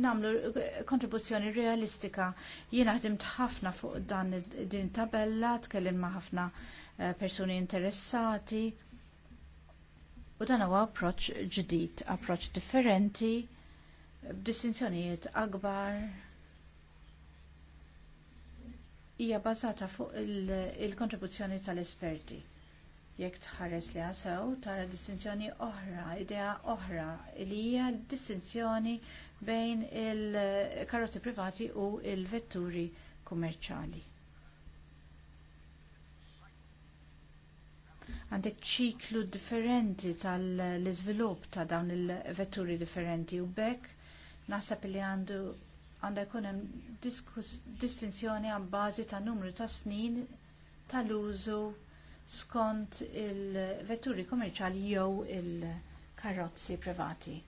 namlu kontribuzzjoni realistika. Jiena ħdimt ħafna fuq dan din tabella, tkellim ma' ħafna eh, persuni interessati. U dan huwa approċ ġdid, approċ differenti, b'distinzjonijiet akbar. Hija bażata fuq il-kontribuzzjoni il tal-esperti jekk tħares li għasew tara distinzjoni oħra, idea oħra li hija distinzjoni bejn il-karozzi privati u il-vetturi kummerċali. Għandek ċiklu differenti tal-izvilup ta' dawn il-vetturi differenti u bekk naħseb li għandu għandha jkun hemm distinzjoni għal bażi ta' numru ta' snin tal-użu skont il-vetturi kummerċali jew il-karozzi privati.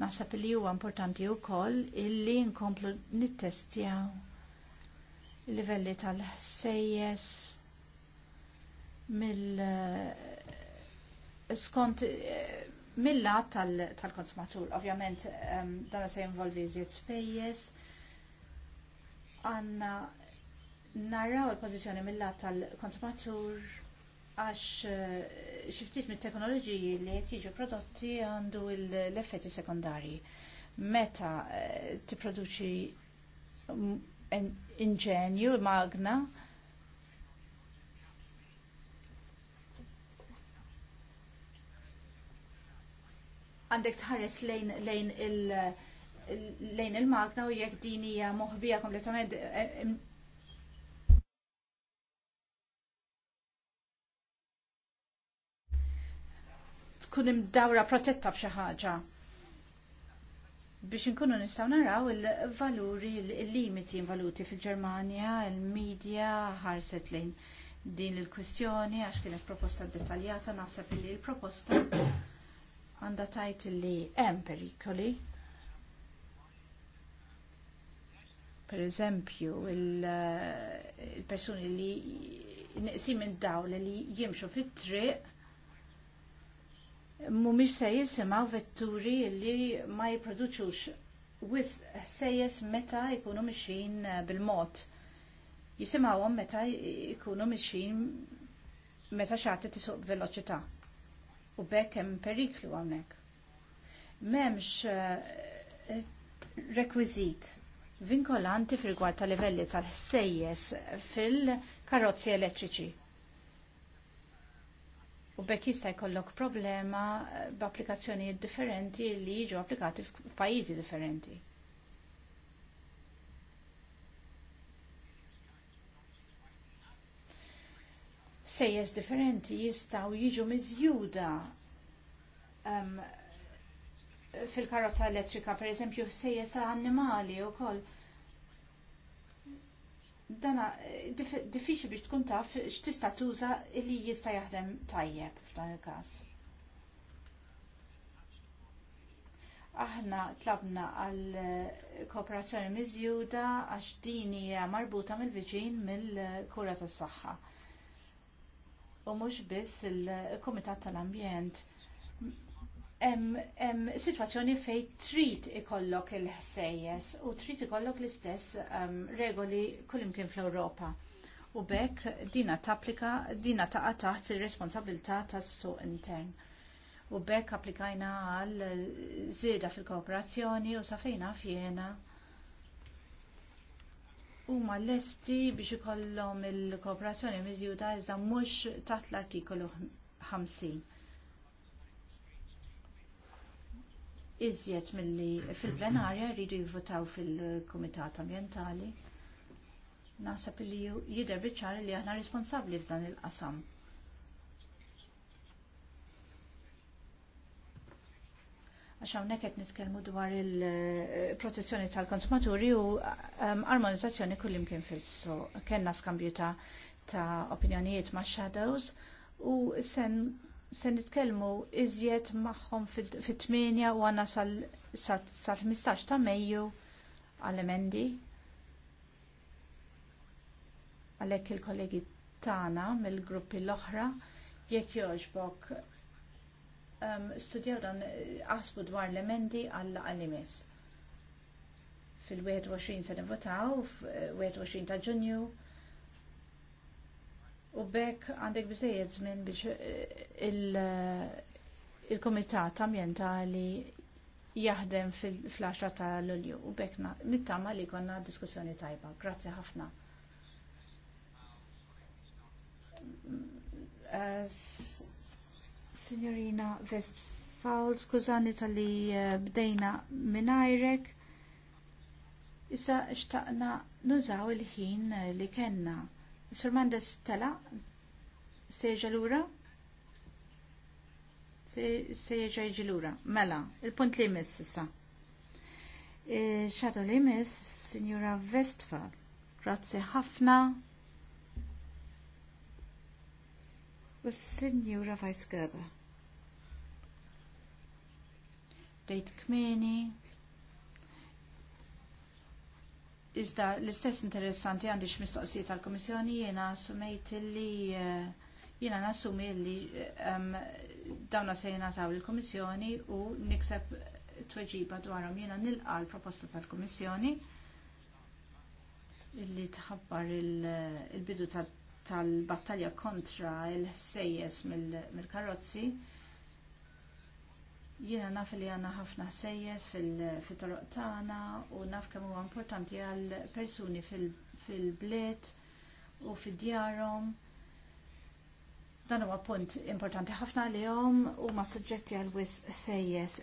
Naħseb li huwa importanti wkoll illi nkomplu nittestjaw livelli eh, eh, tal sejjes mill skont mill-lat tal-konsumatur. Ovvjament ehm, dan se jinvolvi żied spejjeż. Għandna naraw il-pożizzjoni mill-lat tal-konsumatur għax eh, xiftit mit teknoloġiji li qed jiġu prodotti għandu l-effetti sekondarji. Meta eh, tipproduċi inġenju, magna, għandek tħares lejn, lejn il- il-magna u jekk din hija moħbija kompletament eh, tkun imdawra protetta b'xi ħaġa biex inkunu nistaw naraw il-valuri, il-limiti involuti fil-Germania, il-medja ħarset lejn din il-kwistjoni għax kienet proposta dettaljata naħseb li il-proposta għanda tajt li hemm perikoli. Per eżempju, il-persuni li niqsim id-dawla li jimxu fit-triq mumiex se jisimaw vetturi li ma jiproduċux wis sejjes meta jkunu mixin eh, bil-mod. Jisimawhom meta jkunu mixin meta xaħti tisuq veloċità. U bekk hemm periklu hawnhekk. M'hemmx eh, rekwiżit vinkolanti fil-gwar ta' livelli tal-sejjes fil-karozzi elettriċi U bekk jista' jkollok problema eh, b'applikazzjonijiet differenti li jiġu applikati f'pajjiżi differenti. Sejjes differenti jistgħu jiġu miżjuda um, fil-karozza elettrika, pereżempju sejjes ta' annimali wkoll dana eh, diffiċi biex tkun taf x'tista' tuża li jista' jaħdem tajjeb f'dan il-każ. Aħna tlabna għal eh, kooperazzjoni miżjuda għax din hija marbuta mill-viċin mill-kura tas-saħħa. U mhux biss il-Kumitat tal-Ambjent hemm sitwazzjoni fejn trid ikollok il-ħsejjes u trid ikollok l-istess regoli kullimkien fl-Ewropa. U bekk dina tapplika, dina taqa' taħt ir-responsabilità tas-suq intern. U bekk applikajna għal żieda fil-kooperazzjoni u safejna fjena huma lesti biex ikollhom il-kooperazzjoni miżjuda iżda mhux taħt l-artikolu 50 iżjed milli fil-plenarja rridu jivvotaw fil-Kumitat Ambjentali. Naħseb li jidher biċċar li aħna responsabbli f'dan il-qasam. għax hawnhekk qed nitkellmu dwar il-protezzjoni tal-konsumaturi u ehm, armonizzazzjoni kullimkien fil-suq. Kenna skambju ta', ta opinjonijiet ma' shadows u sen se nitkellmu iżjed magħhom fit-8 u għana sal-15 ta' Mejju għall-emendi għalhekk il-kollegi tagħna mill-gruppi l-oħra jekk jogħġbok ehm, studjaw dan eh, aħsbu dwar l-emendi għall għal-imis. Fil-21 se nivotaw, f-21 eh, ta' ġunju, U bekk għandek bżejjed żmien biex eh, eh, il-Komitat Ambientali jaħdem fil-flasha ta' l u bekk nittama li konna diskussjoni tajba. Grazzi ħafna. Signorina Westfall, skużani tal-li eh, bdejna minajrek. Issa xtaqna nużaw il-ħin li kenna Sur Mendes tela, sejġa lura? Sejġa jġi lura. Mela, il-punt li jmiss issa. Xadu e, li jmiss, Signora Westfall. Grazzi ħafna. U Signora Vice Gerber. Dejt kmini Iżda l-istess interessanti għandix mistoqsijiet tal-Komissjoni jiena assumejt li eh, jiena nassumi li um, eh, dawna se jiena taw il-Komissjoni u nikseb tweġiba dwarhom jiena nilqa l-proposta tal-Komissjoni illi tħabbar eh, il-bidu tal-battalja kontra il-ħsejjes mill-karozzi. Mil Jiena naf li għandna ħafna sejjes fil-toroq tagħna u naf kemm huwa importanti għal persuni fil-bliet u fid-djarhom. Dan huwa punt importanti ħafna li huma u ma suġġetti għal wis sejjes.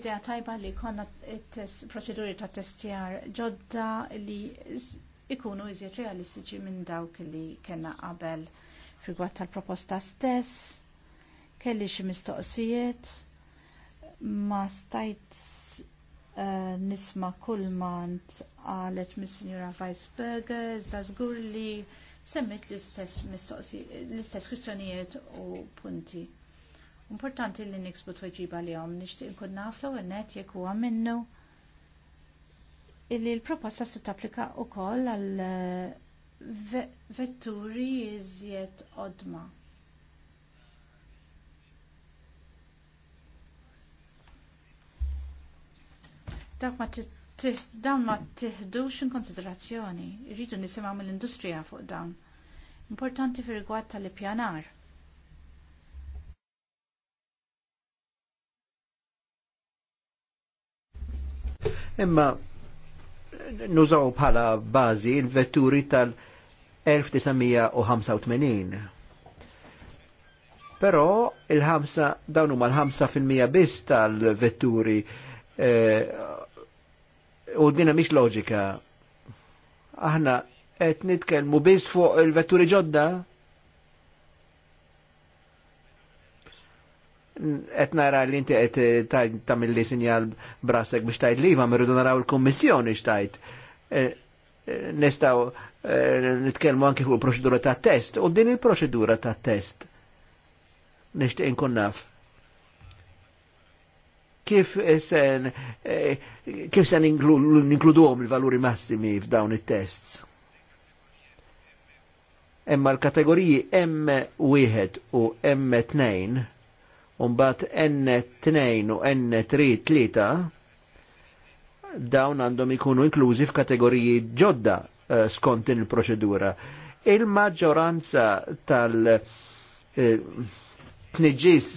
Idea tajba li konna proċeduri ta' testjar ġodda li ikunu iżjed realistiċi minn dawk li kena qabel fil tal-proposta stess, kelli xi mistoqsijiet ma stajt uh, eh, nisma kull mant għalet mis-Sinjura Weisberger, iżda żgur li semmit l-istess kwistjonijiet u punti. Importanti li niksbu tweġiba li għom, nishtiq nkun naflu għennet jek huwa minnu illi l-proposta se tapplika u koll għal eh, vetturi iżjed odma. Dak ma dan ma tiħdux in konsiderazzjoni. Irridu nisimgħu mill-industrija fuq dawn. Importanti fir rigward tal-ippjanar. Imma nużaw bħala bażi il-vetturi tal-1985. Però il-ħamsa dawn huma l-ħamsa fil-mija biss tal-vetturi eh, u dina mhix loġika. Aħna qed nitkellmu biss fuq il-vetturi ġodda. Qed nara li inti qed tagħmilli sinjal brasek biex tajt li ma mirridu naraw il-kummissjoni xtajt. E, e, Nistgħu e, nitkellmu anki fuq il-proċedura ta' test u din il-proċedura ta' test. Nixtieq inkun naf kif sen eh, kif sen għom il-valuri massimi f'dawn it-tests. Emma l-kategoriji M1 u M2 Umbat N2 u N3 tlita dawn għandhom ikunu inklużi f'kategoriji ġodda uh, skont il-proċedura. Il-maġġoranza tal- uh, eh, tniġis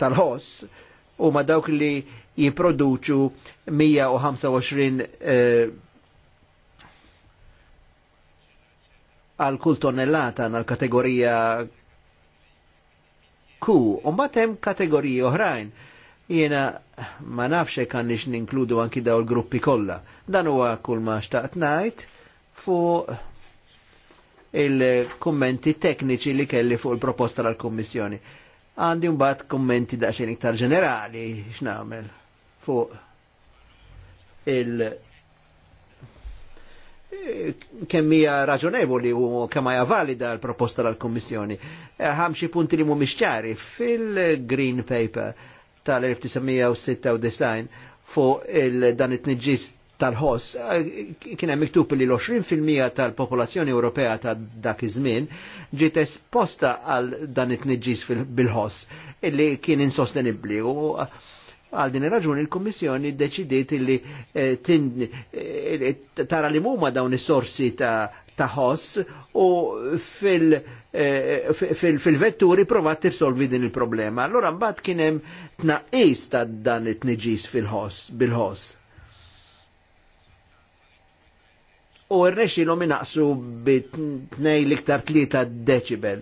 tal-ħoss u ma dawk li jiproduċu 125 eh, għal kull tonnellata għal kategorija Q. ma hemm kategoriji oħrajn. Jena ma nafx kan nix ninkludu anki daw l-gruppi kollha. Dan huwa kull ma xtaqt ngħid fuq il-kummenti tekniċi li kelli fuq il-proposta tal-Kummissjoni. Għandi mbagħad kommenti daqsxejn iktar ġenerali x'nagħmel fuq il kemm hija raġonevoli u kemm hija valida l-proposta tal-Kummissjoni. Eh, ħam xi punti li mhumiex ċari fil-Green Paper tal-1996 fuq il-dan it-tniġġis tal-ħoss eh, kien hemm miktub li l-20% tal-popolazzjoni Ewropea ta' dak iż-żmien ġiet esposta għal dan it-tniġġis bil-ħoss illi kien insostenibbli u eh, għal din raġuni il kummissjoni ddeċidiet li eh, tara li huma dawn is-sorsi ta' ħoss u fil- fil-vetturi provat tirsolvi din il-problema. Allora mbagħad kien hemm tnaqqis ta' dan it-tniġis fil-ħoss bil-ħoss. u rnexilhom inaqsu bi tnej liktar tlieta deċibel.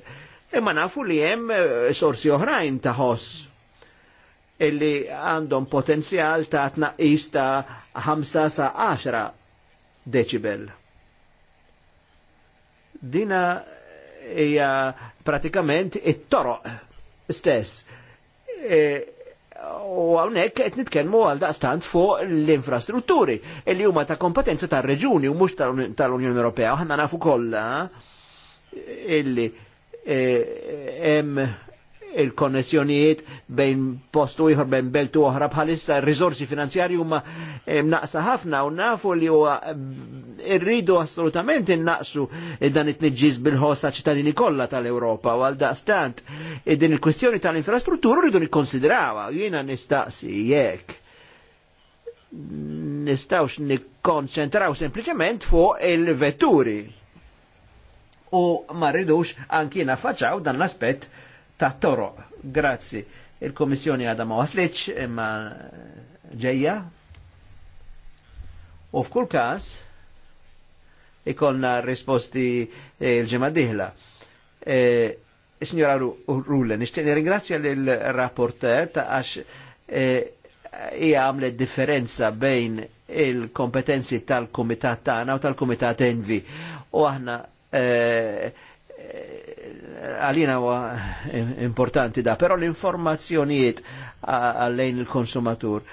Imma nafu li hemm eh, sorsi oħrajn ta' ħoss illi għandhom potenzjal ta' tnaqqis ta' 5 sa' 10 decibel. Dina hija pratikament it-toroq stess. E, u għawnek qed nitkellmu għal daqstant fuq l-infrastrutturi li huma ta' kompetenza tar-reġuni u mhux tal-Unjoni Ewropea. Aħna nafu kollha illi eh, hemm il-konnessjonijiet bejn post u bejn beltu oħra bħalissa il-rizorsi finanzjarju huma naqsa ħafna u nafu li u irridu assolutament innaqsu dan it nġiz bil-ħossa ċittadini kollha tal europa u għal daqstant e, din il-kwestjoni tal infrastrutturu rridu nikkonsidrawha jiena nistaqsi jekk nistawx nikkonċentraw sempliċement fuq il-vetturi u ma rridux anki naffaċċaw dan l-aspett ta' toro. Grazzi. Il-Komissjoni għadha ma waslitx imma ġejja. U f'kull każ ikolna risposti eh, l-ġimgħa diħla. E, eh, Signora Rulle, nixtieq ringrazzja lil rapporter ta' għax eh, hija għamlet differenza bejn il-kompetenzi tal-Kumitat tagħna u tal-Kumitat Envi. U aħna e, għalina huwa importanti da, però l-informazzjonijiet għallejn il-konsumatur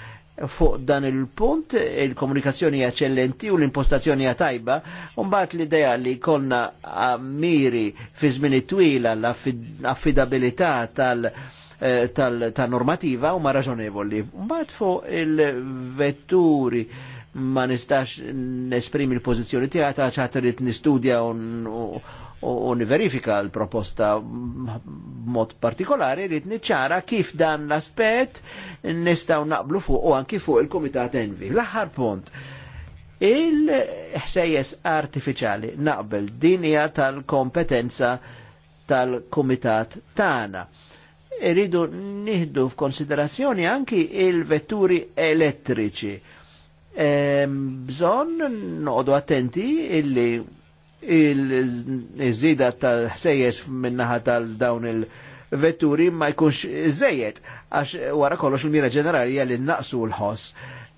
fuq dan il-punt, il-komunikazzjoni eccellenti u l-impostazzjoni tajba, unbat l-idea li konna miri fi żmien twila l-affidabilità tal- eh, tal-normativa u ma raġonevoli. Mbagħad fuq il-vetturi ma nistax nesprimi l-pozizjoni tiegħek ta' nistudja u u niverifika l-proposta mod partikolari rrit niċċara kif dan l-aspet nistaw naqblu fuq u anki fuq il-Komitat Envi. L-aħħar punt, il-ħsejjes artificiali naqbel dinja tal-kompetenza tal-Komitat tana. Irridu nieħdu f'konsiderazzjoni anki il-vetturi elettriċi. Bżon nodu attenti illi il-żida tal-ħsejjes minnaħa tal-dawn il-vetturi ma jkunx żejjed għax wara kollox il-mira ġenerali għalli naqsu l-ħoss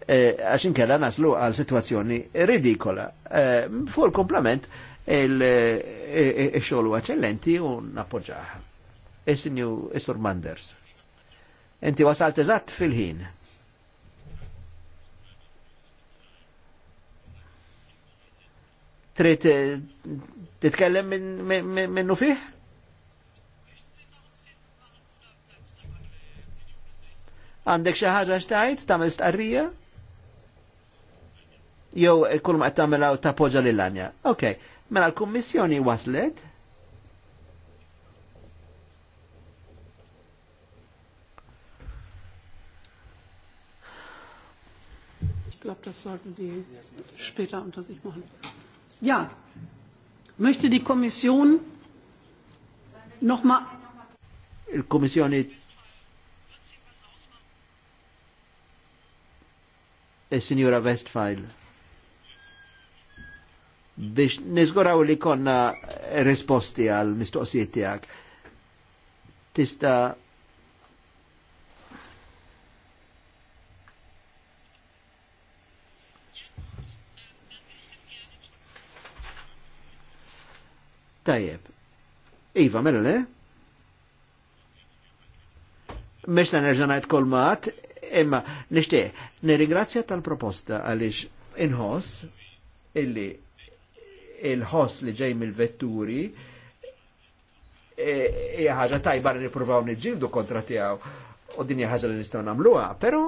eh, għax inkella naslu għal situazzjoni ridikola. Eh, Fu l komplement eh, il-xogħol eccellenti u nappoġġaħ. Is-Sinju Manders. Enti wasalt eżatt fil-ħin. trid eh, titkellem minnu fih? Għandek xi ħaġa xtajt tagħmel stqarrija? Jew kull ma qed tappoġġa lil Anja. Okej, mela l-kummissjoni waslet. Ich glaube, das sollten die später unter sich machen. Ja, möchte die Kommission noch mal il-Komissjoni il-Sinjura e Westfile biex nizguraw li konna risposti għal mistoqsijiet tijak tista Tajjeb. Iva, mela le? Mish ta' nerġanajt kolmat, imma nishtiq, nirigrazzja tal-proposta għalix inħoss illi il-ħoss li ġej mill-vetturi e, hija ħaġa tajba li nippruvaw niġġieldu kontra tiegħu u din hija ħaġa li nistgħu nagħmluha, però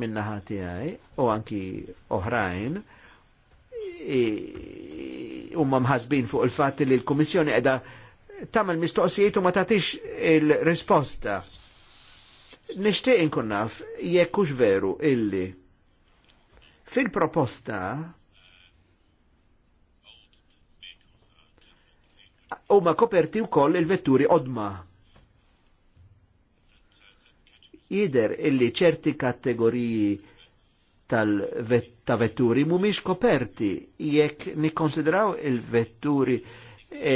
min-naħa tiegħi u anki oħrajn huma mħasbin fuq il fat li l-Kummissjoni qiegħda tagħmel mistoqsijiet u ma tagħtix il-risposta. Nixtieq inkun naf jekk hux veru illi fil-proposta huma koperti wkoll il-vetturi odma. Jider illi ċerti kategoriji ta' vetturi mumiex koperti jekk nikkonsidraw il-vetturi e,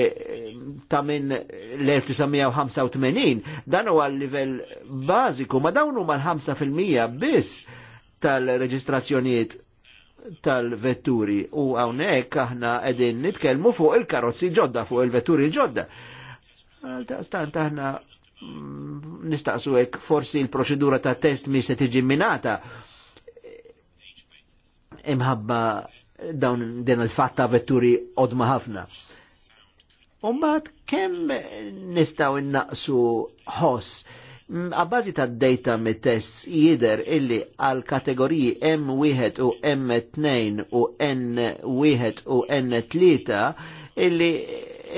ta' minn l-1985 dan huwa livell bażiku ma dawn huma l-5% biss tal-reġistrazzjonijiet tal-vetturi u hawnhekk aħna qegħdin nitkellmu fuq il-karozzi ġodda fuq il-vetturi ġodda. Stant aħna mm, nistaqsu hekk forsi l-proċedura ta' test mi se tiġi minata imħabba dawn din il-fatta vetturi odma ħafna. Umbat kemm nistaw innaqsu ħoss Għabbażi ta' data mit-test jider illi għal kategoriji M1 u M2 u N1 u N3 illi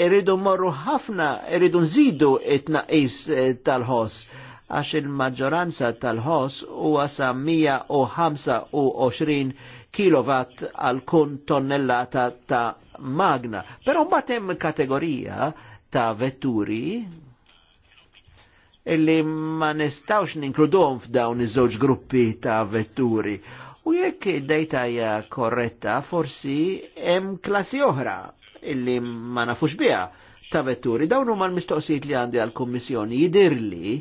irridu morru ħafna, irridu nżidu it-naqis eh, tal-ħoss għax il-maġġoranza tal-ħoss u għasa 125 kilowatt għal kun tonnellata ta' magna. Però mbagħad hemm kategorija ta' vetturi illi ma nistawx ninkludom f'dawn iż-żewġ gruppi ta' vetturi. U jekk id-dejta hija korretta, forsi hemm klassi oħra illi ma nafux biha ta' vetturi. Dawn huma l-mistoqsijiet li għandi għall-Kummissjoni jidirli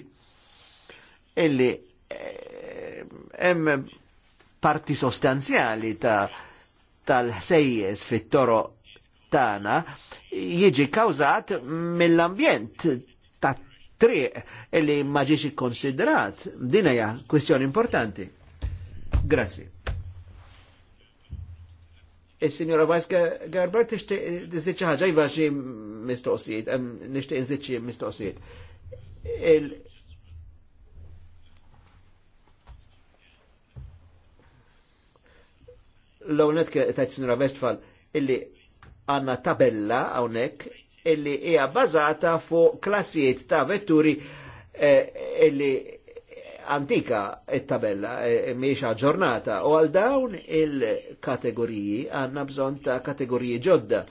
illi eh, hemm parti sostanzjali ta' tal-ħsejjes fit-toro tana jiġi kawzat mill-ambjent ta' triq li ma ġiex ikkonsidrat. Din hija kwestjoni importanti. Grazzi. Is-Sinjora e, Vajska Garbert, tixtieq tiżdiċ ħaġa iva xi mistoqsijiet, nixtieq inżid xi mistoqsijiet l-għonet ta' Sinra Westfall illi għanna tabella għonek illi hija bazata fuq klassijiet ta' vetturi eh, illi antika il tabella eh, miex ġornata u għal dawn il-kategoriji għanna bżon ta' kategoriji ġodda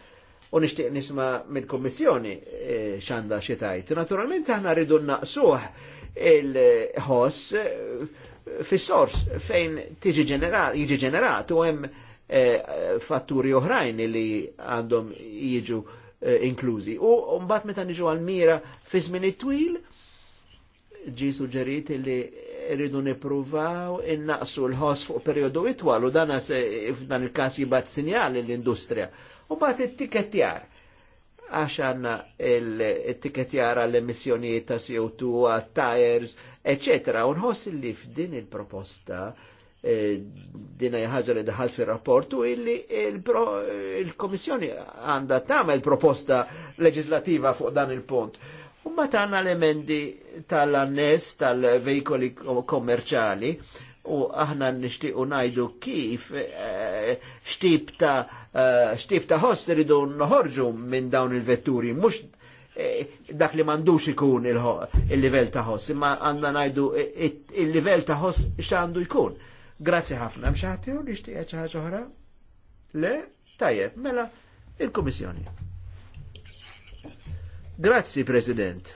u nishtiq nisma mill kommissjoni eh, xanda xitajt. Naturalment aħna rridu naqsuħ il-ħoss eh, fis-sors fejn tiġi ġenerat, jiġi ġenerat u hemm eh, fatturi oħrajn li għandhom jiġu eh, inklużi. U mbagħad meta niġu għal-mira fi żmien twil ġi suġġerit li rridu nippruvaw innaqsu l-ħoss fuq periodu itwal u dan, dan il każ jibgħat sinjali l-industrija. U mbagħad it-tikettjar għax għanna il tiketjara l emissjonijiet ta' CO2, tires eccetera. Unħoss li f'din il-proposta eh, dina jħagġa li daħal fil rapportu illi il-Komissjoni għanda tamel proposta leġislativa fuq dan il-punt. Umma tanna l-emendi tal-annes tal-vejkoli kommerċali u aħna nishtiqu najdu kif eh, xtib eh, ta' ħoss rridu noħorġu minn dawn il-vetturi, mux eh, dak li mandux ikun il-livell ta' ħoss, imma għanna najdu eh, il-livell ta' ħoss xandu jkun. Grazzi ħafna, mxaħti u li xtieqa ċaħġa oħra? Le? Tajjeb, mela, il-Komissjoni. Grazzi, President.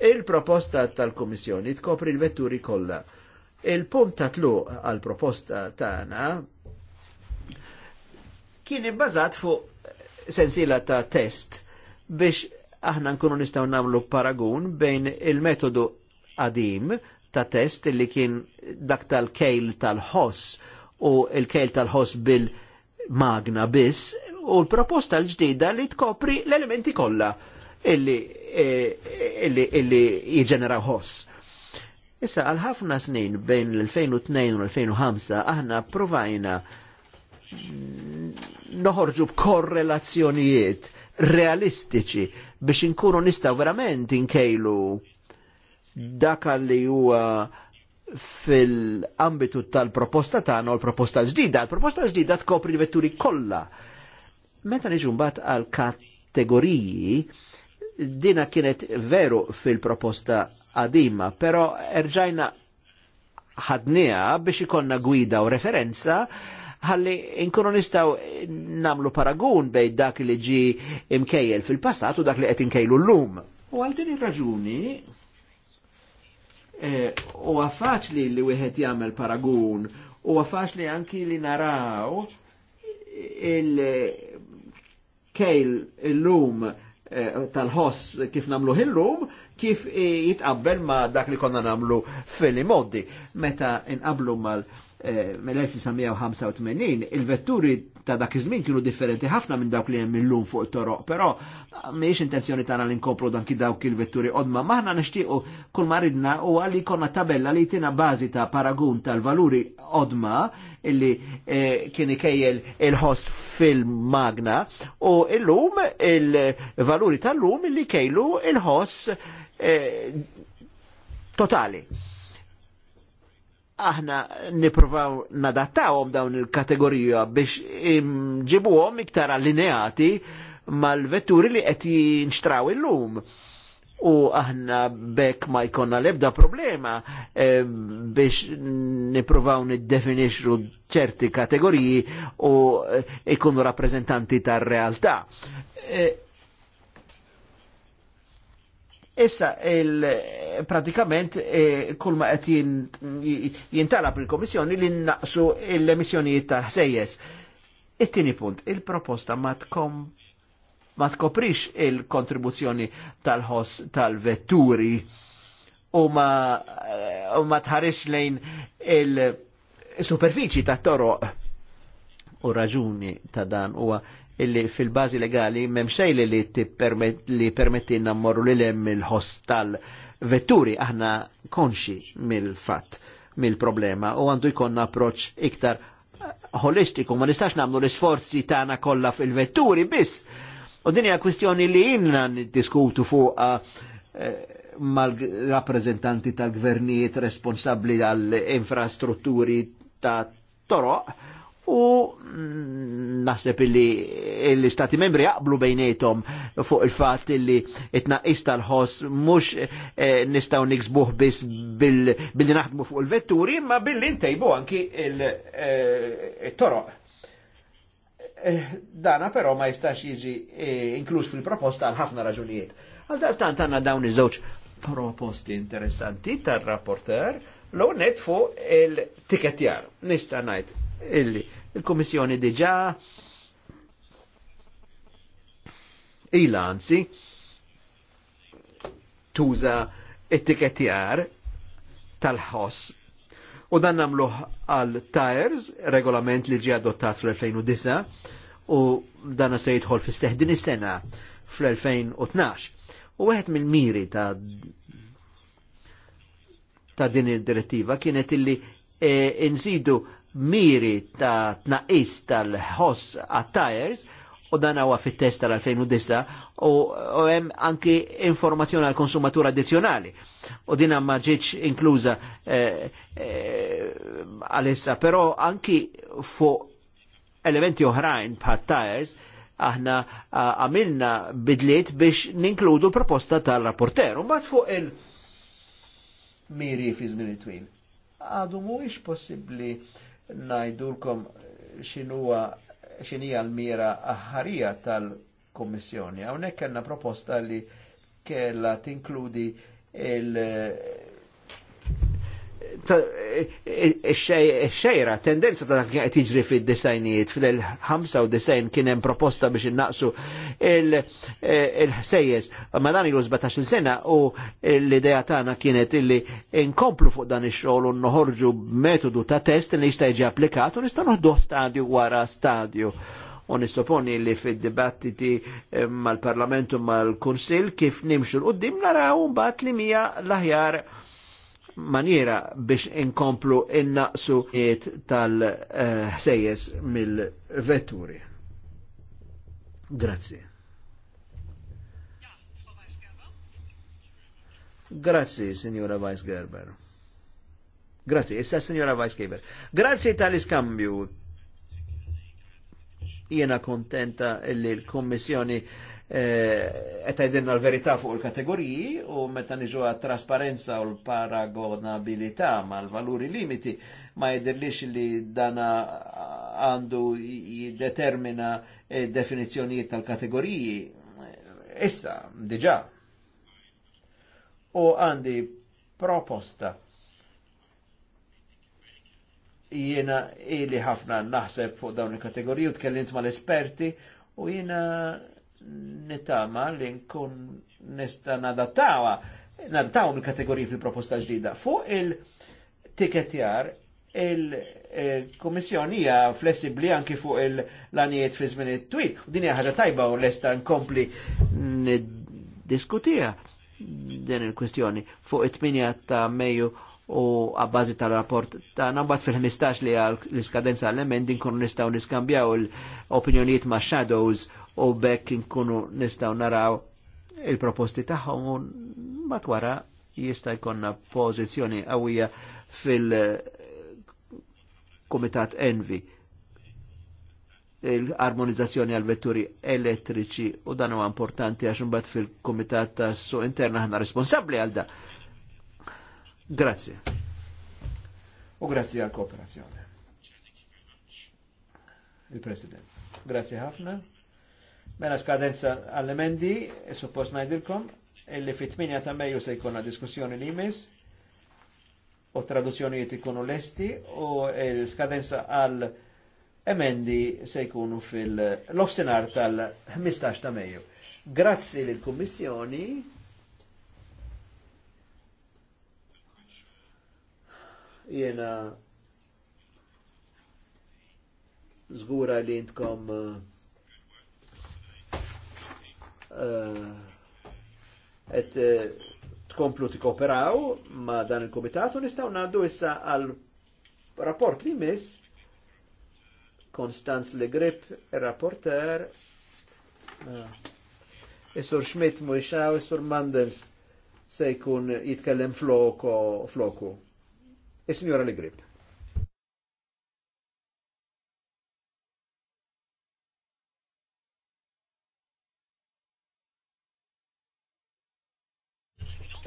Il-proposta tal-Komissjoni tkopri l-vetturi kollha. Il-punt ta' tluq għal-proposta tagħna kien ibbażat fuq sensila ta' test biex aħna nkunu nistgħu nagħmlu paragun bejn il-metodu qadim ta' test li kien dak tal-kejl tal-ħoss u il-kejl tal-ħoss bil-magna biss u l-proposta l-ġdida li tkopri l-elementi kollha Eh, illi illi illi ħoss. Issa għal ħafna snin bejn l-2002 u l-2005 aħna provajna noħorġu b'korrelazzjonijiet realistiċi biex inkunu nistaw verament inkejlu dak li huwa fil-ambitu tal-proposta tagħna u l-proposta ġdida. L-proposta ġdida tkopri l-vetturi kollha. Meta niġu mbagħad għal kategoriji, dina kienet veru fil-proposta għadima, pero erġajna ħadnija biex ikonna gwida u referenza ħalli inkunu nistaw namlu paragun bej dak li ġi imkejjel fil-passat u dak li qed inkejlu l-lum. U għal din ir-raġuni eh, u faċli li wieħed jagħmel paragun u faċli anki li naraw il-kejl il-lum il Eh, tal-ħoss kif namlu illum kif jitqabbel ma dak li konna namlu fil-modi. Meta inqablu mal- mill-1985 il-vetturi ta' dak iż-żmien kienu differenti ħafna minn dawk li hemm illum fuq toroq, però mhijiex intenzjoni tagħna li nkopru dan ki dawk il-vetturi qodma maħna nixtiequ kull ma ridna u għalli konna tabella li tina bażi ta' paragun tal-valuri qodma illi eh, kien ikejjel il-ħoss fil-magna u illum il-valuri tal-lum illi kejlu il-ħoss eh, totali aħna niprofaw nadattawhom dawn il-kategorija biex imġibuwom iktar allineati mal-vetturi li qed jinxtraw illum. U aħna bekk ma jkonna lebda problema e, biex niprofaw niddefinixxu ċerti kategoriji u eh, ikunu rappreżentanti tar-realtà. E, Issa, pratikament, e, kull ma qed jintalab il-Komissjoni li naqsu l-emissjonijiet ta' sejjes. It-tieni punt, il-proposta ma tkom ma tkoprix il-kontribuzzjoni tal-ħoss tal-vetturi u ma, ma tħarix lejn il superfici ta' toroq u raġuni ta' dan huwa illi fil-bazi legali memxej li li li permettinna morru li lem il hostal vetturi aħna konxi mill-fat mill-problema u għandu jkonna approċ iktar holistiku ma nistax namlu l-isforzi tagħna kolla fil-vetturi biss. U din hija kwistjoni li inna niddiskutu fuq eh, mal-rappreżentanti tal-gvernijiet responsabbli għall-infrastrutturi ta' toroq u mm, naħseb illi l-istati membri jaqblu bejnietom fuq il-fat illi itnaqis tal-ħoss mux eh, nistaw niksbuħ bis billi naħdmu fuq il-vetturi ma billi ntejbu anki il eh, toro eh, Dana però ma jistax jiġi inkluż fil-proposta għal ħafna raġunijiet. Għal dastant għanna dawn iż-żewġ proposti interessanti tar-rapporter l net fuq il-tiketjar. Nista najt illi il-Komissjoni diġa ila anzi tuża etikettjar tal-ħoss u dan namlu għal tires regolament li ġi adottat fl-2009 u dan se jidħol fis seħdin is-sena fl-2012. U għed mill-miri ta' ta' din id-direttiva kienet illi e, eh, nżidu miri ta' tnaqis tal-ħoss għat u dan għawa fit-test tal-2009 u hemm anki informazzjoni għal konsumatur addizzjonali. U dina ma ġietx inkluża għalissa, eh, eh, però anki fuq elementi oħrajn bħat tires aħna għamilna bidliet biex ninkludu proposta tal-rapporter. bat fuq il-miri fi żmien twil. Għadu mu ix possibli najdulkom xinuwa xinija l-mira aħħarija tal-Kommissjoni. Għawnek kena proposta li kella tinkludi il- xejra, e-, e-, e-, tendenza ta' kien qed jiġri fid-disajnijiet fil-95 kien hemm proposta biex innaqsu il-ħsejjes. Ma dan ilu 17 sena u l-idea tagħna kienet illi inkomplu fuq dan ix-xogħol u noħorġu metodu ta' test li jista' jiġi applikat u nista' noħdu stadju wara stadju u nissoponi li fid-dibattiti eh, mal-Parlamentu mal-Kunsil kif nimxu l-qoddim naraw mbagħad li mija l-aħjar maniera biex inkomplu innaqsu tal sejjes mill-vetturi. Grazie. Grazie, signora Vice Gerber. Grazie, issa signora Vice Gerber. Grazie tal-iskambju. Jena kontenta li l-Kommissjoni Eh, qed l-verità fuq il-kategoriji u meta niġu trasparenza u l-paragonabilità mal-valuri limiti ma jidhirlix li dana għandu jiddetermina eh, definizzjonijiet tal-kategoriji. Issa, diġa'. U għandi proposta jiena ili ħafna naħseb fuq dawn il-kategoriji u tkellimt mal-esperti u jiena Nitama li nkun nista nadatawa, nadatawa mill-kategoriji fil-proposta ġdida. Fuq il-tiketjar, il-Komissjoni hija flessibbli anki fuq il-lanijiet fi żmien twil. U din hija ħaġa tajba u lesta nkompli diskutija din il-kwestjoni fuq it-8 ta' Mejju u għabbażi tal-rapport ta' nambat fil-15 li għal l-iskadenza għall-emend nkunu nistaw niskambjaw l-opinjonijiet ma' shadows u bekk inkunu nistaw naraw il-proposti taħħom u matwara jista' jkollna pożizzjoni għawija fil-Kumitat Envi l-armonizzazzjoni għal vetturi elettriċi u dan huwa importanti għax imbagħad fil-Kumitat tas-Suq Interna ħna responsabbli għal da. Grazie. U grazie għal kooperazzjoni. Il-President. Grazie ħafna. Mela skadenza għall-emendi, e suppost ma jdirkom, illi fit-8 ta' meju se jkunna diskussjoni li jmiss u traduzzjonijiet ikunu lesti u skadenza għall emendi se jkunu fil-lofsenar tal-15 ta' meju. Grazzi l-Kommissjoni. Jena zgura li intkom Eh, et eh, tkomplu koperaw ma dan il-komitatu nistaw naddu issa għal rapport li mis Konstanz Le Grip, rapporter eh, Isur Schmidt muxaw, Isur Mandels se jkun jitkellem floku. is Signora Le Grip.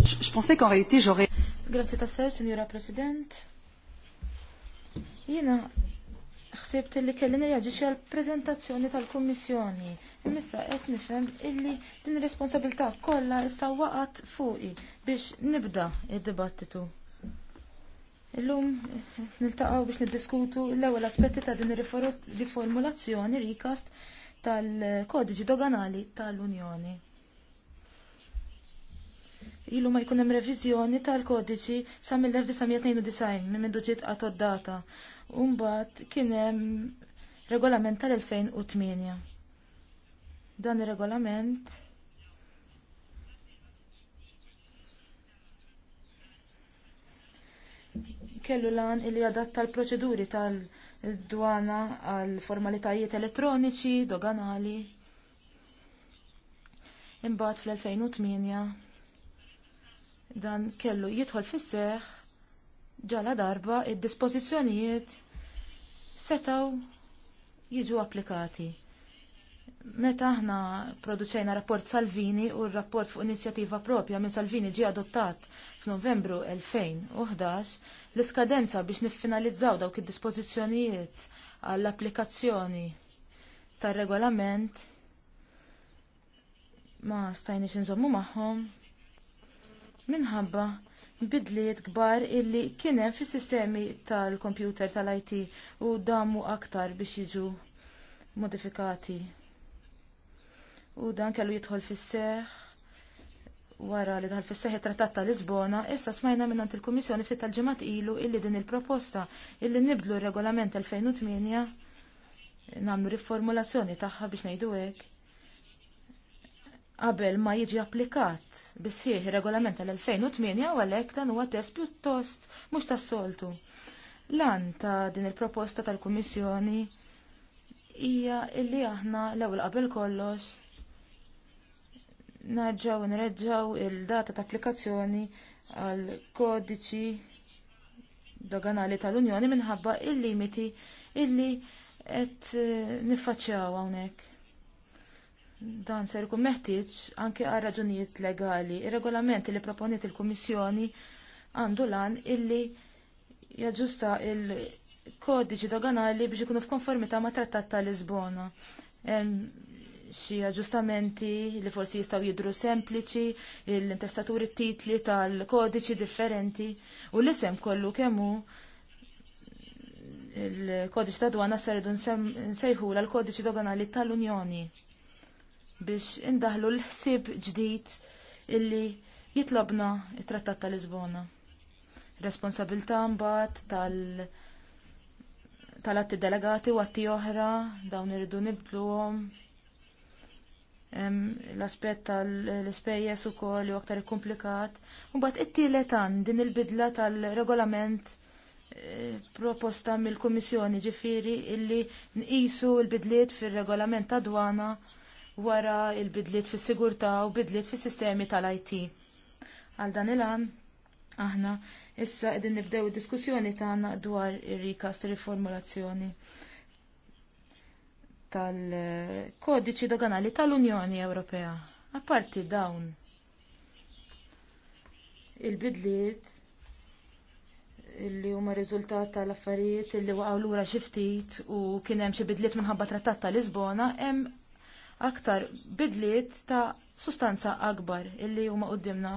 Je pensais qu'en réalité j'aurais. Grazie tassew, Signora President. Jena, xsebt li kelli nirreagġiċi għal prezentazzjoni tal-Kommissjoni. Imissa qed nifhem illi din ir-responsabilità kollha issa waqgħet fuqi biex nibda il dibattitu Illum niltaqgħu biex niddiskutu l-ewwel aspetti ta' din riformulazzjoni rikast tal-kodiġi doganali tal-Unjoni ilu ma jkun hemm reviżjoni tal-kodiċi sa mill-1992 minn mindu ġiet data u mbagħad kien hemm regolament tal-2008. Dan ir-regolament kellu lan illi adatta l-proċeduri tal-dwana għal formalitajiet elettroniċi, doganali. Imbagħad fl-2008 Dan kellu jidħol fis ġala darba id-dispożizzjonijiet setgħu jiġu applikati. Meta aħna produċejna rapport Salvini u r-rapport fuq inizjattiva propja minn Salvini ġie adottat f'Novembru 2011, l-iskadenza biex niffinalizzaw dawk id-dispożizzjonijiet għall-applikazzjoni tar regolament ma stajniex inżommu magħhom minħabba bidliet kbar illi kien hemm fis sistemi tal-kompjuter tal-IT u damu aktar biex jiġu modifikati. U dan kellu jidħol fis seħħ wara li dħal fis seħħ trattat ta' Lisbona, issa smajna minnant il-Kummissjoni ftit tal-ġimgħat ilu illi din il-proposta illi nibdlu r-regolament 2008 nagħmlu riformulazzjoni tagħha biex ngħidu hekk qabel ma jiġi applikat bisħieħ ir-regolament tal-2008 u għalhekk dan huwa test pjuttost mhux tas-soltu. Lan ta' din il-proposta tal-Kummissjoni hija illi aħna l-ewwel qabel kollox narġaw nreġġaw il-data ta' applikazzjoni għal kodiċi doganali tal-Unjoni minħabba il-limiti illi qed niffaċċjaw hawnhekk. Dan ser ikun meħtieġ anke għal raġunijiet legali. Ir-regolamenti li proponiet il-Kummissjoni għandu lan illi jaġusta il-kodiċi doganali biex ikunu f'konformità ma' Trattat ta' Lisbona. Xi aġġustamenti li forsi jistgħu jidru sempliċi, l-intestaturi titli tal-kodiċi differenti u l-isem kollu kemm hu il-kodiċi ta' dwana ser idu nsejħula l-kodiċi doganali tal-Unjoni biex indaħlu l-ħsieb ġdid illi jitlobna t trattat ta' Lisbona. Responsabilità mbagħad tal- tal-atti delegati u atti oħra dawn irridu nibdluhom l-aspett tal-ispejjeż ukoll u aktar komplikat. Mbagħad it-tielet din il-bidla tal-regolament eh, proposta mill-Kummissjoni ġifieri illi nqisu l-bidliet fir-regolament ta' dwana wara il-bidliet fis-sigurtà u bidliet fis-sistemi tal-IT. Għal dan il-għan, aħna issa qegħdin nibdew id diskussjoni tagħna dwar ir-rikas riformulazzjoni tal-kodiċi doganali tal-Unjoni Ewropea. Apparti dawn il-bidliet illi huma riżultat tal-affarijiet illi waqgħu lura xi ftit u kien hemm xi bidliet minħabba trattat ta' Lisbona hemm aktar bidliet ta' sustanza akbar illi huma qudiemna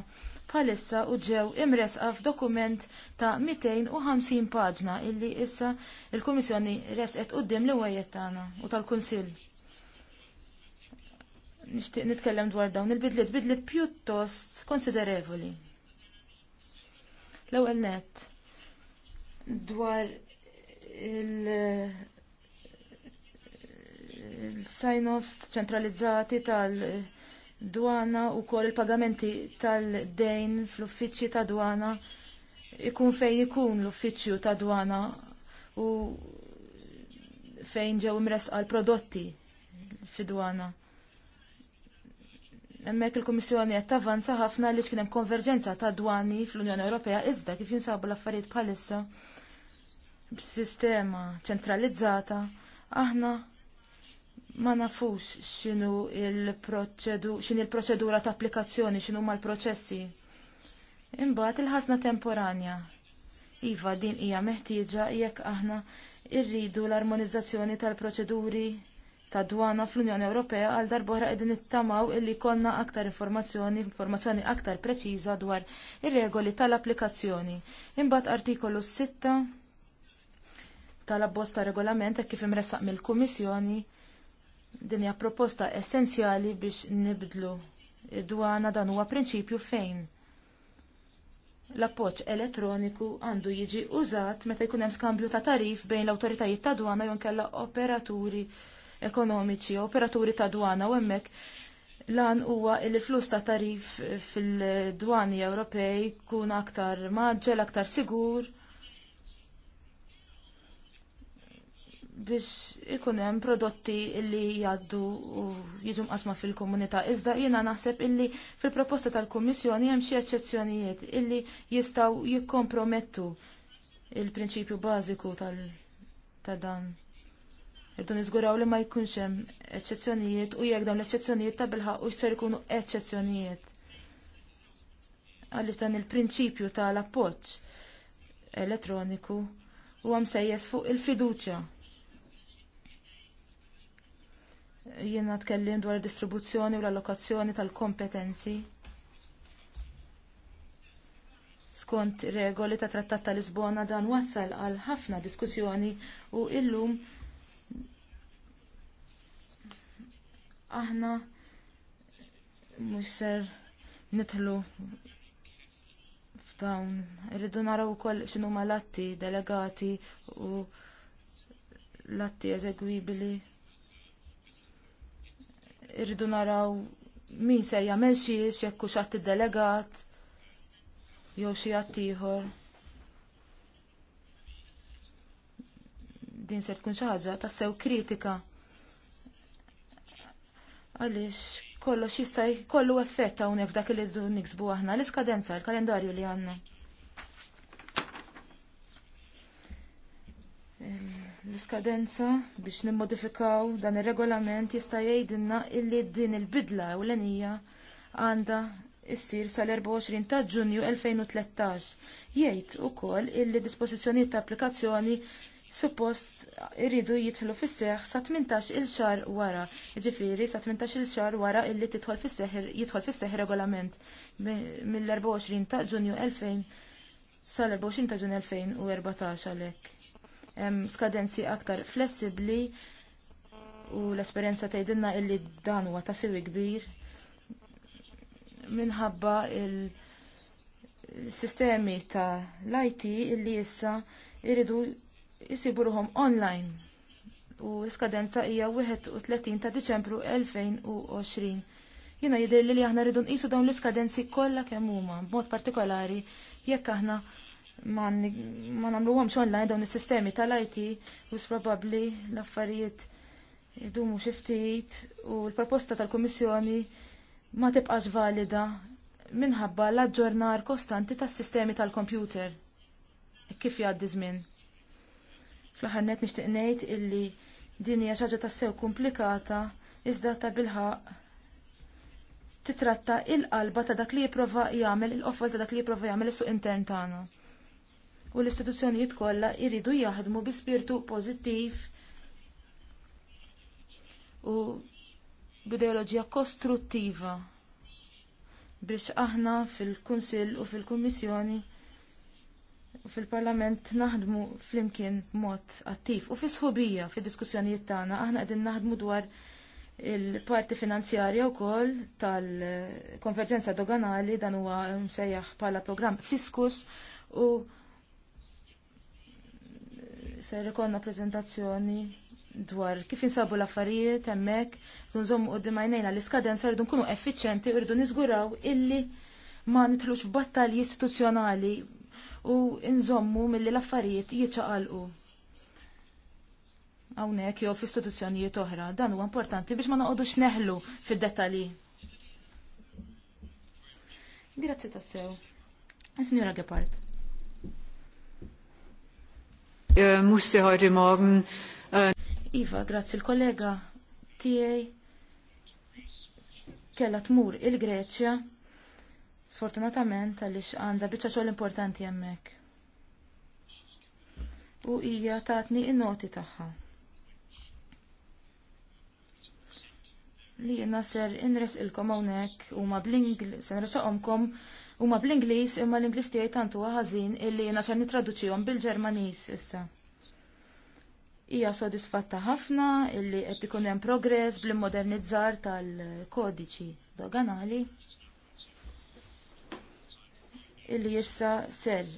bħalissa u ġew imresqa f'dokument ta' 250 paġna illi issa il-Kummissjoni resqet quddiem li wajjed tagħna u tal-Kunsill. Nixtieq nitkellem dwar dawn il-bidliet bidliet pjuttost konsiderevoli. L-ewwel nett dwar il- il-sign-offs ċentralizzati tal-dwana u kol il-pagamenti tal-dejn fl uffiċċju ta' dwana ikun fejn ikun l-uffiċċju ta' dwana u fejn ġew imres għal prodotti fi dwana. Emmek il-Kummissjoni qed tavanza ħafna li kien hemm konverġenza ta' dwani fl-Unjoni Ewropea iżda kif jinsabu l-affarijiet bħalissa b'sistema ċentralizzata aħna ma nafux x'inhu il-proċedura x'in il-proċedura ta' applikazzjoni ma' l proċessi Imbagħad il-ħasna temporanja. Iva din hija meħtieġa jekk aħna rridu l-armonizzazzjoni tal-proċeduri ta' dwana fl-Unjoni Ewropea għal darbohra qegħdin nittamaw illi jkollna aktar informazzjoni, informazzjoni aktar preċiża dwar ir-regoli tal-applikazzjoni. Imbagħad artikolu 6 tal-abbozz ta' regolament kif imressaq mill-Kummissjoni Din hija proposta essenzjali biex nibdlu dwana dan huwa prinċipju fejn l-appoġġ elettroniku għandu jiġi użat meta jkun hemm skambju ta' tarif bejn l-awtoritajiet ta' dwana jew inkella operaturi ekonomiċi, operaturi ta' dwana u hemmhekk lan huwa li flus ta' tarif fil-dwani Ewropej kun aktar maġġel, aktar sigur biex ikun hemm prodotti li jgħaddu u jiġu mqasma fil-komunità. Iżda jiena naħseb illi fil-proposta tal-Kummissjoni hemm xi eċċezzjonijiet illi jistgħu jikkompromettu il-prinċipju bażiku ta' dan. Irdu niżguraw li ma jkunx hemm eċċezzjonijiet u jekk dawn l-eċċezzjonijiet ta' bilħaq u jser ikunu eċċezzjonijiet. Għaliex dan il-prinċipju tal-appoġġ elettroniku u sejjes fuq il-fiduċja Jiena tkellim dwar distribuzzjoni u l-allokazzjoni tal-kompetenzi. Skont regoli ta' trattat ta' Lisbona dan wassal għal ħafna diskussjoni u illum aħna mhux ser nidħlu f'dawn. Irridu naraw ukoll x'inhuma l-atti delegati u l-atti eżegwibili irridu naraw min ser jagħmel xiex jekk hux għatt delegat jew xi għatt ieħor. Din ser tkun xi ħaġa tassew kritika. Għaliex kollox jista' jkollu effett hawnhekk dak li rridu niksbu aħna l-iskadenza, l-kalendarju li għandna. l-iskadenza biex nimmodifikaw dan ir-regolament jista' jgħidilna illi din il-bidla ewlenija għandha ssir sal-24 ta' Ġunju 2013. Jgħid ukoll illi dispożizzjonijiet ta' applikazzjoni suppost irridu jidħlu fis seħħ sa 18 il xahar wara, jiġifieri sa 18 il xahar wara illi tidħol fis seħħ jidħol fis seħħ regolament mill-24 ta' Ġunju 2000 sal-24 ta' Ġunju 2014 għalhekk hemm skadenzi aktar flessibbli u l-esperjenza tgħidilna illi dan huwa ta' siwi kbir minħabba il-sistemi ta' l-IT illi issa jridu jisibu ruhom online u l-skadenza hija 31 ta' Diċembru 2020. Jiena jidher li aħna rridu nqisu dawn l-iskadenzi kollha kemm huma, b'mod partikolari jekk aħna ma namlu għomx lajn dawn is-sistemi tal-IT u s-probabli l-affarijiet jidumu xiftit u l-proposta tal-Komissjoni ma tibqax valida minħabba l-aġġornar kostanti tas-sistemi tal-kompjuter. E kif jgħaddi żmien? Fl-aħħar net nixtieq ngħid illi din hija xi ħaġa tassew komplikata iżda ta' bilħaq titratta il-qalba ta' dak li jipprova jagħmel il-offol ta' dak li jipprova jagħmel is-suq intern tagħna u l-istituzzjonijiet kollha jridu jaħdmu bi spiritu pożittiv u b'ideoloġija kostruttiva biex aħna fil-Kunsill u fil-Kummissjoni u fil-Parlament naħdmu flimkien mod attiv u fi sħubija fid diskussjonijiet tagħna aħna qegħdin naħdmu dwar il-parti finanzjarja wkoll tal-konverġenza doganali dan huwa msejjaħ bħala programm Fiskus u ser ikonna prezentazzjoni dwar kif insabu l-affarijiet hemmhekk du nżommu qudiem għajnejna l-iskadenza rridu nkunu effiċjenti u rridu niżguraw illi ma nidħlux f'battalji istituzzjonali u nżommu milli l-affarijiet jiċċaqalqu. Hawnhekk jew f'istituzzjonijiet oħra, dan huwa importanti biex ma noqogħdux neħlu fid-dettalji. Grazzi tassew. Signora Gepard. Eh, Morgen. Eh, iva, grazzi l-kollega tiegħi kella tmur il-Greċja, sfortunatament għaliex għandha biċċa xogħol importanti hemmhekk. U hija tatni in-noti tagħha. Li jiena ser inres ilkom hawnhekk huma bl-Ingliż, se nresoqhomkom huma bl-Ingliż imma l-Ingliż tiegħi tant huwa ħażin illi jiena ser nitraduċihom bil-Ġermaniż issa. Hija sodisfatta ħafna illi qed ikun hemm progress bl-immodernizzar tal-kodiċi doganali illi issa ser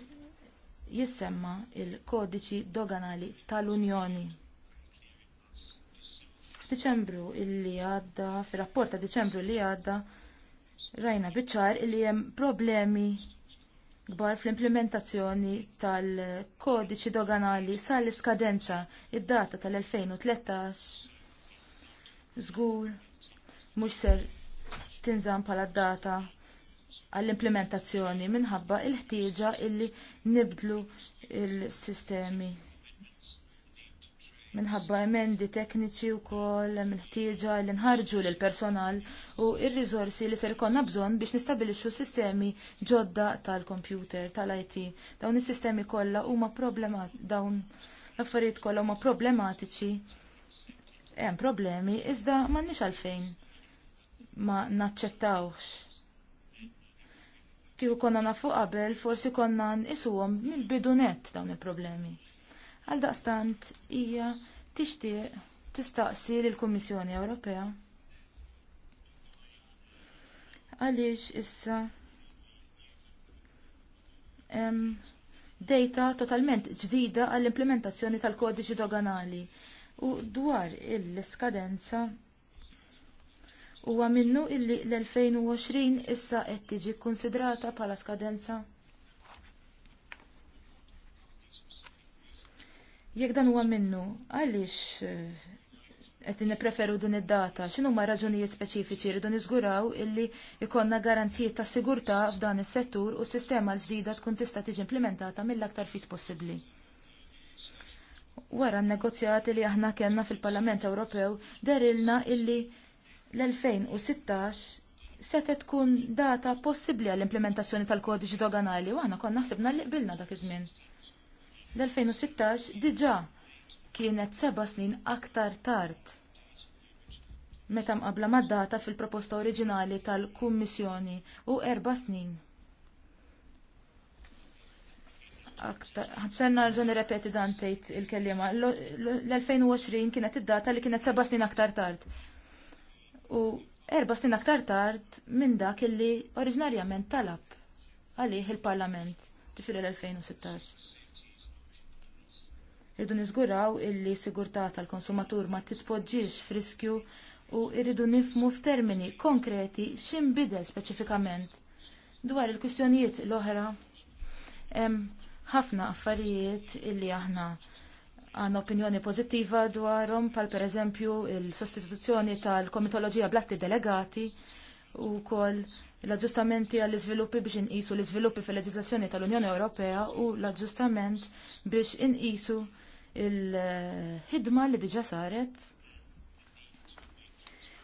jissemma il-kodiċi doganali tal-Unjoni. F'Diċembru illi għadda, fir-rapport ta' Diċembru li għadda, rajna biċar li hemm problemi kbar fl-implementazzjoni tal-kodiċi doganali sal-iskadenza id-data tal-2013 Zgur mhux ser tinżam bħala data għall-implementazzjoni minħabba l ħtieġa illi nibdlu l il sistemi minħabba emendi tekniċi wkoll hemm il-ħtieġa li nħarġu lill personal u r rizorsi li ser konna bżonn biex nistabilixxu sistemi ġodda tal-kompjuter, tal-IT. Dawn is-sistemi kollha huma problematiċi dawn l-affarijiet kollha huma problematiċi. Hemm problemi iżda m'għandniex għalfejn ma naċċettawx. Kieku konna nafu qabel, forsi konna nisuwom mill-bidu nett dawn il-problemi. Għal daqstant hija tixtieq tistaqsi lill kummissjoni Ewropea. Għaliex issa hemm data totalment ġdida għall-implementazzjoni tal-kodiċi doganali u dwar il-skadenza huwa minnu illi l-2020 issa qed tiġi kkunsidrata bħala skadenza Jekk dan huwa minnu, għaliex eh, qed nippreferu din id-data, x'inhu ma raġunijiet speċifiċi rridu niżguraw illi jkollna garanzijiet ta' sigurtà f'dan is-settur u s-sistema l-ġdida tkun tista' tiġi implementata mill-aktar fis possibbli. Wara n-negozjati li aħna kellna fil-Parlament Ewropew derilna illi l-2016 setet tkun data possibbli għall-implementazzjoni tal-kodiċi doganali u aħna konna ħsibna li qbilna dak iż-żmien l-2016 diġà kienet seba' snin aktar tard meta mqabbla mad-data fil-proposta oriġinali tal-Kummissjoni u erba' snin. Ħadsenna rġu nirrepeti dan tgħid il-kelliema. L-2020 kienet id-data li kienet seba' snin aktar tard. U erba' snin aktar tard minn dak illi oriġinarjament talab għalih il-Parlament ġifieri l-2016. Irridu niżguraw illi sigurtà tal-konsumatur ma titpoġġiex friskju u irridu nifmu f'termini konkreti x'inbidel speċifikament dwar il kustjonijiet l-oħra. Hemm ħafna affarijiet illi aħna għandna opinjoni pożittiva dwarhom pal pereżempju il-sostituzzjoni tal-komitoloġija blatti delegati u wkoll l-aġġustamenti għall iżviluppi biex inqisu l-iżviluppi fil-leġiżlazzjoni tal-Unjoni Ewropea u l-aġġustament biex inqisu il-ħidma li diġa saret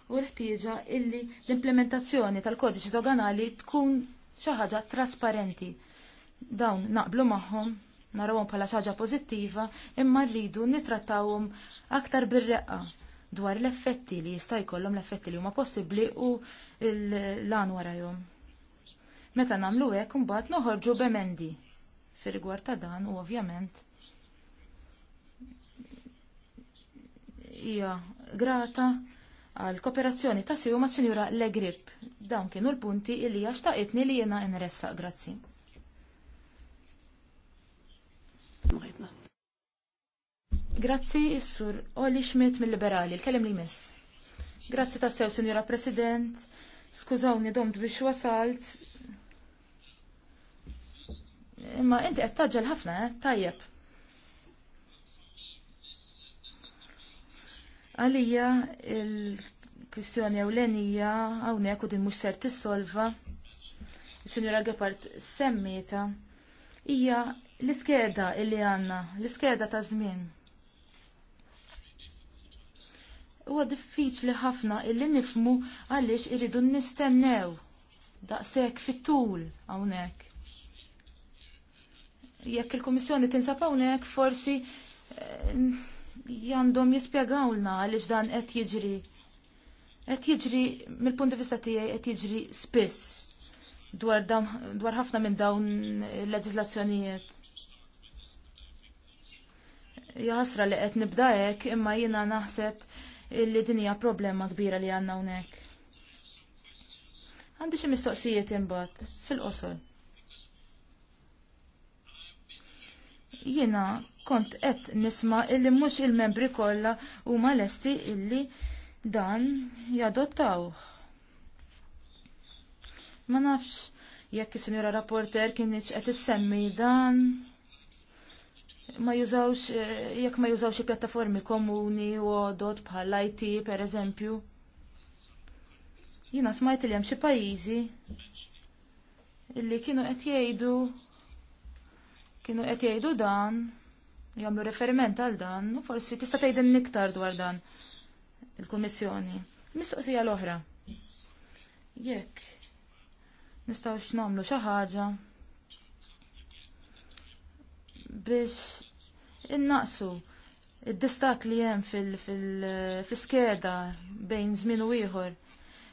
u l-ħtieġa illi l-implementazzjoni tal-kodiċi doganali tkun xi ħaġa trasparenti. Dawn naqblu magħhom narawhom bħala xi ħaġa pożittiva imma rridu nittrattawhom aktar bir-reqqa dwar l-effetti li jista' jkollhom l-effetti li huma possibbli u l-lan warajhom. Meta nagħmlu hekk imbagħad noħorġu b'emendi fir-rigward ta' dan u ovvjament hija grata għal kooperazzjoni ta' siju ma' Sinjura Legrip. Dawn kienu l-punti li hija xtaqitni li jiena nressaq grazzi. Mħidna. Grazzi, Sur Oli Schmidt mill-Liberali, l-kellem li jmiss. Grazzi ta' sew, Sinjora President. Skużawni domt biex wasalt. Imma inti qed taġġel ħafna, eh? Tajjeb. Għalija il-kwistjoni ewlenija hawnhekk u din mhux ser tissolva. Sinjora Gepard semmita hija l-iskeda illi għandna, l-iskeda ta' żmien huwa diffiċli ħafna illi nifmu għaliex iridu nistennew daqshekk fit-tul hawnhekk. Jekk il-Kummissjoni tinsab hawnhekk forsi eh, għandhom jispjegawlna għaliex dan qed jiġri. Qed jiġri mill-punt di vista tiegħi qed jiġri spiss dwar ħafna minn dawn il-leġislazzjonijiet. Jaħasra li qed nibda hekk imma jiena naħseb li din hija problema kbira li għandna hawnhekk. Għandi xi mistoqsijiet imbagħad fil-qosol. Jiena kont qed nisma' illi mhux il-membri kollha huma lesti illi dan jadottaw. Ma nafx jekk is-sinjura rapporter kien qed issemmi dan ma jużawx, eh, jekk ma jużawx pjattaformi komuni u għodot bħal IT per eżempju. Jina smajt li xi pajjiżi illi kienu qed jgħidu kienu qed jgħidu dan jagħmlu referiment għal dan u forsi tista' tgħidin iktar dwar dan il-Kummissjoni. Mistoqsija l-oħra. Jekk nistgħu x'nagħmlu xi ħaġa biex innaqsu id-distak li jem fil-skeda bejn żmien u ieħor.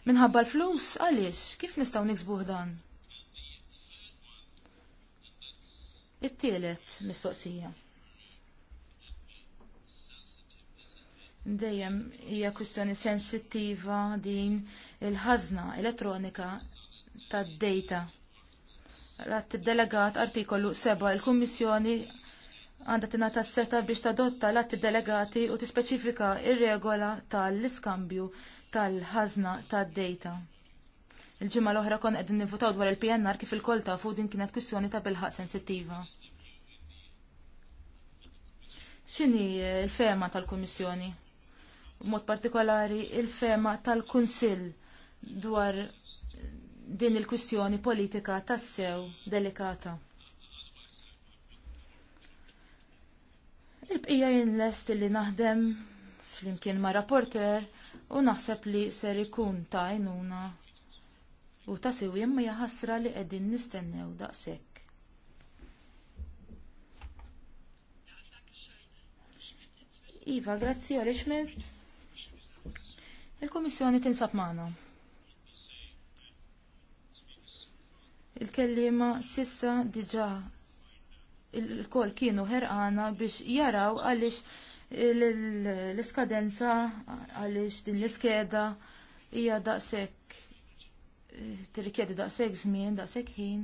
Minħabba l-flus, għaliex, kif nistaw niksbuħ dan? It-tielet mistoqsija. Dejjem hija kwistjoni sensittiva din il-ħażna elettronika tad-data. Rat delegat artikolu 7 il-Kummissjoni għandha tingħata s-seta biex tadotta l delegati u tispeċifika ir-regola tal-iskambju tal-ħażna tad-data. Il-ġimgħa l-oħra kon qegħdin nifutaw dwar il-PNR kif il-kol tafu din kienet kwistjoni ta' bilħaq sensittiva. X'inhi l-fema tal-Kummissjoni? Mod partikolari il-fema tal-Kunsill dwar din il-kwistjoni politika tassew delikata. Il-bqija jinlest li naħdem flimkien ma' rapporter u naħseb li ser ikun ta' għajnuna u ta' siwi ma' ħasra li qegħdin nistennew daqshekk. Iva, grazzi għal il kummissjoni tinsab maħna. il kelliema sissa diġà il-kol kienu ħerqana biex jaraw għaliex l-iskadenza għaliex din l-iskeda hija daqshekk eh, tirrikjedi daqshekk żmien, daqshekk ħin.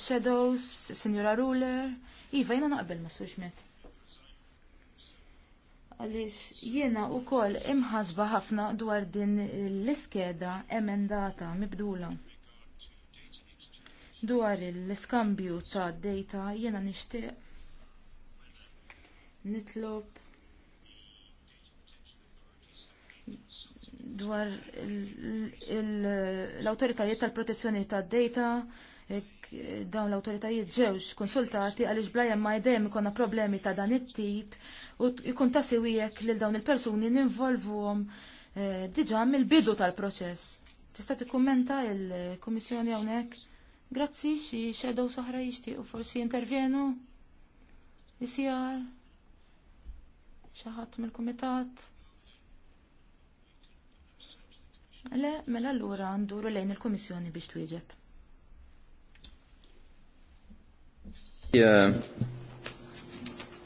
Shadows, Signora Ruler, iva jiena naqbel ma' suġmet. Għaliex jiena koll imħasba ħafna dwar din l-iskeda emendata mibdula dwar l-iskambju ta' data jiena nixtieq nitlob dwar l awtoritajiet tal-protezzjoni tad data dawn l awtoritajiet ġewx konsultati għaliex blajem ma jdejjem ikonna problemi ta' dan it-tip u jkun ta' siwijek lil dawn il-persuni ninvolvuhom eh, diġà mill-bidu tal-proċess. Tista' tikkummenta il-Kummissjoni hawnhekk? Grazzi xi xedow soħra jixtiequ forsi intervjenu. Isjar. Xi ħadd mill-kumitat. Le, mela allura nduru lejn il-Kummissjoni biex twieġeb. Euh,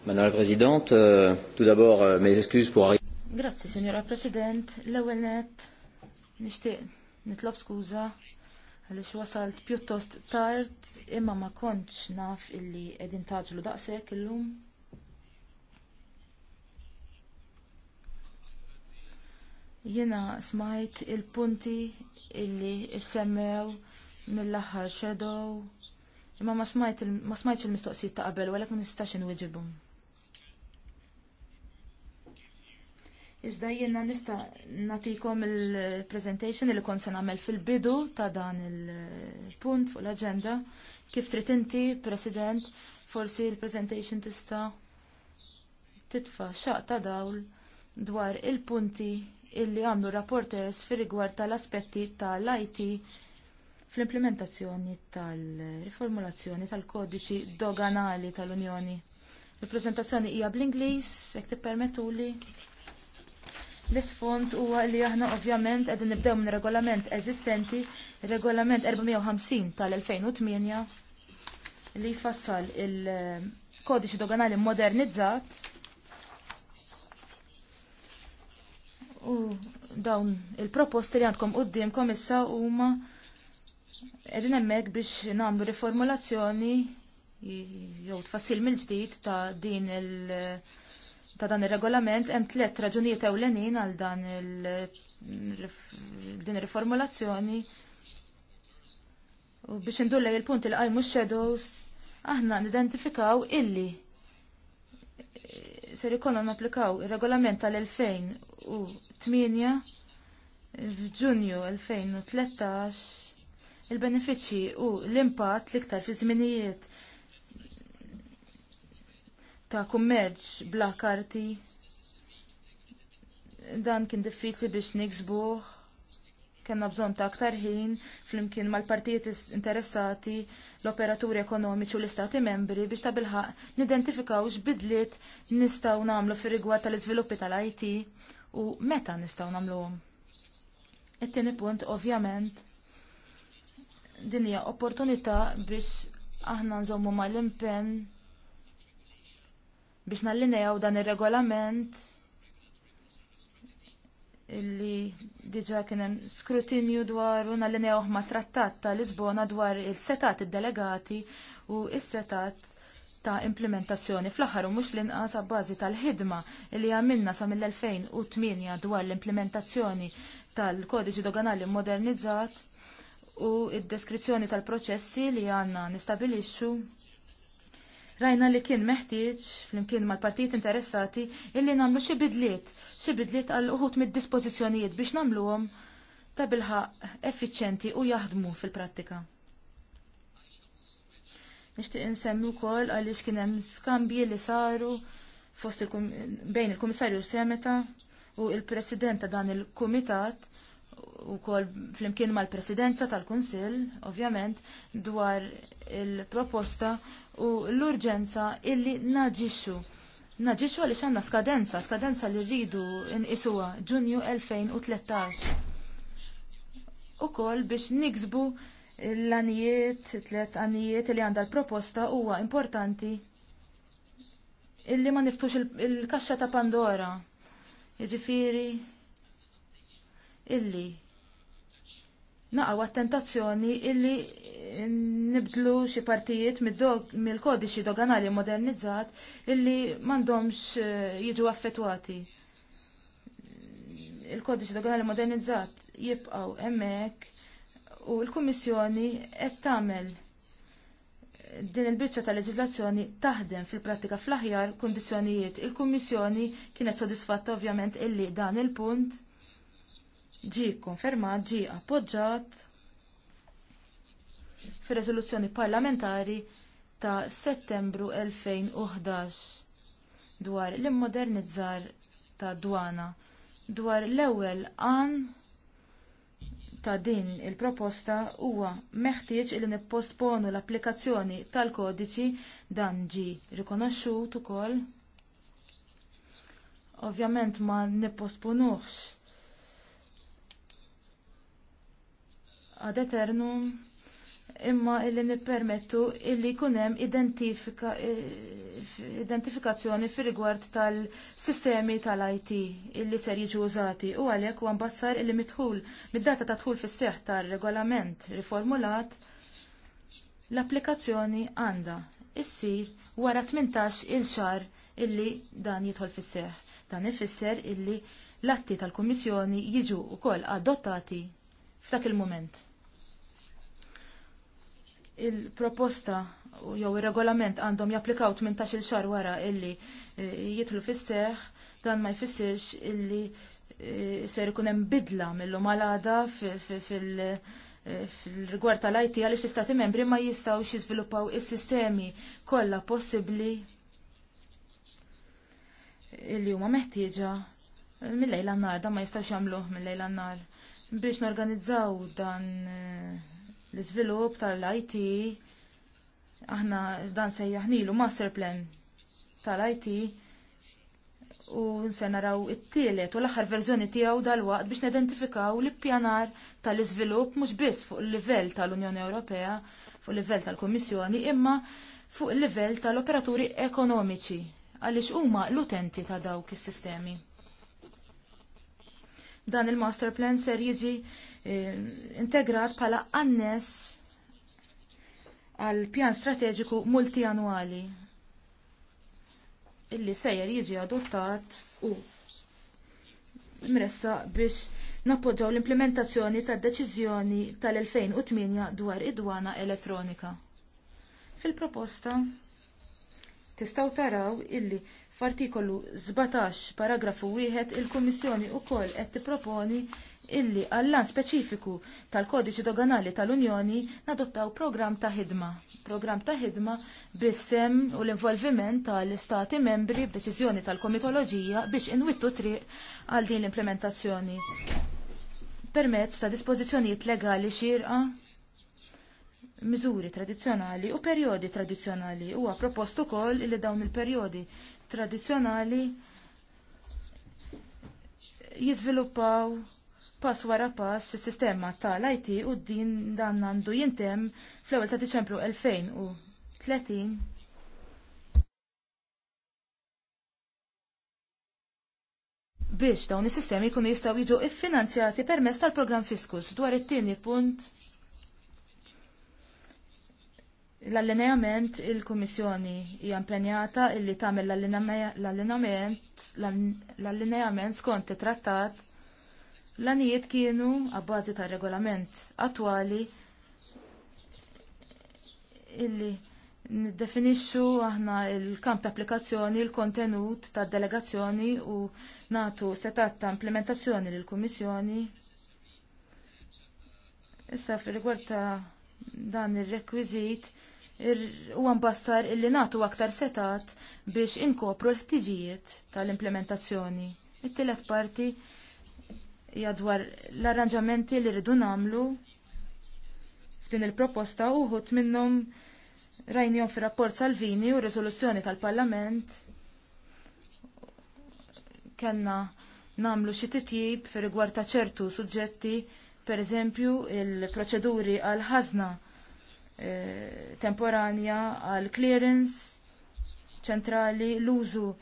Madame la Présidente, euh, tout d'abord euh, mes excuses pour arriver. Grazie, Signora President. L-ewwel net nixtieq nitlob skuża għaliex wasalt pjuttost tard imma ma kontx naf illi qegħdin taġlu daqshekk illum. Jiena smajt il-punti illi s-semmew mill-aħħar shadow imma ma smajtx il-mistoqsijiet ta' qabel u għalhekk ma nistax inwiġibhom. Iżda jenna nista natikom il-presentation li kont se nagħmel fil-bidu ta' dan il-punt fuq l-aġenda. Kif trid inti, President, forsi il-presentation tista' titfa xaq ta' dawl dwar il-punti illi għamlu rapporters fir rigward tal-aspetti tal-IT fl-implementazzjoni tal-riformulazzjoni tal-kodiċi doganali tal-Unjoni. Il-preżentazzjoni hija bl-Ingliż, jekk tippermettuli. L-isfond huwa li aħna ovvjament qegħdin nibdew minn regolament eżistenti, regolament 450 tal-2008 li jfassal il-kodiċi doganali modernizzat u dawn il-proposti li għandkom qudiemkom issa huma qegħdin hemmhekk biex nagħmlu riformulazzjoni jew tfassil mill-ġdid ta' din il- ta' dan ir-regolament hemm tliet raġunijiet ewlenin għal dan din riformulazzjoni. U biex indullej il-punt il qajmu shadows aħna nidentifikaw illi ser ikollhom napplikaw ir-regolament tal-2008 f'Ġunju 2013 il-benefiċċji u l-impatt l-iktar fi żminijiet ta' kummerċ bla karti dan kien diffiċli biex niksbuh. Kenna bżon ta' aktar ħin flimkien mal-partijiet interessati, l-operaturi ekonomiċi u l-istati membri biex ta' bilħaq nidentifikaw x'bidliet nistgħu nagħmlu fir rigward tal-iżviluppi tal-IT u meta nistgħu nagħmluhom. It-tieni punt ovvjament din hija opportunità biex aħna nżommu mal-impenn biex nallinejaw dan ir-regolament illi diġa kien hemm skrutinju dwaru nallinejaw ma' trattat ta' Lisbona dwar il-setat id-delegati u il setat ta' implementazzjoni fl-aħħar u mhux l-inqas bażi tal-ħidma li għamilna sa mill-2008 dwar l-implementazzjoni tal-kodiċi doganali modernizzat u id-deskrizzjoni tal-proċessi li għandna nistabilixxu rajna li kien meħtieġ flimkien mal-partijiet interessati illi nagħmlu xi bidliet, xi bidliet għal uħut mid-dispożizzjonijiet biex nagħmluhom ta' bilħaq effiċjenti u jaħdmu fil-prattika. Nixtieq insemmi wkoll għaliex kien hemm skambji li saru fost il bejn il-Kummissarju Semeta u l president ta' dan il-Kumitat u kol flimkien mal-presidenza tal-Kunsil, ovvjament, dwar il-proposta u l-urġenza illi naġixxu. Naġixxu għaliex għandna skadenza, skadenza li rridu nqisuha Ġunju 2013. Ukoll biex niksbu l-anijiet, tliet anijiet li għandha l-proposta huwa importanti illi ma niftux il-kaxxa ta' Pandora. Jiġifieri illi naqaw attentazzjoni illi eh, nibdlu xi partijiet mill-kodiċi doganali modernizzat illi m'għandhomx eh, jiġu affettwati. Il-kodiċi doganali modernizzat jibqgħu hemmhekk u l-Kummissjoni qed tagħmel eh, din il-biċċa ta' leġislazzjoni taħdem fil-prattika fl-aħjar kundizzjonijiet. Il-Kummissjoni kienet sodisfatta ovvjament illi dan il-punt ġie konfermat, ġie appoġġjat fir rezoluzzjoni parlamentari ta' settembru 2011 dwar l-immodernizzar ta' dwana dwar l-ewwel għan ta' din il-proposta huwa meħtieġ li nipposponu l-applikazzjoni tal-kodiċi dan ġie rikonoxxut ukoll. Ovvjament ma nipposponuhx għad eternum imma illi nippermettu illi kunem identifika, eh, identifikazzjoni fir rigward tal-sistemi tal-IT illi ser jiġu użati u għalhekk huwa mbassar illi mitħul mid-data ta' tħul fis seħħ tar-regolament riformulat l-applikazzjoni għandha issir wara 18 il xahar illi dan jidħol fis seħħ Dan ifisser illi l-atti tal-Kummissjoni jiġu wkoll adottati f'dak il-mument il-proposta jew ir-regolament għandhom japplikaw 18-il xar wara illi e, jitlu fis-seħ dan ma jfissirx illi e, ser ikun hemm bidla mill-lum għalada e, fil-rigward tal-IT għaliex l-istati membri ma jistgħu jiżviluppaw is-sistemi kollha possibbli Illi huma meħtieġa mill-lejla nar, dan ma jistgħux jagħmluh mill-lejla nar biex norganizzaw dan l-iżvilupp tal-IT aħna dan sejjaħnilu master plan tal-IT u se naraw it-tielet u l-aħħar verżjoni tiegħu dalwaqt biex nidentifikaw l-ippjanar tal-iżvilupp mhux biss fuq il-livell tal-Unjoni Ewropea, fuq il-livell tal-Kummissjoni, imma fuq il-livell tal-operaturi ekonomiċi għaliex huma l-utenti ta' dawk is-sistemi. Dan il-master plan ser jiġi Eh, integrat bħala annes għal pjan strateġiku multianwali illi sejjer jiġi adottat u mressa biex nappoġġaw l-implementazzjoni tad deċiżjoni tal-2008 dwar id-dwana elettronika. Fil-proposta tistgħu taraw illi f'artikolu 17 paragrafu wieħed il-Kummissjoni wkoll qed tipproponi illi għall-lan speċifiku tal-kodiċi doganali tal-Unjoni nadottaw programm ta' ħidma. Programm ta' ħidma bissem u l-involviment tal-istati membri b'deċiżjoni tal-komitoloġija biex inwittu triq għal din l-implementazzjoni. Permezz ta' dispożizzjonijiet legali xirqa miżuri tradizzjonali u perjodi tradizzjonali huwa propost ukoll li dawn il-perjodi tradizzjonali jiżviluppaw pass wara pass is-sistema tal-IT u din dan għandu jintem fl-ewwel ta' Diċembru 2030. biex dawn is-sistemi jkunu jistgħu jiġu iffinanzjati permezz tal-programm Fiskus dwar it-tieni punt l-allineament il-Kummissjoni hija impenjata illi tagħmel l-allineament skont it-trattat L-anijiet kienu, għabbażi ta' regolament attwali, illi niddefinixxu aħna il-kamp ta' applikazzjoni, il-kontenut tad delegazzjoni u natu setat ta' implementazzjoni lill kummissjoni Issa fil-rigward ta' dan ir-rekwiżit huwa mbassar illi nagħtu aktar setat biex inkopru l-ħtiġijiet tal-implementazzjoni. It-tielet parti jadwar l-arranġamenti li rridu nagħmlu f'din il-proposta uħut minnhom rajnijom fi rapport Salvini u rezoluzzjoni tal-Parlament kellna namlu xi titjib fi rigward ta' ċertu suġġetti per eżempju il-proċeduri għal ħazna e, temporanja għal clearance ċentrali l-użu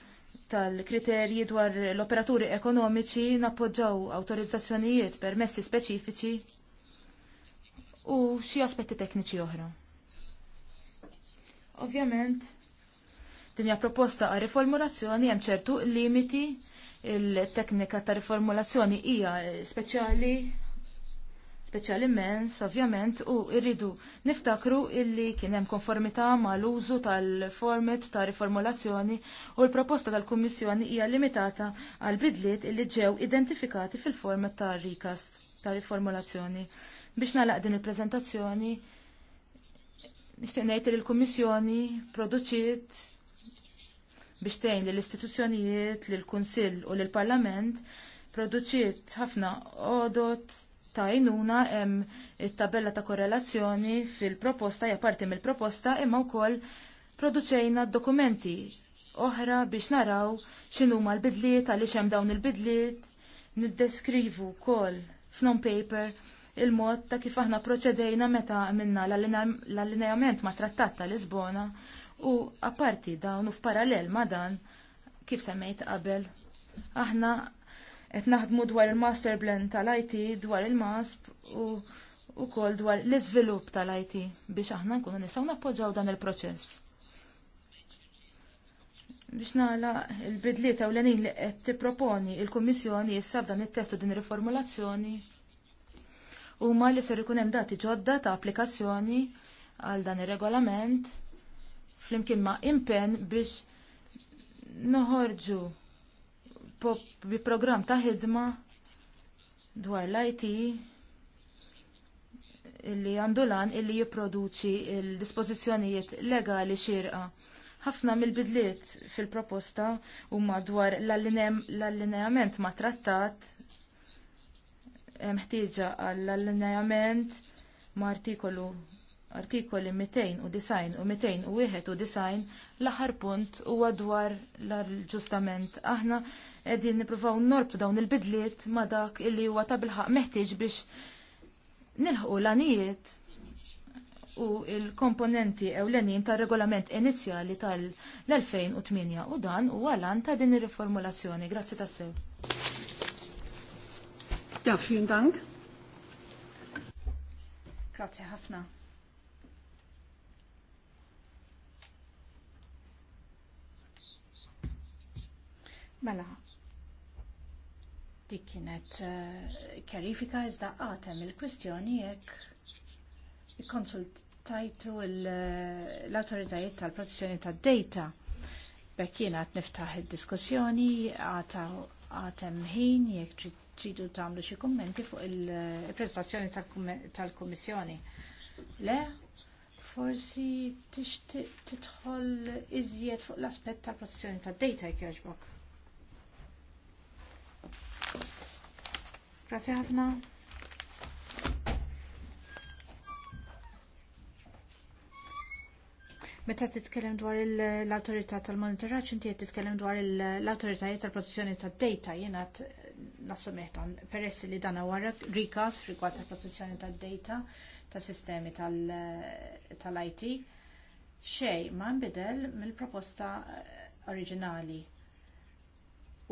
tal-kriterji dwar l-operaturi ekonomiċi nappoġġaw awtorizzazzjonijiet permessi speċifiċi u xi aspetti tekniċi oħra. Ovvjament, din hija proposta għal riformulazzjoni hemm ċertu limiti il-teknika ta' riformulazzjoni hija speċjali speċjali immens, ovvjament, u rridu niftakru illi kien hemm konformità mal-użu tal-format ta' riformulazzjoni u l-proposta tal-Kummissjoni hija limitata għal bidliet illi ġew identifikati fil-format ta' rikast ta' riformulazzjoni. Biex nalaq din il-preżentazzjoni, nixtieq ngħid li l-Kummissjoni produċiet biex tgħin l istituzzjonijiet lill-Kunsill u lill-Parlament produċiet ħafna għodot ta' hemm it-tabella ta' korrelazzjoni fil-proposta hija parti mill-proposta imma wkoll produċejna dokumenti oħra biex naraw x'inhuma l-bidliet għaliex hemm dawn il-bidliet niddeskrivu wkoll f'non paper il-mod ta' kif aħna proċedejna meta minna l-allineament ma' trattat ta' Lisbona u apparti dawn u f'parallel ma' dan kif semmejt qabel aħna qed naħdmu dwar il-master plan tal-IT, dwar il-MASP u wkoll dwar l-iżvilupp tal-IT biex aħna nkunu nistgħu nappoġġaw dan il-proċess. Biex nagħla l bidliet ewlenin li qed tipproponi il-Kummissjoni issa b'dan it-testu din riformulazzjoni huma li ser ikun hemm dati ġodda ta' applikazzjoni għal dan ir-regolament flimkien ma' impenn biex noħorġu bi program ta' ħidma dwar l-IT illi għandulan illi jipproduċi il-dispozizjonijiet legali xirqa. Ħafna mill-bidliet fil-proposta huma dwar l-allineament ma' trattat hemm eh, ħtieġa għall-allineament ma' artikolu artikoli 200 u design u 200 u 1 u design l-aħħar punt huwa dwar l-ġustament. Aħna qegħdin nippruvaw norbtu dawn il-bidliet ma' dak illi huwa ta' bilħaq meħtieġ biex nilħqu l-anijiet u il-komponenti ewlenin tar regolament inizjali tal-2008 u dan u għalan ta' din ir-riformulazzjoni. Grazzi tassew. Ja, vielen Dank. Grazzi ħafna. Mela, Dik kienet eh, kjarifika iżda qatem il-kwistjoni jekk ikkonsultajtu l eh, awtoritajiet tal-protezzjoni tad-data. Bekk jien għad niftaħ id-diskussjoni għatem ħin jekk tridu tagħmlu xi kummenti fuq eh, il-prezentazzjoni tal-Kummissjoni. Le, forsi tixtieq tidħol iżjed fuq l-aspett tal-protezzjoni tad-data jekk jogħġbok. Grazie ħafna. Meta titkellem dwar l-autorità tal-monitoraġġ, inti qed titkellem dwar l-autoritajiet tal-protezzjoni tad-data, jiena dan peress li dan huwa rikas rigward tal-protezzjoni tad-data tas sistemi tal-IT. Xej ma nbidel mill-proposta oriġinali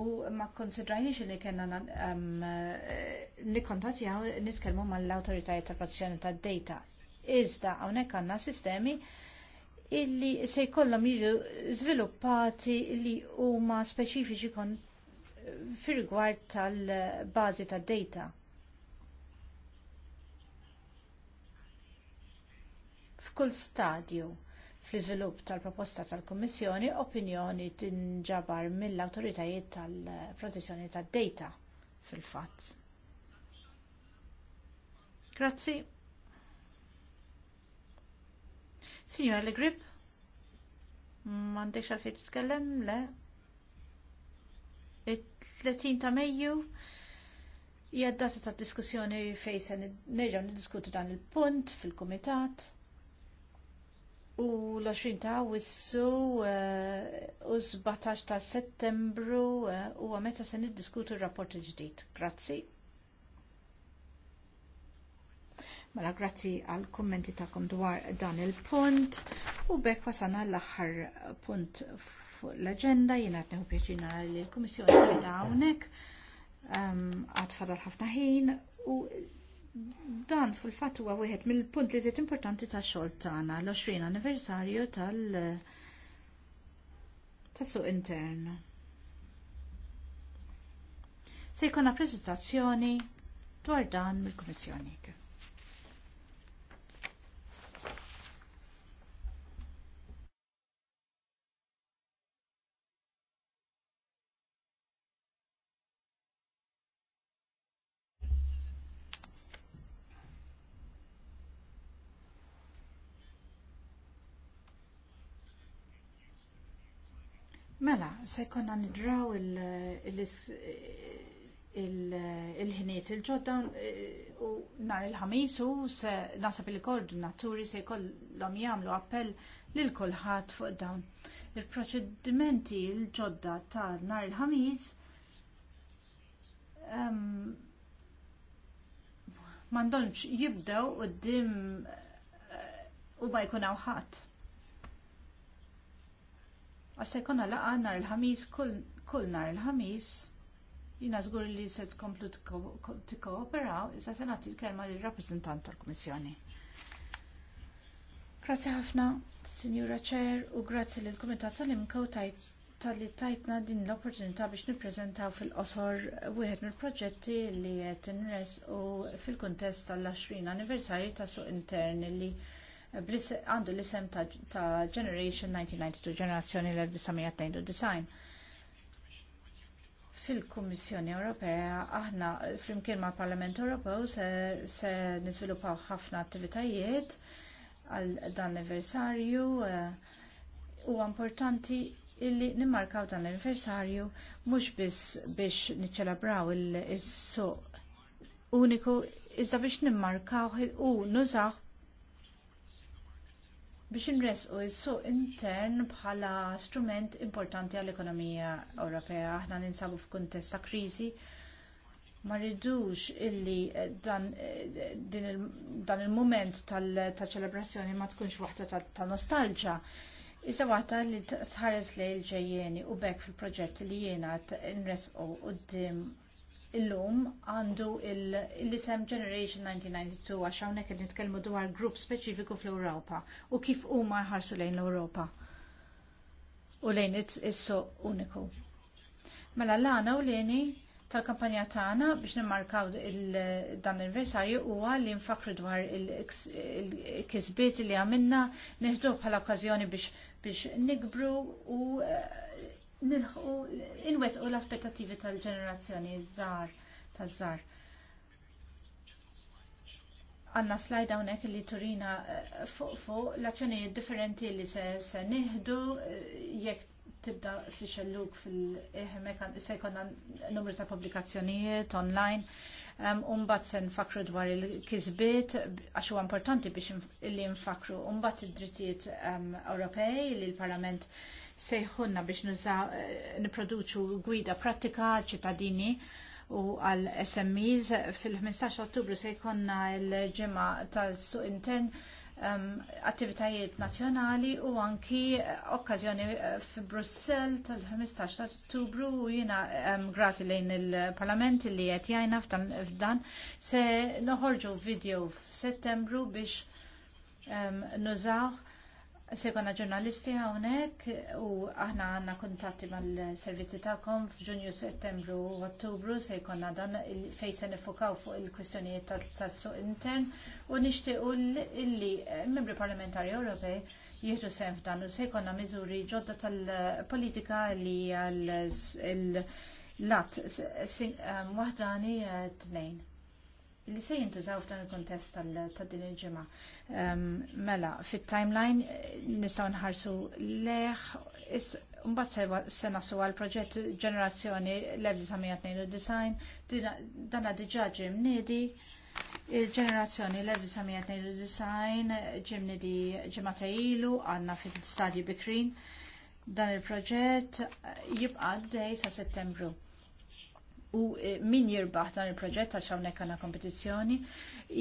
u ma konsidrajiex li kena um, eh, li nikontatjaw nitkelmu mal-autoritajiet ta' protezzjoni tad-data. Iżda hawnhekk għandna sistemi illi se jkollhom jiġu żviluppati li huma speċifiċi kon eh, fir-rigward tal-bażi tad-data. F'kull stadju fl-iżvilupp tal-proposta tal-Kummissjoni opinjoni tinġabar mill-awtoritajiet tal-protezzjoni tad-data fil-fatt. Grazzi. Signora Le Grip, m'għandekx għalfejn tkellem, le. it ta' Mejju hija data ta' diskussjoni fejn se nerġgħu niddiskutu dan il-punt fil-kumitat. U l-20 ta' wissu eh, u 17 ta' settembru eh, u meta se niddiskutu r-rapport ġdid. Grazzi. Mela grazzi għal kummenti ta'kom dwar dan il-punt u bekk wasana l-aħħar punt fuq l-agenda jiena qed neħu li l komissjoni ta' hawnhekk ehm, għad fadal ħafna ħin u Dan fil-fatt huwa wieħed mill-punt li żiet importanti tax-xogħol tagħna l-20 anniversarju tal- tas-suq intern. Se jkollna preżentazzjoni dwar dan mill-Kummissjoni. Mela, se jkollna nidraw il-ħiniet il-ġodda eh, u nhar il-ħamis u se nasab il-koordinaturi se jkollhom jagħmlu appell lil kulħadd fuq dawn il-proċedimenti il-ġodda ta' nhar il-ħamis m'għandhomx jibdew quddiem eh, u ma jkun hawn Għas jkollna laqa' nhar il-ħamis, kull nhar il-ħamis, jina żgur li se tkomplu tikkooperaw, jisa se nati l-kelma lir rappresentant tal-Kummissjoni. Grazzi ħafna, Sinjura Chair, u grazzi lill kumitat tal-Imkow tajt tal-li tajtna din l-opportunità biex nippreżentaw fil-qosor wieħed mill-proġetti li qed inres u fil-kuntest tal-20 anniversarju ta' suq intern li għandu l-isem ta' Generation 1992, ġenerazzjoni l-1992. Fil-Kummissjoni Ewropea, aħna flimkien mal Parlament Ewropew se, se niżviluppaw ħafna attivitajiet għal dan l-anniversarju eh, u importanti illi nimmarkaw dan l-anniversarju mhux biss biex niċċelebraw il-suq uniku iżda biex nimmarkaw u nużaw biex inresqu s-suq intern bħala strument importanti għall-ekonomija Ewropea. Aħna ninsabu f'kuntest ta' kriżi ma rridux illi eh, dan, eh, il mument ta' ċelebrazzjoni ma tkunx waħda ta' nostalġa. issa waħda li tħares lejl ġejjeni u bekk fil-proġett li jiena nresqu quddiem illum għandu l-isem Generation 1992 għax hawnhekk qed nitkellmu dwar grupp speċifiku fl-Ewropa u kif huma jħarsu lejn l-Ewropa u lejn is-so uniku. Mela l-għana u leni tal-kampanja tagħna biex nimmarkaw dan l-anniversarju huwa li nfakru dwar il-kisbiet li għamilna, neħdu bħala okkażjoni biex biex nikbru u eh, nilħu u l-aspettativi tal-ġenerazzjoni żgħar taż-żgħar. Għanna slajda hawnhekk li turina eh, fuq fuq l-azzjonijiet differenti li se se nieħdu eh, jekk tibda fi xelluk fil-ħemek se jkollna numru ta' pubblikazzjonijiet online. Umbat se nfakru dwar il-kizbit, għax huwa importanti biex li nfakru umbat id-drittijiet Ewropej li l-Parlament sejħunna biex eh, niproduċu gwida pratika ċittadini u għal SMEs fil-15 ottubru se il l-ġemma tal-suq intern um, attivitajiet nazjonali u anki okkazjoni eh, fi Brussel tal-15 ottubru u jina um, ehm, grati lejn il-parlament li jett jajna f'dan se noħorġu video f'settembru biex um, nużaw Sekonna ġurnalisti għawnek u aħna għanna kontatti mal-servizzi ta'kom f'Ġunju, Settembru u Ottubru se jkonna dan fej se nifukaw fuq il-kwistjonijiet tas tassu intern u nixtiequ illi eh, membri parlamentari Ewropej jieħdu sem f'dan u se jkonna miżuri ġodda tal-politika li għal l-lat eh, waħdani eh, tnejn li se jintużaw f'dan il-kontest ta' din il-ġimgħa. Ehm, mela, fit-timeline nistgħu nħarsu leħ Mbagħad se nasu għal proġett ġenerazzjoni l-1992 dana diġà ġim nidi il-ġenerazzjoni l-1992 ġim nidi ġimata ilu għandna fil-stadju bikrin dan il-proġett jibqa' dej sa' settembru u e, min jirbaħ dan il-proġett għax hawnhekk għandna kompetizzjoni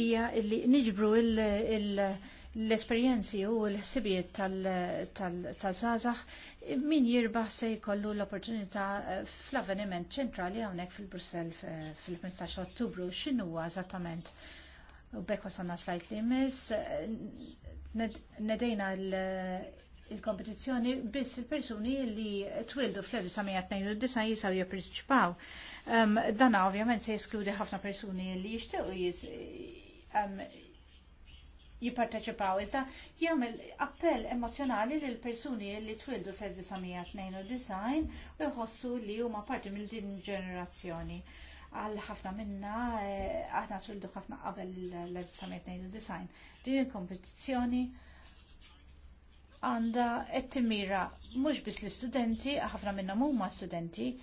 hija li niġbru l-esperjenzi u l-ħsibijiet tal-żgħażagħ min jirbaħ se jkollu l-opportunità e, fl-avveniment ċentrali hawnhekk fil-Brussell e, fil-15 Ottubru x'inhuwa eżattament u bekk wasanna slajt li miss nedejna il kompetizzjoni biss il-persuni li twildu fl-1992 jisaw jipparteċipaw Um, dan ovvjament se jeskludi ħafna persuni li jixtiequ um, jipparteċipaw. Iżda jagħmel appell emozjonali lil persuni li twildu fl-1992 u jħossu li huma parti mill din ġenerazzjoni. Għal ħafna minna, eh, aħna twildu ħafna qabel l-1992. Din il-kompetizzjoni għanda qed timira mhux biss l-istudenti, ħafna minnhom huma studenti,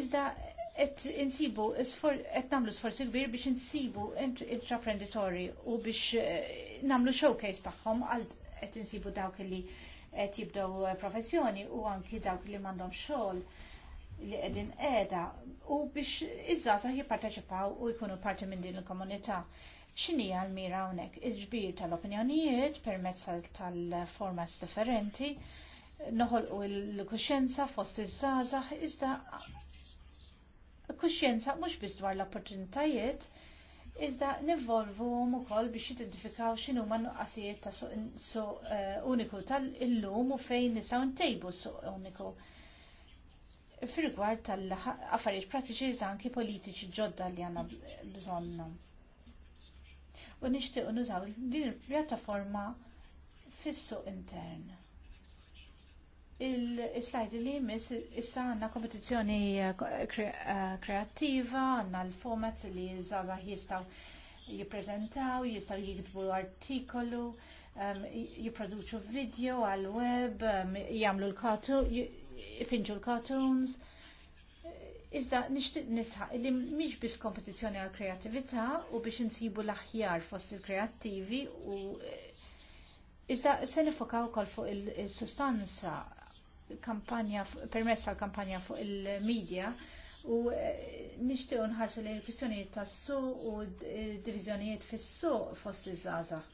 iżda et insibu, et namlu sforzi kbir biex insibu intraprenditori u biex eh, namlu showcase taħħom għal et insibu dawk li et jibdow professjoni u anki dawk li mandom xol li edin edha u biex iż-żaza jipparteċipaw u jkunu parti minn din il-komunità. ċini għal-mira unek il-ġbir tal-opinjonijiet permezz tal-formats differenti noħolqu l-kuxenza fost iż izda iżda kuxjenza mhux biss dwar l-opportunitajiet, iżda nivolvuhom ukoll biex jidentifikaw x'inhu ma nuqqasijiet ta' suq eh, uniku tal-illum u fejn nisaw ntejbu suq uniku. fil rigward tal-affarijiet pratiċi iżda anki politiċi ġodda li għanna bżonnhom. U nixtiequ nużaw din il-pjattaforma fis-suq intern. Il-slide li jmiss issa għanna kompetizjoni eh, eh, kreattiva, għanna l-formats li zaza jistaw jiprezentaw, jistaw jikdbu artikolu, ehm, jiproduċu video għal-web, ehm, jamlu l-cartoons. l Iżda nixtieq nisħaq li mhix biss kompetizzjoni għal kreattività u biex insibu l-aħjar fost il-kreattivi u eh, Iżda se nifokaw kol fuq il-sustanza kampanja permess tal-kampanja fuq il-medja u eh, nixtiequ nħarsu li l-kwistjonijiet tas-suq u d-diviżjonijiet fis-suq fost iż-żgħażagħ.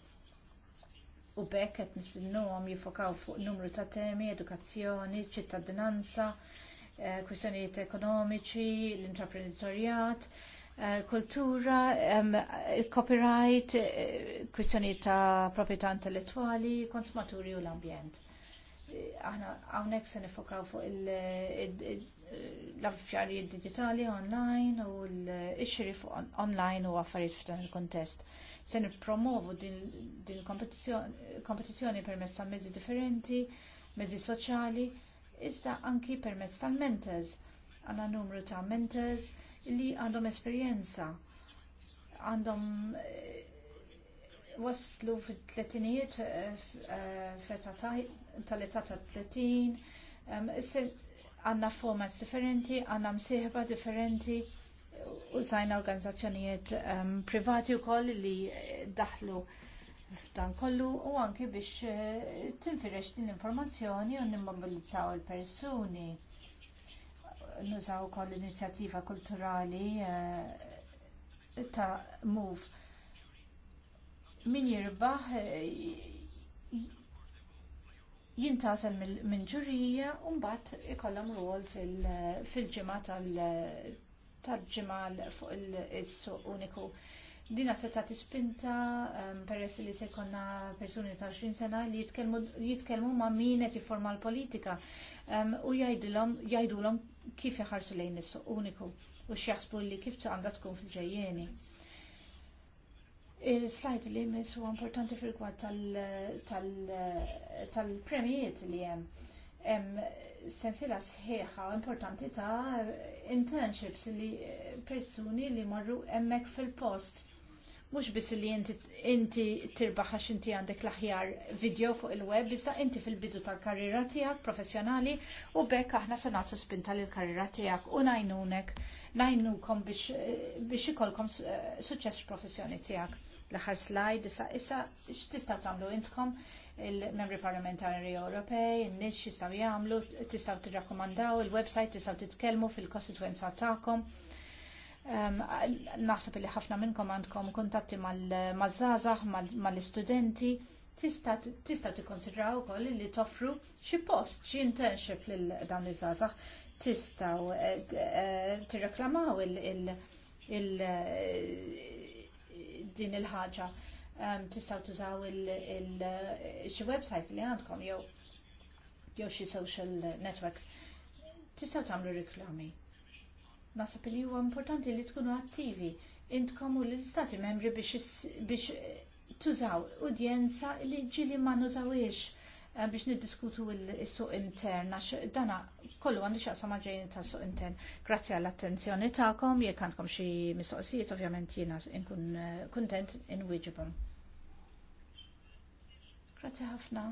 U bekk qed nistennuhom jifokaw fuq numru ta' temi, edukazzjoni, ċittadinanza, eh, kwistjonijiet ekonomiċi, l-intraprenditorjat, eh, kultura, copyright, kwistjonijiet ta' proprjetà intellettwali, konsumaturi u l-ambjent aħna hawnhekk se nifokaw fuq l-affarijiet digitali online u l-ixri fuq online u affarijiet f'dan il-kontest. Se nippromovu din kompetizzjoni permezz ta' mezzi differenti, mezzi soċjali, iżda anki permezz tal-mentors. Għanna numru ta' mentors li għandhom esperjenza, għandhom eh, waslu fit-tletinijiet eh, eh, feta tal-età ta' tletin, għanna formats differenti, għanna msieħba differenti, sajna organizzazzjonijiet privati wkoll li daħlu f'dan kollu u anke biex eh, tinfirex din l-informazzjoni u nimmobilizzaw il-persuni. Nużaw ukoll l inizjattiva kulturali ta' MOVE min jirbaħ eh, jintasel minn ġurija u mbagħad ikollhom rwol fil-ġimgħa tal-ġimgħa fuq il-suq uniku. Dina se ta' tispinta ehm, peress li se jkollna persuni ta' 20 sena li jitkellmu ma' min qed jifforma l-politika ehm, u jgħidulhom kif iħarsu lejn is-suq uniku u x'jaħsbu li kif għandha tkun fil ġejjieni Il-slide li jmiss huwa importanti fil-kwad tal-premijiet li hemm hemm sensiela sħiħa importanti ta' internships li persuni li marru hemmhekk fil-post. Mhux biss li inti, inti tirbaħ għax inti għandek l-aħjar video fuq il-web, iżda inti fil-bidu tal-karriera tiegħek professjonali u bekk aħna se nagħtu spinta lill-karriera tiegħek u najnunek najnukom biex, biex ikolkom suċċess professjoni tiegħek l-aħħar slide issa issa x'tistgħu tagħmlu intkom il-membri parlamentari Ewropej, in-nies jistgħu jagħmlu, tistgħu tirrakkomandaw il-website, tistgħu titkellmu fil-kostituenza tagħkom. Naħseb li ħafna minnkom għandkom kuntatti mal-żgħażagħ, mal-istudenti, tistgħu tikkonsidraw ukoll li toffru xi post, xi internship lil dawn iż żaħ tistgħu eh, eh, tirreklamaw il- din il-ħaġa tistaw tużaw il-xi website li għandkom jew jew xi social network. Tistaw tagħmlu riklami. Nasab li huwa importanti li tkunu attivi intkom u l-istati membri biex tużaw udjenza li ġili ma nużawiex Eh, biex niddiskutu il-suq intern, għax dana kollu għandu xaqsa maġġejn ta' suq intern. Grazzi għall-attenzjoni ta'kom, jek għandkom xi mistoqsijiet, ovvjament jiena nkun eh, kontent inwiġibhom. Grazzi ħafna.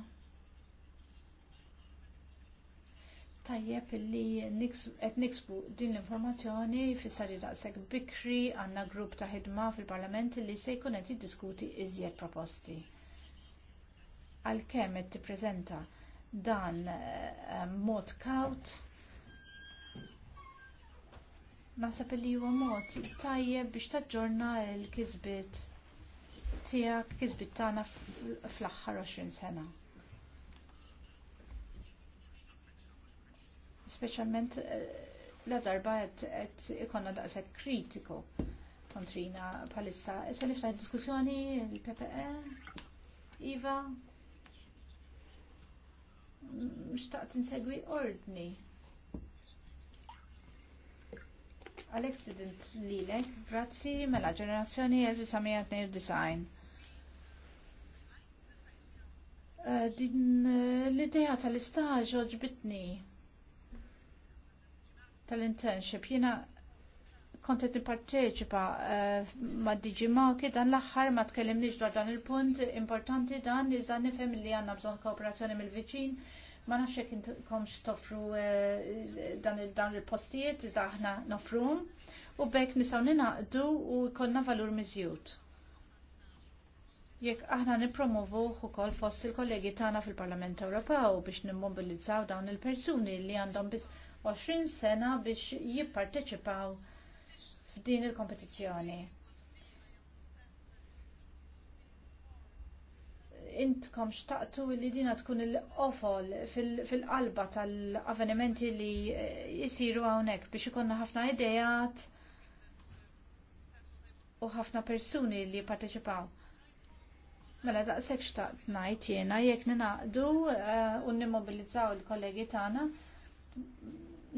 Tajjeb li qed niksbu din l-informazzjoni fissar daqseg bikri għandna grupp ta' ħidma fil-Parlament li se jkun qed jiddiskuti iżjed proposti għalkemm qed tippreżenta dan eh, mod kawt naħseb li huwa mod tajjeb biex taġġorna l-kisbiet tiegħek kisbiet tagħna fl-aħħar 20 sena. Speċjalment eh, la darba qed ikonna daqshekk kritiku kontrina bħalissa. Issa niftaħ diskussjoni il-PPE, Iva, xtaqt insegwi ordni. Alex didn't lilek, grazzi mela ġenerazzjoni 1992. design: eh, din eh, l-idea tal-istaġ oġbitni tal-internship. Jena kontet nipparteċipa uh, ma' Digi Mawki dan l-axħar ma' tkellimniex dwar dan il-punt importanti dan iżda nifhem li għandna bżonn kooperazzjoni mill-viċin ma nafx jekk inkomx toffru uh, eh, dan il-postijiet iżda aħna nofrum u bekk nisaw ninaqdu u jkollna valur miżjud. Jekk aħna nipromovu ukoll fost il-kollegi tagħna fil-Parlament Ewropew biex nimmobilizzaw dawn il-persuni li għandhom biss 20 sena biex jipparteċipaw f'din il-kompetizzjoni. intkom xtaqtu li dina tkun il-qofol fil-qalba tal-avvenimenti li eh, jisiru għawnek biex ikonna ħafna idejat u ħafna persuni li parteċipaw. Mela daqsek xtaqt najt jena jek ninaqdu eh, u nimmobilizzaw il-kollegi tagħna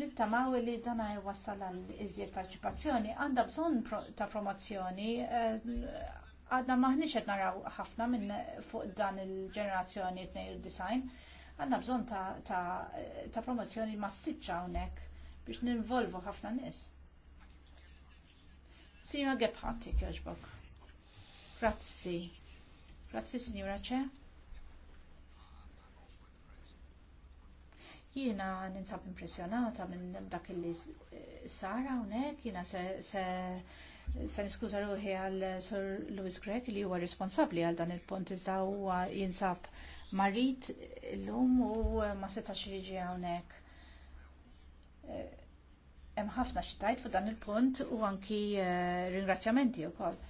nittamaw li dana jwassal għal izjed parċipazzjoni għandha bżonn ta' promozzjoni eh, għadna maħniċ qed naraw ħafna minn fuq dan il-ġenerazzjoni 92 għandna bżonn ta', ta, ta promozzjoni massiċċa hawnhekk biex ninvolvu ħafna nies. Sinjora Gebhardt, jogħġbok. Grazzi. Grazzi, Sinjora Ċe. Jiena ninsab impressjonata minn dak li sara hawnhekk, jiena se, se se niskuża ruħi għal Sir Louis Gregg li huwa responsabbli għal dan il-pont iżda huwa jinsab marit l-lum u ma setax jiġi hawnhekk. Eh, hemm ħafna xitajt fuq dan il-punt u anki eh, ringrazzjamenti wkoll.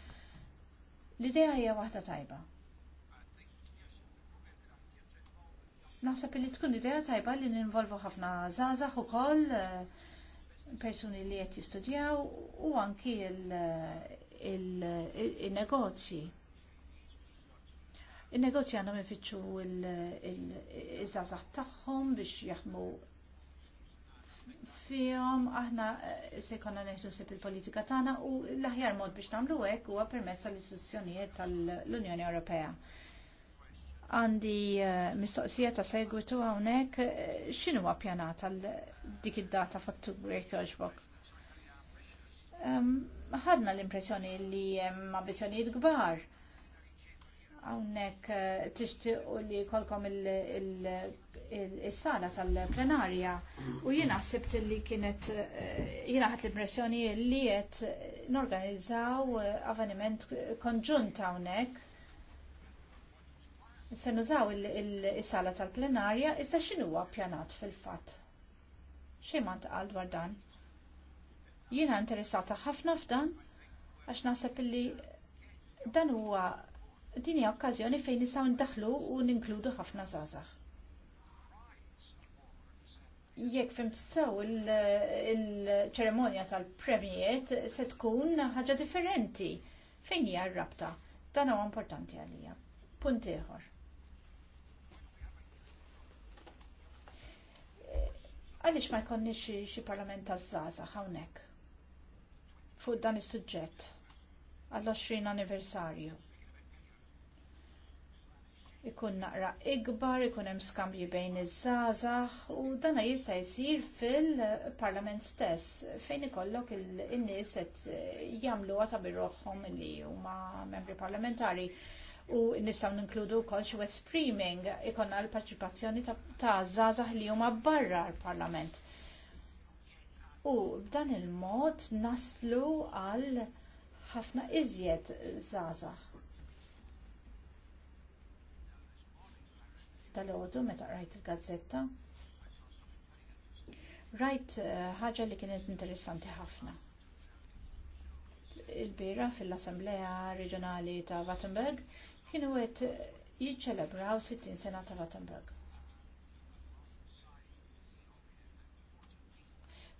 L-idea hija waħda tajba. Naħseb li tkun idea tajba li ninvolvu ħafna zazax u koll, eh, personi li qed jistudjaw u anki eh, il-negozji. Il-negozji għandhom ifittxu il zazax tagħhom biex jaħdmu fihom aħna eh, se jkollna neħdu sepp il-politika tagħna u l-aħjar mod biex nagħmlu hekk huwa permezz tal-istituzzjonijiet tal-Unjoni Ewropea għandi eh, mistoqsija ta' segwitu hawnhekk eh, x'inhu appjanat għal dik id-data fatturi jogħġbok? ħadna l-impressjoni li hemm ambizzjonijiet kbar għawnek eh, u li kolkom il-sala tal-plenarja u jina sibt li kienet jina ħat l-impressjoni li n-organizzaw avveniment konġunt għawnek Se nużaw il-sala tal-plenarja, iżda x'inhuwa ppjanat fil-fatt? Xejn ma ntqal dwar dan. Jiena interessata ħafna f'dan għax naħseb illi dan huwa din hija okkażjoni fejn nistgħu ndaħlu u ninkludu ħafna żgħażagħ jekk fimt sew il-ċeremonja tal-premijiet se tkun ħaġa differenti. Fejn hija r-rabta? Dan huwa importanti għalija. Punt ieħor. Għaliex ma jkonni xi parlament taż għawnek hawnhekk fuq dan is-suġġett għall-20 anniversarju. Ikun naqra ikbar, ikun hemm skambji bejn iż-żgħażagħ u dan jista' jsir fil-Parlament stess fejn ikollok in-nies qed jagħmluha ta' birroħħom li huma membri parlamentari u nistgħu ninkludu wkoll xi screening ikonna l-parċipazzjoni ta' żgħażagħ li huma barra l-Parlament. U b'dan il-mod naslu għal ħafna iżjed żgħażagħ. Dal-għodu meta rajt il-gazzetta rajt eh, ħaġa li kienet interessanti ħafna. Il-bira fil-Assemblea Reġjonali ta' Vattenberg kienu għet jiċċelebraw 60 sena ta' ottenberg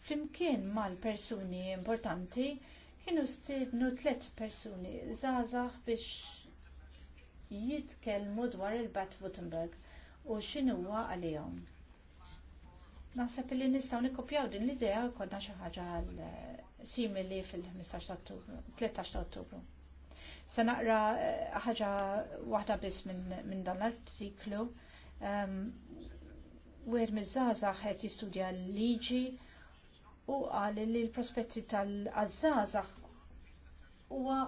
Flimkien mal-persuni importanti kienu stidnu tlet persuni zazax biex jitkelmu dwar il-Bat Wuttenberg u x'inhuwa għalihom. Naħseb li nistgħu nikkopjaw din l-idea konna xi ħaġa simili fil-15 ta' 13 ta' Ottubru. Se naqra eh, ħaġa waħda biss minn dan l-artiklu. Ehm, wieħed miż-żgħażagħ qed jistudja l-liġi u qal li l-prospetti tal azzaza huwa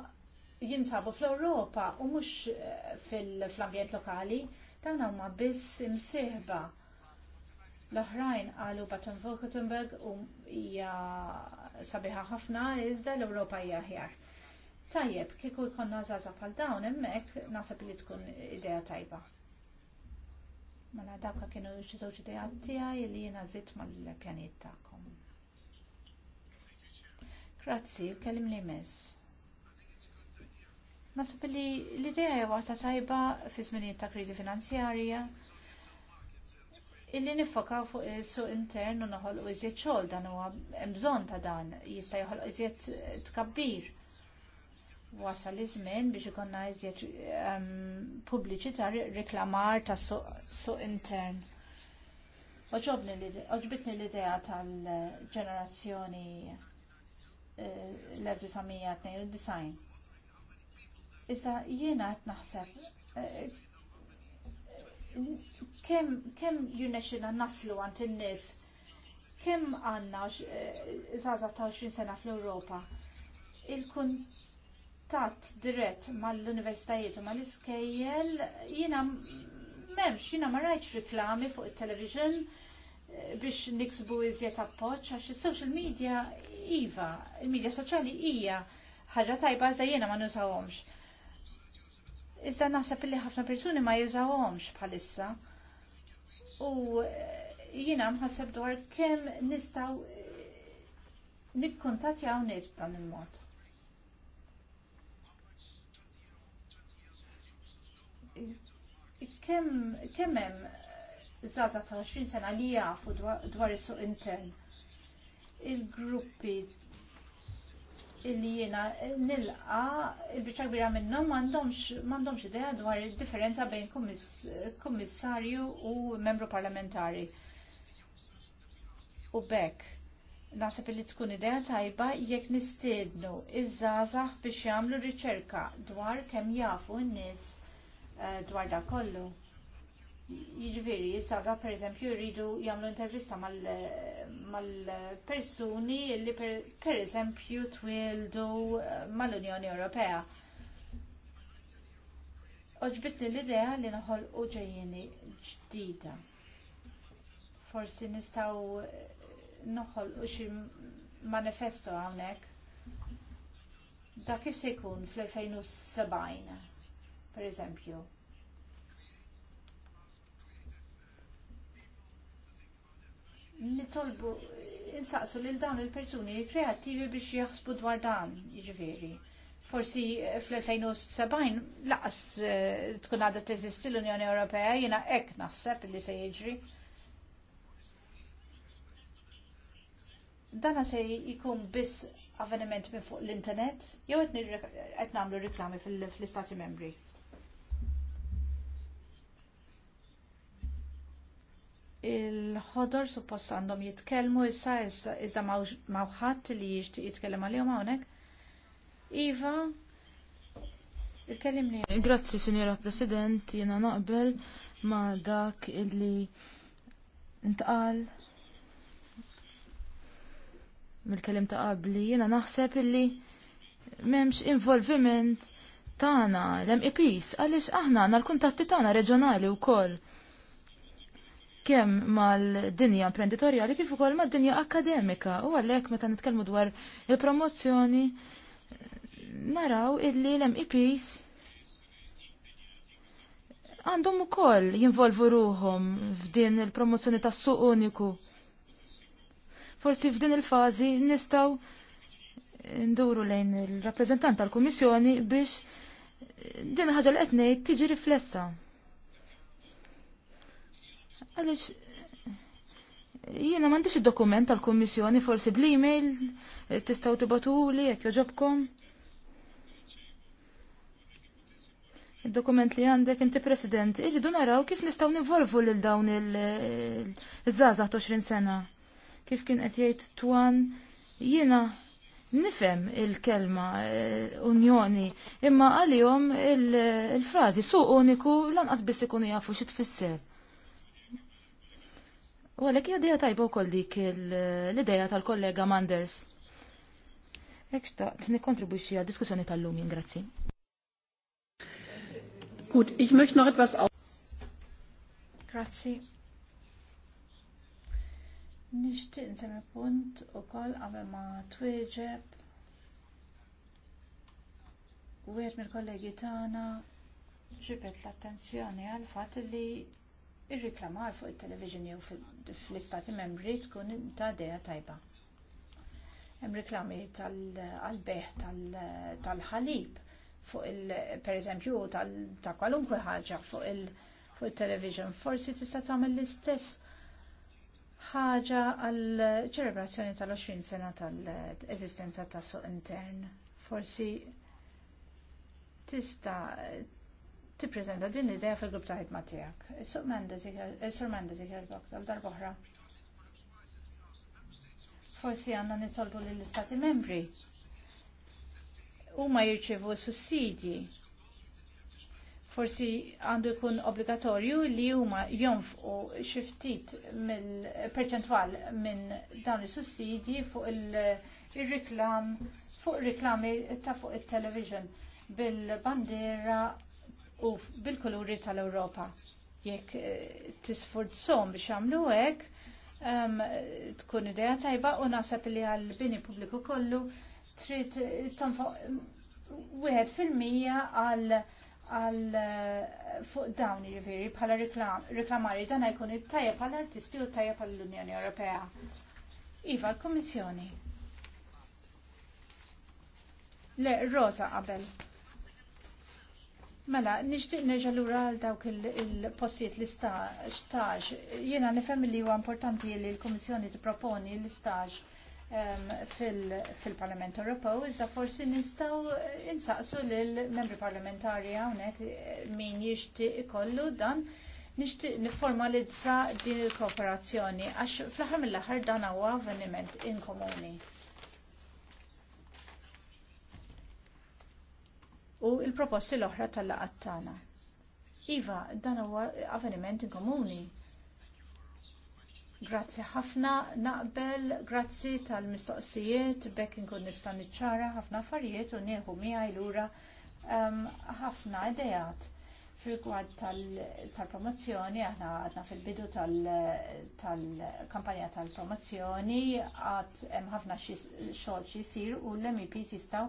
jinsabu fl-Ewropa u mhux eh, fil-ambjent lokali dan huma biss imsieħba l-oħrajn qalu Baden-Württemberg u hija sabiħa ħafna iżda l europa hija ħjar. Tajjeb, kieku jkollna zaza pal dawn hemmhekk nasab li tkun idea tajba. Mela dawka kienu xi żewġ idea tiegħi li jiena żitt mal-pjanijiet tagħkom. Grazzi, kellim li miss. Nasab li l-idea hija waħda tajba fi żminijiet ta' kriżi finanzjarja illi nifokaw fuq il-suq intern u noħolqu iżjed xogħol dan huwa hemm bżonn ta' dan jista' joħolqu iżjed tkabbir wasal iż-żmien biex ikonna iżjed um, ta' reklamar ta' suq so, intern. Oġbitni l-idea tal-ġenerazzjoni eh, l-1992. Iżda jiena għet naħseb kem eh, kemm naslu għant il-nis kem għanna eh, żgħażagħ ta' 20 sena fl europa il-kun tat dirett mal-universitajiet u mal-iskejjel, jina m'hemmx, jiena ma rajtx riklami fuq it television eh, biex niksbu iżjed appoċ, għax is-social media iva, il media soċjali hija ħagġa tajba za jiena ma nużawhomx. Iżda naħseb li ħafna persuni ma jużawhomx bħalissa. U eh, jiena mħasab dwar kemm nistgħu eh, nikkuntattjaw nies b'dan il-mod. kemm kemm hemm zaza ta' 20 sena li jafu dwar is-suq intern. Il-gruppi li jiena nilqa il-biċċa kbira minnhom m'għandhomx idea dwar id-differenza bejn kummissarju u membru parlamentari. U bekk naħseb li tkun idea tajba jekk nistednu iż-żgħażagħ biex jagħmlu riċerka dwar kemm jafu n-nies Eh, dwar da kollu. Jiġifieri issa za per eżempju jridu jagħmlu intervista mal-persuni li per eżempju twildu eh, mal-Unjoni Ewropea. Oġbitni l-idea li noħol uġajjeni ġdida. Forsi nistgħu eh, noħol uġi xi manifesto hawnhekk. Da kif se jkun fl-2070, per eżempju nitolbu insaqsu lil dawn il-persuni kreattivi biex jaħsbu dwar dan, jiġifieri. Forsi eh, fl-2070 laqas eh, tkun għadha teżisti l-Unjoni Ewropea, jiena hekk naħseb li se jiġri. Dana se jkun biss avveniment minn fuq l-internet, jew qed nagħmlu riklami fl-Istati Membri. il-ħodor suppost għandhom jitkellmu issa iżda mawħat li jixtieq jitkellem għal għal-jom hawnhekk. Iva, il-kellimni. Grazzi, Sinjora President, jiena naqbel ma dak illi intqal mill kellim ta' qabli, jiena naħseb illi m'hemmx involviment tagħna l-MEPs għaliex aħna għandna l-kuntatti tagħna reġjonali wkoll kemm mal-dinja imprenditorjali kif ukoll mad-dinja akademika u għalhekk meta nitkellmu dwar il-promozzjoni naraw illi l-MEPs għandhom ukoll jinvolvu ruhom f'din il-promozzjoni tas-suq uniku. Forsi f'din il-fażi nistgħu nduru lejn il-rappreżentant tal-Kummissjoni biex din ħaġa li qed ngħid tiġi riflessa Għalix, jiena mandiċ il-dokument tal-Kommissjoni, forsi bl-email, tistaw tibatu li, jek joġobkom. Il-dokument li għandek inti president, irridu naraw kif nistaw nivolvu lil dawn il-żazah 20 sena. Kif kien qed jgħid twan jiena nifhem il-kelma eh, unjoni, imma għalihom il-frażi suq uniku lanqas biss ikunu jafu xi tfisser. U għalek jadeja tajba kol dik l-ideja tal-kollega Manders. Ekstaqt, nikontribuċi għad diskussjoni tal-lum, grazzi. Gut, ich möchte noch etwas auf. Grazzi. Nishtiq nsemmi punt u koll għabel ma twieġeb u għed mill-kollegi tana ġibet l-attenzjoni għal fat li ir-riklamar fuq it-television jew fl-istati membri tkun ta' idea tajba. Hemm riklami tal-beħ tal-ħalib fuq il pereżempju ta' kwalunkwe ħaġa fuq il fuq television forsi tista' tagħmel l-istess ħaġa għal ċelebrazzjoni tal-20 sena tal-eżistenza tas suq intern. Forsi tista' tippreżenta din l-idea fil-grupp ta' ħidma tiegħek. Is-Sur Mendes dok tal-darbohra. Forsi għandna nitolbu lill-Istati membri huma jirċevu sussidji. Forsi għandu jkun obbligatorju li huma jonfqu xi ftit mill-perċentwal minn dawn is-sussidji fuq il-riklam fuq riklami ta' fuq it television bil-bandiera u bil-kuluri tal-Ewropa. Jekk eh, tisfurzom biex għamlu hekk, tkun ideja tajba u nasab li għal-bini pubbliku kollu trid eh, tonfoq wieħed fil-mija għal għal eh, fuq dawn jiġifieri bħala reklamari dan jkun it-tajja bħal artisti u tajja bħal l-Unjoni Ewropea. Iva l-Kummissjoni. Le, Rosa qabel. Mela, nixtieq nerġa' lura għal dawk il-postijiet l-istaġ. Jiena nifhem li huwa importanti li l-Kummissjoni tipproponi l-istaġ ehm, fil-Parlament Ewropew, iżda forsi nistgħu insaqsu lill-membri parlamentari hawnhekk eh, min jixtieq ikollu dan nixtieq nifformalizza din il-kooperazzjoni għax fl-aħħar mill-aħħar dan huwa avveniment inkomuni. u l proposti l-oħra tal-laqat tagħna. Iva, dan huwa avveniment komuni. Grazzi ħafna naqbel, grazzi tal-mistoqsijiet, bekk inkun nista' niċċara ħafna affarijiet u nieħu miegħi lura ehm, ħafna idejat fil-kwad tal-promozzjoni, aħna għadna fil-bidu tal-kampanja tal-promozzjoni, għad hemm ħafna xogħol xi jsir u l-MEPs jistgħu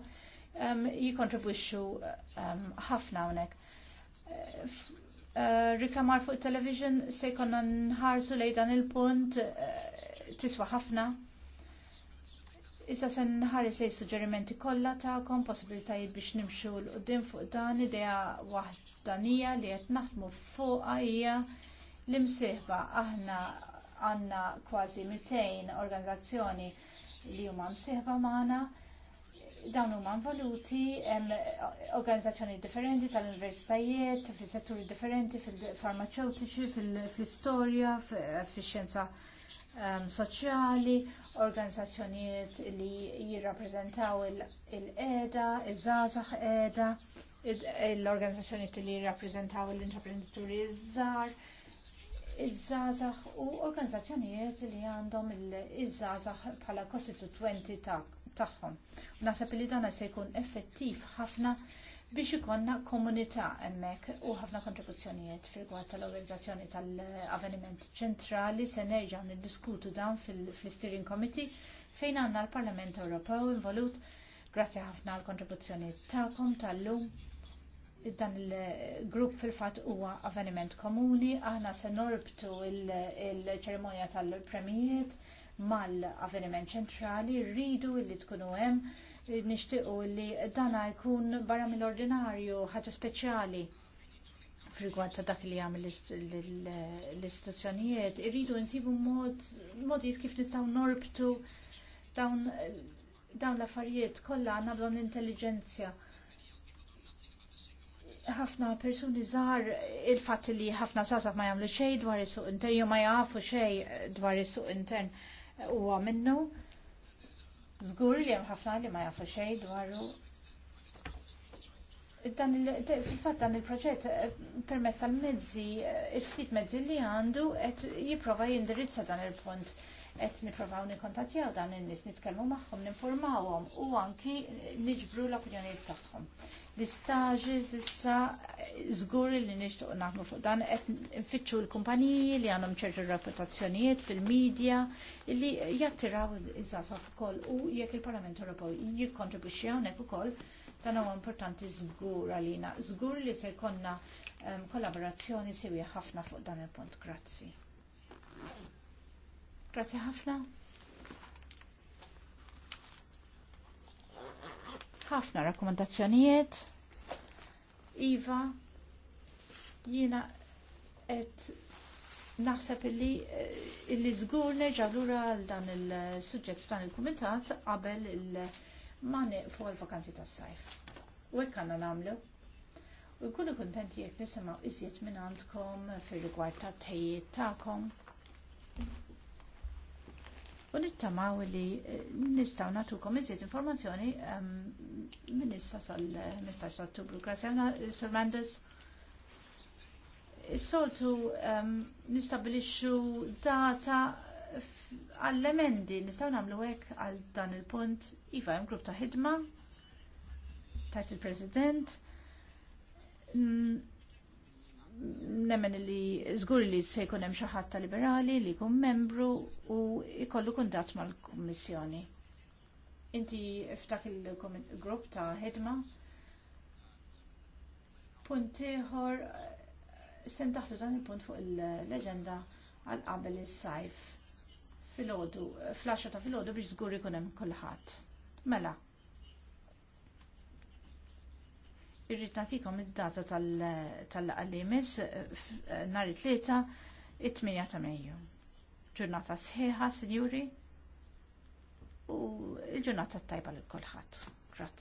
Um, jikontribwixxu um, ħafna hawnhekk. Uh, uh, riklamar fuq television se jkollna nħarsu lejn dan il-punt uh, tiswa ħafna. Issa se nħares lej suġġerimenti kollha tagħkom, possibilitajiet biex nimxu l qudiem fuq dan idea waħdanija li qed naħdmu fuqha hija li msieħba aħna għandna kważi 200 organizzazzjoni li huma msieħba magħna dawn huma involuti hemm organizzazzjoni differenti tal-universitajiet, fi setturi differenti, fil-farmaceutiċi, fil-istorja, fix-xjenza um, ehm, soċjali, organizzazzjonijiet li jirrappreżentaw il-EDA, iż-żazax qeda iż żazax qeda l organizzazzjonijiet li jirrappreżentaw l-intraprenditori iż żgħar iż-żazax u organizzazzjonijiet li għandhom iż-żazax bħala kostituenti ta' tagħhom. U naħseb li dan se jkun effettiv ħafna biex ikonna komunità hemmhekk u ħafna kontribuzzjonijiet fil-gwad tal-organizzazzjoni tal-avveniment ċentrali se nerġa' niddiskutu dan fl steering Committee fejn għandna l-Parlament Ewropew involut. Grazzi ħafna għall kontribuzzjoni tagħkom tal-lum dan il-grupp fil-fat huwa avveniment komuni, aħna se norbtu il-ċerimonja tal-premijiet mal-avveniment ċentrali, rridu li tkunu hemm nixtiequ li dana jkun barra mill-ordinarju ħaġa speċjali frigwad ta' dak li għamil l-istituzzjonijiet, irridu nsibu mod, modijiet kif nistgħu norbtu dawn l-affarijiet kollha għandna l intelligenzja ħafna persuni żgħar il-fatt li ħafna sasaf ma jagħmlu xejn dwar is-suq intern jew ma jafu xejn dwar is-suq intern huwa minnu. Żgur li hemm ħafna li ma jafu xejn dwaru fil-fatt dan il-proġett eh, permess tal-mezzi, eh, il-ftit mezzi li għandu, qed jipprova jindirizza dan il-punt, qed niprofaw nikontatjaw dan in-nies nitkellmu magħhom, ninformawom u anki niġbru l-opinjonijiet tagħhom l-istaġis issa żgur li nixtieq naħdmu fuq dan qed nfittxu l-kumpaniji li għandhom ċertu reputazzjonijiet fil-medja li jattiraw iż-żgħażagħ ukoll u jekk il-Parlament Ewropew jikkontribwixxi hawnhekk ukoll dan huwa importanti żgur għalina. Żgur li se jkollna kollaborazzjoni sewja ħafna fuq dan il-punt. Grazzi. Grazzi ħafna. ħafna rakkomandazzjonijiet. Iva, jina et naħseb illi eh, illi zgur nerġa' lura għal dan il-suġġett f'dan il-kumitat qabel il-mani fuq il-vakanzi tas-sajf. U hekk għandna nagħmlu. U jkunu kuntenti jekk nisimgħu iżjed minn għandkom fir-rigward tat tejiet tagħkom u nittamaw li eh, nistaw natukom iżjed informazzjoni ehm, minn issa sal-15 ottubru. Grazie għana, eh, Sir Mendes. Is-soltu ehm, nistabilixxu data għall-emendi nistaw namlu hekk għal dan il-punt iva hemm grupp ta' ħidma tajt il-President mm, nemmen li żgur li se jkun hemm xi ħadd ta' liberali li jkun membru u jkollu kundatt mal-Kummissjoni. Inti f'dak il-grupp ta' ħidma punt ieħor sen taħtu dan il-punt fuq il-leġenda għal qabel is-sajf fil-ħodu, flasha ta' fil-ħodu biex żgur ikun hemm kulħadd. Mela, Irrid nagħtikom id-data tal-qalimis eh, eh, nhar it-tlieta it-8 ta' Mejju. Ġurnata sħiħa, Sinjuri, u l ġurnata tajba lil kulħadd. Grazzi.